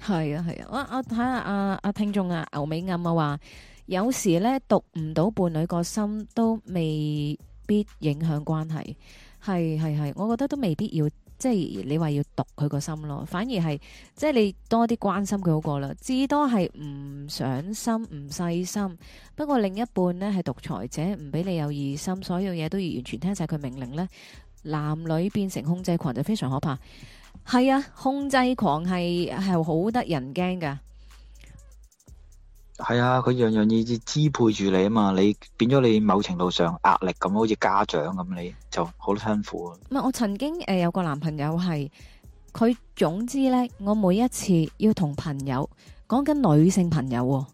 係啊係啊，我我睇下阿阿聽眾啊，牛美暗啊話，有時咧讀唔到伴侶個心都未必影響關係。係係係，我覺得都未必要。即係你話要讀佢個心咯，反而係即係你多啲關心佢好過啦。至多係唔想心，唔細心。不過另一半呢係獨裁者，唔俾你有疑心，所有嘢都要完全聽晒佢命令呢，男女變成控制狂就非常可怕。係啊，控制狂係係好得人驚噶。係啊，佢樣樣嘢支配住你啊嘛，你變咗你某程度上壓力咁，好似家長咁，你就好辛苦啊。唔係，我曾經誒、呃、有個男朋友係，佢總之咧，我每一次要同朋友講緊女性朋友、哦，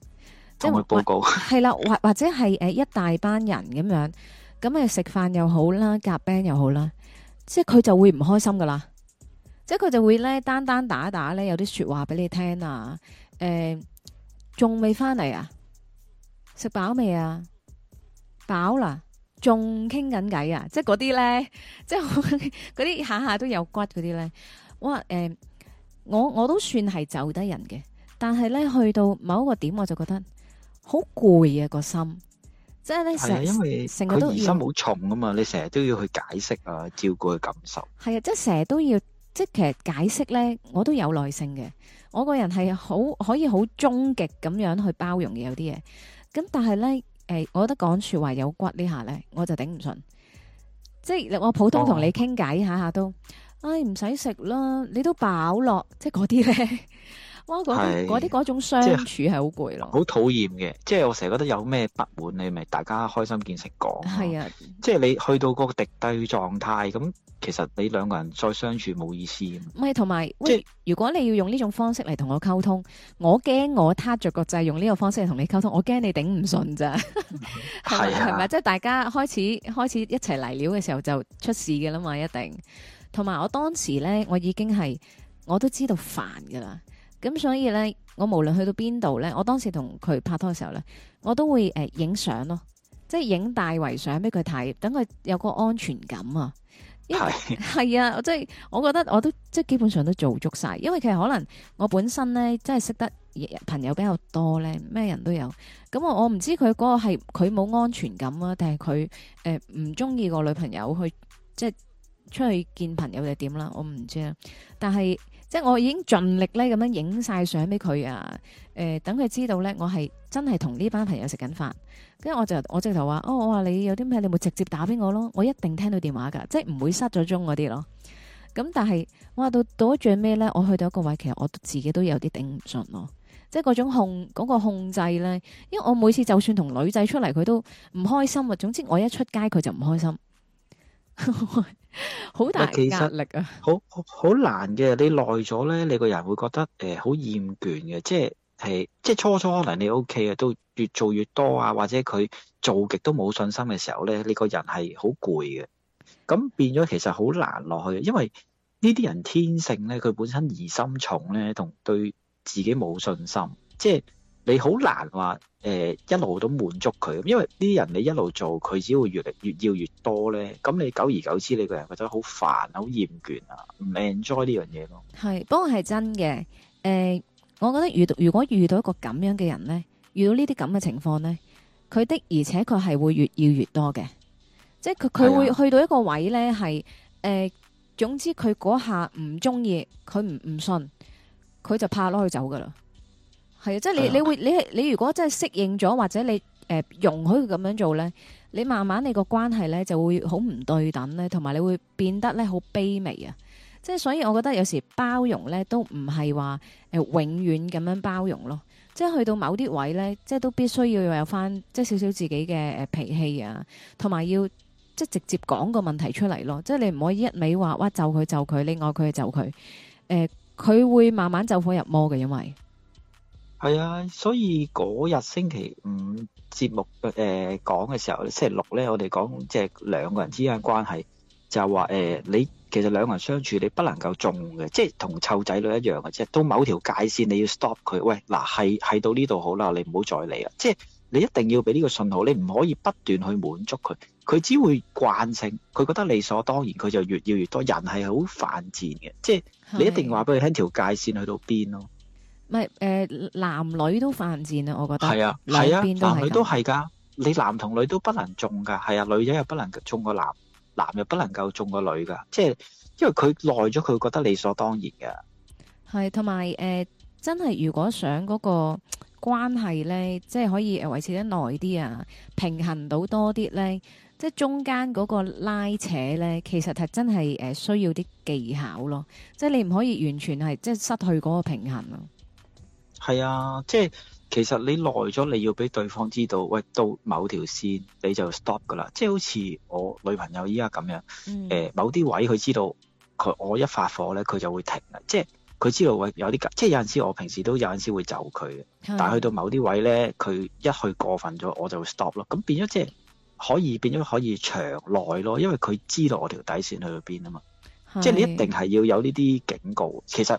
同佢報告係啦、啊，或或者係誒一大班人咁樣，咁啊食飯又好啦，夾 band 又好啦，即係佢就會唔開心噶啦，即係佢就會咧，單單打打咧，有啲說話俾你聽啊，誒、呃。仲未翻嚟啊？食飽未啊？飽啦，仲傾緊偈啊！即係嗰啲咧，即係嗰啲下下都有骨嗰啲咧。我誒，我我都算係就低人嘅，但係咧去到某一個點，我就覺得好攰啊個心，即係咧成日因為成個疑心好重啊嘛！你成日都要去解釋啊，照顧佢感受。係啊，即係成日都要，即係其實解釋咧，我都有耐性嘅。我個人係好可以好終極咁樣去包容嘅，有啲嘢，咁但係呢，誒、欸，我覺得講說話有骨呢下呢，我就頂唔順，即係我普通同你傾偈下下都，唉唔使食啦，你都飽落，即係嗰啲呢。 」嗰啲嗰種相處係好攰咯，好討厭嘅。即係、即係、我成日覺得有咩不滿，你咪大家開心見成講係啊。即係你去到嗰個敵對狀態咁，其實你兩個人再相處冇意思。唔係同埋喂，即係、如果你要用呢種方式嚟同我溝通，我驚我撻着個掣用呢個方式嚟同你溝通，我驚你頂唔順咋，係係咪？即 係、啊即係、大家開始開始一齊嚟料嘅時候就出事噶啦嘛，一定同埋我當時咧，我已經係我都知道煩噶啦。咁所以咧，我無論去到邊度咧，我當時同佢拍拖嘅時候咧，我都會誒影相咯，即係影大圍相俾佢睇，等佢有個安全感啊。因為係係 啊，即係、即係、我覺得我都即係基本上都做足晒，因為其實可能我本身咧真係識得朋友比較多咧，咩人都有。咁我我唔知佢嗰個係佢冇安全感啊，定係佢誒唔中意個女朋友去即係出去見朋友定係點啦？我唔知啊。但係。即係我已經盡力咧，咁樣影晒相俾佢啊！誒、呃，等佢知道咧，我係真係同呢班朋友食緊飯。跟住我就我直頭話：哦，我話你有啲咩，你咪直接打俾我咯，我一定聽到電話㗎，即係唔會失咗蹤嗰啲咯。咁但係我話到到咗最尾咧，我去到一個位，其實我自己都有啲頂唔順咯。即係嗰種控嗰、嗰個控制咧，因為我每次就算同女仔出嚟，佢都唔開心啊。總之我一出街，佢就唔開心。 好大壓力啊！好好難嘅，你耐咗咧，你個人會覺得誒好厭倦嘅，即係即係初初可能你 OK 啊，都越做越多啊，或者佢做極都冇信心嘅時候咧，你個人係好攰嘅，咁變咗其實好難落去，因為呢啲人天性咧，佢本身疑心重咧，同對自己冇信心，即係。你好難話誒、呃、一路都滿足佢，因為啲人你一路做佢，只會越嚟越要越多呢。咁你久而久之，你個人覺得好煩、好厭倦啊，唔 enjoy 呢樣嘢咯。係，不過係真嘅。誒、呃，我覺得遇到如果遇到一個咁樣嘅人呢，遇到呢啲咁嘅情況呢，佢的而且確係會越要越多嘅，即係佢佢會去到一個位呢，係誒、呃，總之佢嗰下唔中意，佢唔唔信，佢就拍攞去走噶啦。係啊，即係你你會你你如果真係適應咗，或者你誒、呃、容許佢咁樣做咧，你慢慢你個關係咧就會好唔對等咧，同埋你會變得咧好卑微啊。即係所以我覺得有時候包容咧都唔係話誒永遠咁樣包容咯，即係去到某啲位咧，即係都必須要有翻即係少少自己嘅誒脾氣啊，同埋要即係直接講個問題出嚟咯。即係你唔可以一味話哇就佢就佢，你愛佢就佢，誒、呃、佢會慢慢走火入魔嘅，因為。係啊，所以嗰日星期五節目誒講嘅時候，星期六咧我哋講即係兩個人之間關係，就話誒你其實兩個人相處你不能夠縱嘅，即係同湊仔女一樣嘅，即係到某條界線你要 stop 佢，喂嗱係係到呢度好啦，你唔好再嚟啦。即係你一定要俾呢個信號，你唔可以不斷去滿足佢，佢只會慣性，佢覺得理所當然，佢就越要越多。人係好犯賤嘅，即係你一定話俾佢聽條界線去到邊咯。唔係誒，男女都犯賤啊！我覺得係啊，係啊，男女都係㗎。你男同女都不能中㗎，係啊，女仔又不能中個男，男又不能夠中個女㗎。即係因為佢耐咗，佢覺得理所當然㗎。係同埋誒，真係如果想嗰個關係咧，即係可以誒維持得耐啲啊，平衡到多啲咧，即係中間嗰個拉扯咧，其實係真係誒需要啲技巧咯。即係你唔可以完全係即係失去嗰個平衡咯。係啊，即係其實你耐咗，你要俾對方知道，喂，到某條線你就 stop 噶啦。即係好似我女朋友依家咁樣，誒、嗯呃、某啲位佢知道佢，佢我一發火咧佢就會停啦。即係佢知道喂有啲，即係有陣時我平時都有陣時候會走佢，是但係去到某啲位咧，佢一去過分咗，我就會 stop 咯。咁變咗即係可以變咗可以長耐咯，因為佢知道我條底線去到邊啊嘛。即係你一定係要有呢啲警告，是其實誒、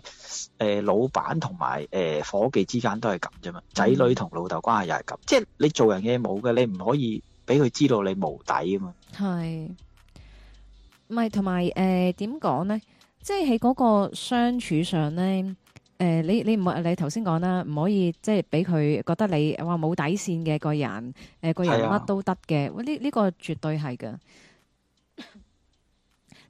呃，老闆同埋誒夥計之間都係咁啫嘛，仔女同老豆關係又係咁，嗯、即係你做人嘢冇嘅，你唔可以俾佢知道你無底啊嘛。係，唔係同埋誒點講咧？即係喺嗰個相處上咧，誒、呃，你你唔你頭先講啦，唔可以即係俾佢覺得你哇冇底線嘅個人，誒、呃，個人乜都得嘅，呢呢、啊、個絕對係噶。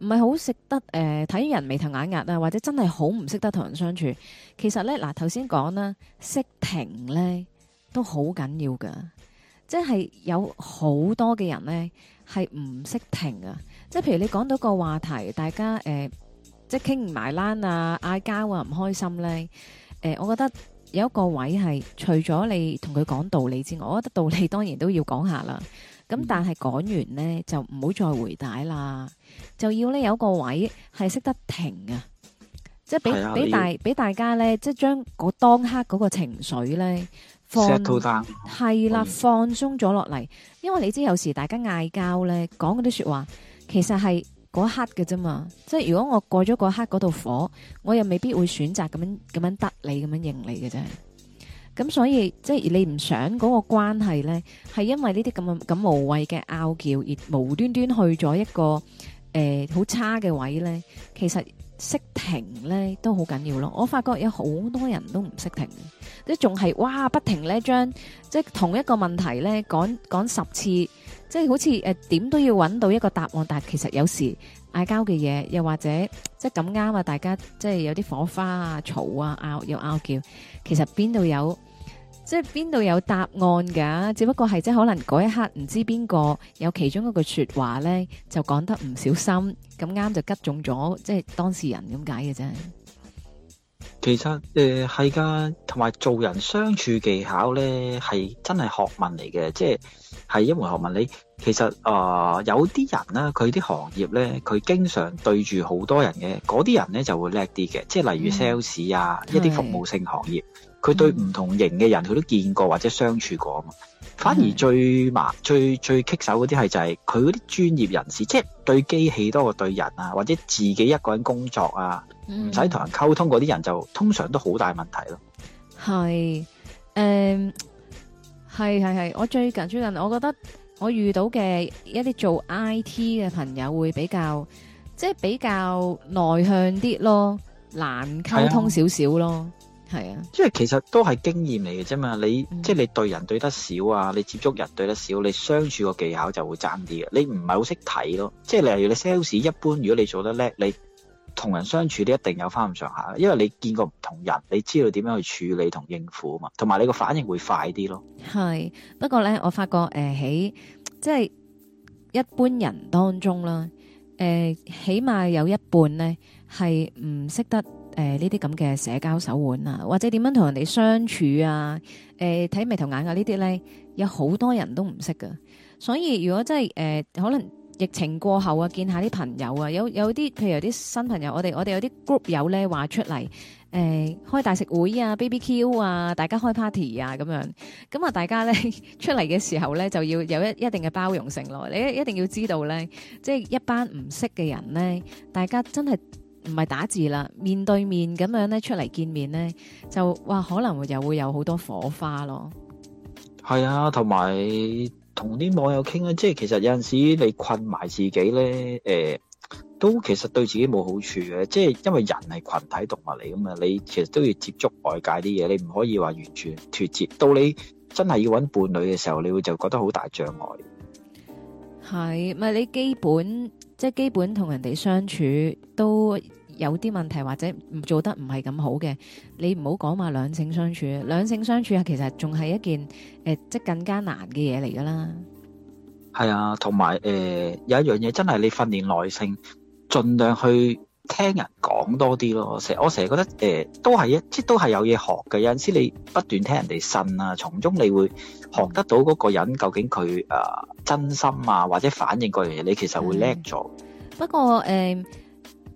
唔係好識得誒睇、呃、人眉頭眼額啊，或者真係好唔識得同人相處。其實呢，嗱，頭先講啦，識停呢都好緊要嘅、就是，即係有好多嘅人呢係唔識停啊。即係譬如你講到一個話題，大家誒、呃、即係傾唔埋欄啊，嗌交啊，唔開心呢。誒、呃，我覺得有一個位係除咗你同佢講道理之外，我覺得道理當然都要講一下啦。咁但係講完呢，就唔好再回帶啦。就要咧有一個位係識得停啊，即係俾俾大俾要大家咧，即係將嗰當刻嗰個情緒咧 Set 放，係啦放鬆咗落嚟。因為你知有時大家嗌交咧講嗰啲說話，其實係嗰一刻嘅啫嘛。即係如果我過咗嗰刻嗰度火，我又未必會選擇咁樣咁樣得你咁樣認你嘅啫。咁所以即係你唔想嗰個關係咧，係因為呢啲咁咁無謂嘅拗撬而無端端去咗一個。誒，好、呃、差嘅位呢，其實識停呢都好緊要咯。我發覺有好多人都唔識停，即仲係哇不停呢將即係同一個問題呢，講講十次，即係好似誒點都要揾到一個答案。但係其實有時嗌交嘅嘢，又或者即係咁啱啊，大家即係有啲火花啊、嘈啊、拗又拗叫，其實邊度有？即係邊度有答案噶？只不過係即係可能嗰一刻唔知邊個有其中一句說話咧，就講得唔小心，咁啱就吉中咗，即係當事人咁解嘅啫。其實誒係噶，同、呃、埋做人相處技巧咧，係真係學問嚟嘅。即係係一門學問你。你其實、呃、有啲人啊，有啲人咧，佢啲行業咧，佢經常對住好多人嘅，嗰啲人咧就會叻啲嘅。即係例如 sales 啊，嗯、一啲服務性行業。佢對唔同型嘅人，佢都見過或者相處過啊嘛。嗯、反而最麻最最棘手嗰啲係就係佢嗰啲專業人士，即係對機器多過對人啊，或者自己一個人工作啊，唔使同人溝通嗰啲人就通常都好大問題咯。係，誒、嗯，係係係。我最近最近，我覺得我遇到嘅一啲做 IT 嘅朋友會比較即係比較內向啲咯，難溝通少少咯。係啊，即係其實都係經驗嚟嘅啫嘛。你、嗯、即係你對人對得少啊，你接觸人對得少，你相處個技巧就會爭啲嘅。你唔係好識睇咯，即係例如你 sales 一般，如果你做得叻，你同人相處你一定有翻咁上下。因為你見過唔同人，你知道點樣去處理同應付啊嘛。同埋你個反應會快啲咯。係，不過咧，我發覺誒喺、呃、即係一般人當中啦，誒、呃、起碼有一半咧係唔識得。誒，呢啲咁嘅社交手腕啊，或者點樣同人哋相處啊，誒、呃，睇眉頭眼啊呢啲咧，有好多人都唔識噶。所以如果真係誒、呃，可能疫情過後啊，見下啲朋友啊，有有啲譬如有啲新朋友，我哋我哋有啲 group 友咧，話出嚟誒、呃，開大食會啊，BBQ 啊，大家開 party 啊，咁樣咁啊，大家咧出嚟嘅時候咧，就要有一一定嘅包容性咯。你一定要知道咧，即係一班唔識嘅人咧，大家真係。唔係打字啦，面對面咁樣咧出嚟見面咧，就哇可能又會有好多火花咯。係啊，同埋同啲網友傾咧，即係其實有陣時你困埋自己咧，誒、呃，都其實對自己冇好處嘅。即係因為人係群體動物嚟噶嘛，你其實都要接觸外界啲嘢，你唔可以話完全脫節。到你真係要揾伴侶嘅時候，你會就覺得好大障礙。係，咪你基本？即係基本同人哋相處都有啲問題或者做得唔係咁好嘅，你唔好講話兩性相處，兩性相處係其實仲係一件誒，即係更加難嘅嘢嚟㗎啦。係啊，同埋誒，有一樣嘢真係你訓練耐性，盡量去。聽人講多啲咯，成我成日覺得誒，都係一即係都係有嘢學嘅。有陣時你不斷聽人哋呻啊，從中你會學得到嗰個人究竟佢誒真心啊，或者反應嗰樣嘢，你其實會叻咗。不過誒，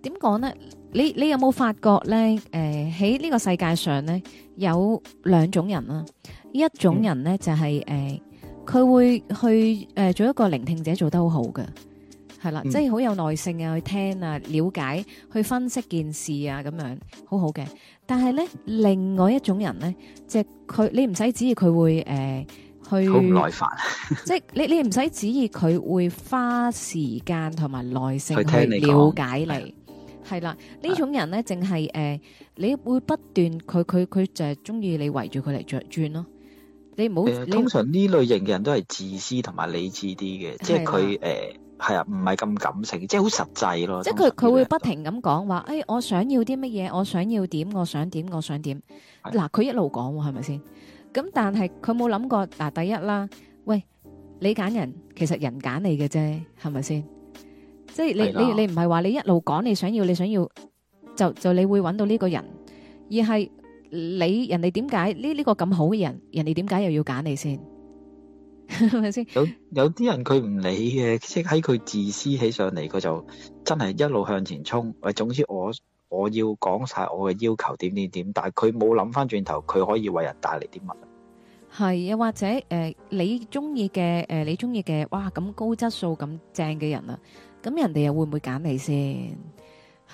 點講咧？你你有冇發覺咧？誒，喺呢個世界上咧，有兩種人啊，一種人咧就係誒，佢會去誒做一個聆聽者，做得好好嘅。係啦，即係好有耐性啊，去聽啊，了解，去分析件事啊，咁樣好好嘅。但係咧，另外一種人咧，即係佢，你唔使指意佢會誒去好唔耐煩， 即係你你唔使指意佢會花時間同埋耐性聽你去了解你。係啦的，呢種人咧，淨係誒你會不斷，佢佢佢就係中意你圍住佢嚟，着轉咯。你唔好。呃、你通常呢類型嘅人都係自私同埋理智啲嘅，的即係佢誒。呃係啊，唔係咁感情，即係好實際咯。即係佢佢會不停咁講話，誒，我想要啲乜嘢，我想要點，我想點，我想點。嗱，佢一路講係咪先？咁但係佢冇諗過，嗱，第一啦，喂，你揀人，其實人揀你嘅啫，係咪先？即係你你你唔係話你一路講你想要你想要，就就你會揾到呢個人，而係你人哋點解呢呢個咁好嘅人，人哋點解又要揀你先？係咪先？有有啲人佢唔理嘅，即喺佢自私起上嚟，佢就真係一路向前衝。喂，總之我我要講晒我嘅要求點點點，但係佢冇諗翻轉頭，佢可以為人帶嚟啲乜？係啊，又或者誒，你中意嘅，誒，你中意嘅哇咁高質素咁正嘅人啊，咁人哋又會唔會揀你先？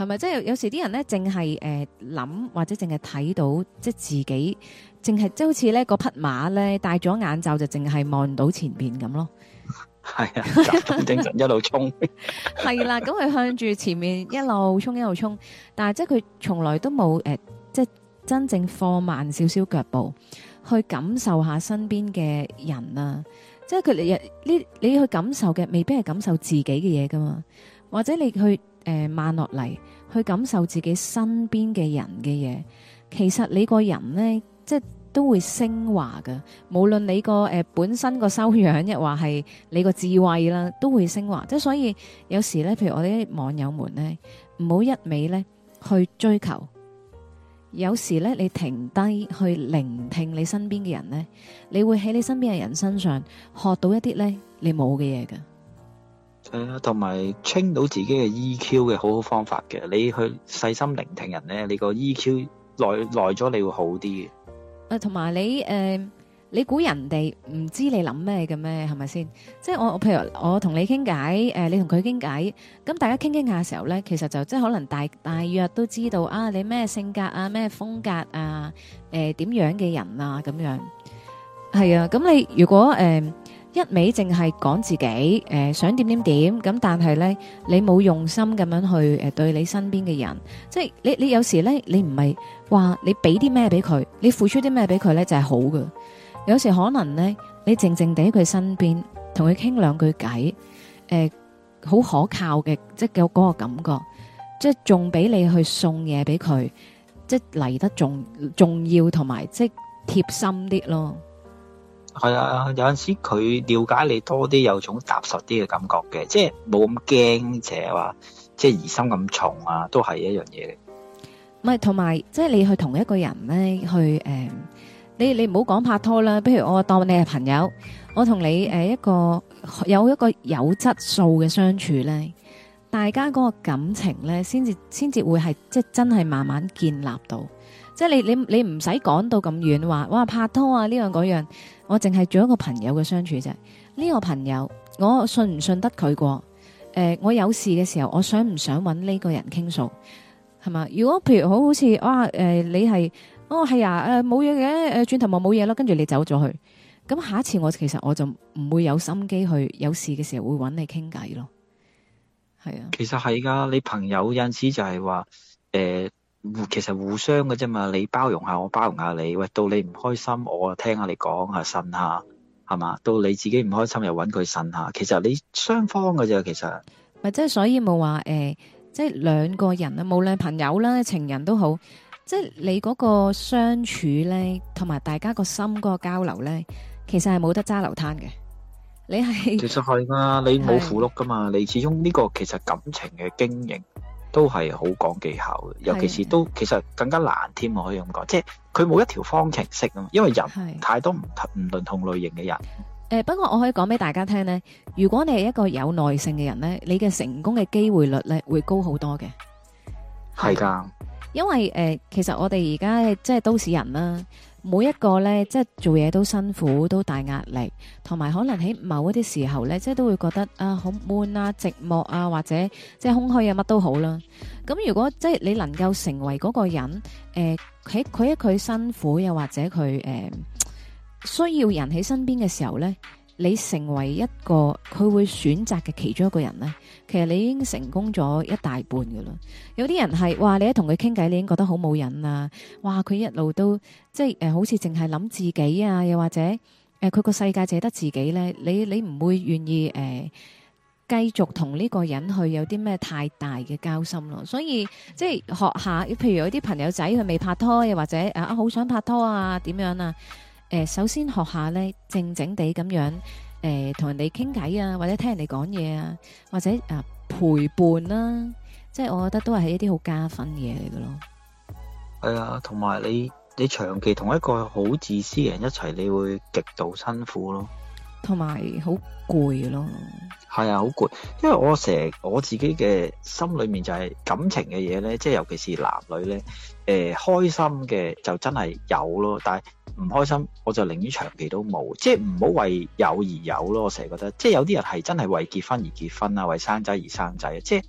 係咪即係有時啲人咧，淨係誒諗或者淨係睇到即係自己，淨係即係好似咧個匹馬咧戴咗眼罩就淨係望到前邊咁咯。係啊，精神一路衝 。係、嗯、啦，咁佢向住前面一路衝一路衝， 但係即係佢從來都冇誒、呃，即係真正放慢少少腳步去感受下身邊嘅人啊！即係佢哋呢，你去感受嘅未必係感受自己嘅嘢噶嘛，或者你去。誒，慢落嚟去感受自己身邊嘅人嘅嘢，其實你個人呢，即係都會升華噶。無論你個誒、呃、本身個修養，亦或係你個智慧啦，都會升華。即所以有時咧，譬如我哋啲網友們呢，唔好一味呢去追求，有時呢，你停低去聆聽你身邊嘅人呢，你會喺你身邊嘅人身上學到一啲呢你冇嘅嘢噶。係啊，同埋 train 到自己嘅 EQ 嘅好好方法嘅，你去細心聆聽人咧，你個 EQ 耐耐咗你會好啲嘅。誒，同埋你誒，你估人哋唔知你諗咩嘅咩？係咪先？即係我我譬如我同你傾偈，誒，你同佢傾偈，咁大家傾傾下嘅時候咧，其實就即係可能大大約都知道啊，你咩性格啊，咩風格啊，誒，點樣嘅人啊，咁樣。係啊，咁你如果誒。一味淨係講自己，誒、呃、想點點點，咁但係咧你冇用心咁樣去誒、呃、對你身邊嘅人，即係你你有時咧你唔係話你俾啲咩俾佢，你付出啲咩俾佢咧就係、是、好嘅，有時可能咧你靜靜地喺佢身邊同佢傾兩句偈，誒、呃、好可靠嘅，即係有嗰個感覺，即係仲俾你去送嘢俾佢，即係嚟得重重要同埋即係貼心啲咯。係啊，有陣時佢了解你多啲，有種踏實啲嘅感覺嘅，即係冇咁驚，即係話即係疑心咁重啊，都係一樣嘢。唔係同埋即係你去同一個人呢，去、呃、你你唔好講拍拖啦。譬如我當你係朋友，我同你誒一個有一個有質素嘅相處呢，大家嗰個感情呢，先至先至會係即係真係慢慢建立到，即係你你你唔使講到咁遠話，哇拍拖啊呢樣嗰樣。我淨係做一個朋友嘅相處啫，呢、這個朋友我信唔信得佢過？誒、呃，我有事嘅時候，我想唔想揾呢個人傾訴？係嘛？如果譬如好好似哇，誒、呃，你係哦係啊，誒冇嘢嘅，誒轉、呃、頭冇嘢咯，跟住你走咗去。咁下一次我其實我就唔會有心機去有事嘅時候會揾你傾偈咯。係啊，其實係噶，你朋友有陣時就係話誒。呃其實互相嘅啫嘛，你包容下我，包容下你。喂，到你唔開心，我聽下你講下，呻下，係嘛？到你自己唔開心，又搵佢呻下。其實你雙方嘅啫，其實。咪即係所以冇話誒，即係兩個人啊，無論朋友啦、情人都好，即係你嗰個相處咧，同埋大家個心嗰個交流咧，其實係冇得揸流攤嘅。你係。其實係啊， 是你冇苦碌噶嘛，你始終呢個其實感情嘅經營。都係好講技巧，尤其是都是的其實更加難添，我可以咁講，即係佢冇一條方程式啊，因為人太多唔唔論同類型嘅人。誒的、呃，不過我可以講俾大家聽呢，如果你係一個有耐性嘅人呢，你嘅成功嘅機會率呢會高好多嘅。係噶，是的因為誒、呃，其實我哋而家即係都市人啦、啊。每一個呢，即係做嘢都辛苦，都大壓力，同埋可能喺某一啲時候呢，即係都會覺得啊，好悶啊，寂寞啊，或者即係空虛啊，乜都好啦。咁如果即係你能夠成為嗰個人，誒、呃，喺佢一佢辛苦，又或者佢誒、呃、需要人喺身邊嘅時候呢。你成為一個佢會選擇嘅其中一個人呢，其實你已經成功咗一大半㗎喇。有啲人係話你一同佢傾偈，你已經覺得好冇癮啦。哇！佢一路都即係、呃、好似淨係諗自己啊，又或者佢個、呃、世界只得自己呢，你你唔會願意誒繼、呃、續同呢個人去有啲咩太大嘅交心咯。所以即係學下，譬如有啲朋友仔佢未拍拖，又或者啊，好想拍拖啊，點樣啊？誒，首先學下咧，靜靜地咁樣，誒、呃，同人哋傾偈啊，或者聽人哋講嘢啊，或者啊陪伴啦，啊，即係我覺得都係一啲好加分嘅嘢嚟嘅咯。係啊，同埋你你長期同一個好自私嘅人一齊，你會極度辛苦咯。同埋好攰咯。係啊，好攰，因為我成日我自己嘅心裏面就係感情嘅嘢咧，即係尤其是男女咧。誒，開心嘅就真係有咯，但係唔開心我就寧願長期都冇，即係唔好為有而有咯。我成日覺得，即係有啲人係真係為結婚而結婚啊，為生仔而生仔啊，即係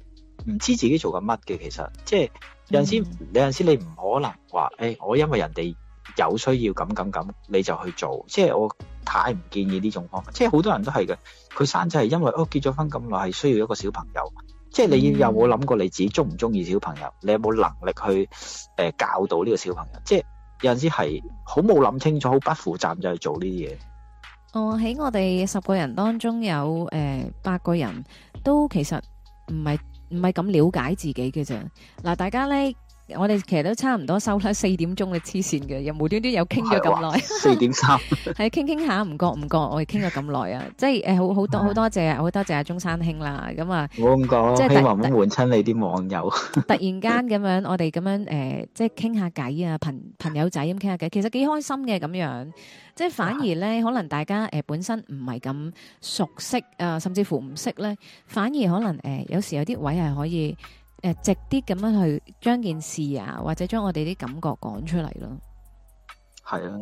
唔知自己做緊乜嘅。其實，即係有陣時，嗯、有陣時你唔可能話誒、哎，我因為人哋有需要咁咁咁，你就去做。即係我太唔建議呢種方法。即係好多人都係嘅，佢生仔係因為哦結咗婚咁耐係需要一個小朋友。即係你要有冇諗過你自己中唔中意小朋友？嗯、你有冇能力去誒、呃、教導呢個小朋友？即係有陣時係好冇諗清楚，好不負責就去做呢啲嘢。哦、在我喺我哋十個人當中有誒、呃、八個人都其實唔係唔係咁了解自己嘅啫。嗱、呃，大家咧。我哋其實都差唔多收啦，四點鐘嘅黐線嘅，又無端端又傾咗咁耐。四點三。係傾傾下，唔覺唔覺，我哋傾咗咁耐啊！即係誒，好好多好多謝，好多謝阿中山兄啦。咁啊，唔好咁講，希望唔好換親你啲網友。突然間咁樣，我哋咁樣誒，即係傾下偈啊，朋朋友仔咁傾下偈，其實幾開心嘅咁樣。即係反而咧，可能大家誒本身唔係咁熟悉啊，甚至乎唔識咧，反而可能誒，有時有啲位係可以。誒，直啲咁樣去將件事啊，或者將我哋啲感覺講出嚟咯。係啊，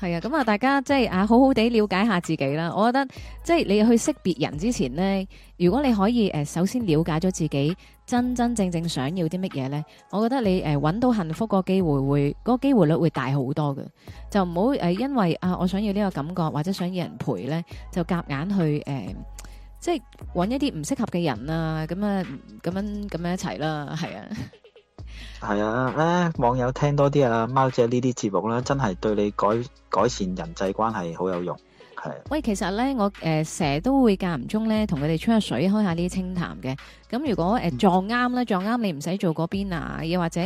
係啊，咁啊，大家即係啊，好好地了解下自己啦。我覺得即係你去識別人之前呢，如果你可以誒、啊，首先了解咗自己真真正正想要啲乜嘢呢，我覺得你誒揾、啊、到幸福個機會會嗰、那個機會率會大好多嘅。就唔好誒，因為啊，我想要呢個感覺或者想要人陪呢，就夾硬去誒。啊即係揾一啲唔適合嘅人啊，咁啊，咁樣咁樣一齊啦，係啊，係啊，啊，網友聽多啲啊，貓姐呢啲節目咧，真係對你改改善人際關係好有用，係。喂，其實咧，我誒成日都會間唔中咧，同佢哋吹下水，開下呢啲清談嘅。咁如果誒撞啱咧，撞啱你唔使做嗰邊啊，又或者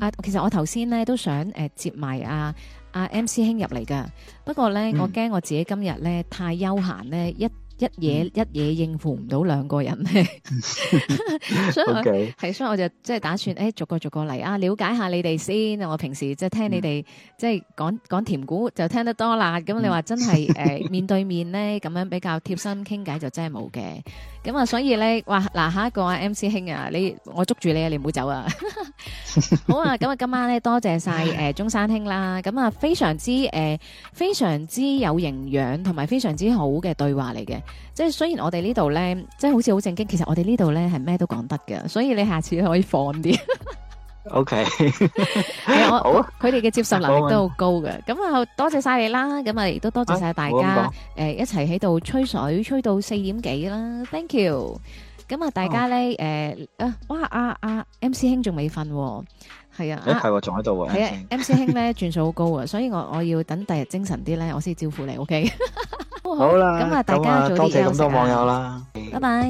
啊，其實我頭先咧都想誒接埋阿阿 M 師兄入嚟噶，不過咧我驚我自己今日咧太悠閒咧一。一嘢一嘢應付唔到兩個人，所以係，所以我就即係打算，誒，逐個逐個嚟啊，瞭解下你哋先。我平時即係聽你哋即係講講甜故就聽得多啦。咁你話真係誒面對面咧，咁樣比較貼身傾偈就真係冇嘅。咁啊，所以咧，哇，嗱，下一個啊，MC 兄啊，你我捉住你啊，你唔好走啊！ 好啊，咁啊，今晚咧多謝晒誒、呃、中山兄啦，咁啊非常之誒、呃，非常之有營養同埋非常之好嘅對話嚟嘅，即係雖然我哋呢度咧，即係好似好正經，其實我哋呢度咧係咩都講得㗎，所以你下次可以放啲。 O K，係我佢哋嘅接受能力都好高嘅，咁啊多謝晒你啦，咁啊亦都多謝晒大家，誒一齊喺度吹水，吹到四點幾啦，Thank you，咁啊大家咧誒啊哇啊啊 M C 兄仲未瞓，係啊係喎仲喺度喎，係啊 M C 兄咧轉數好高啊，所以我我要等第日精神啲咧，我先招呼你，O K，好啦，咁啊大家多謝咁多網友啦，拜拜。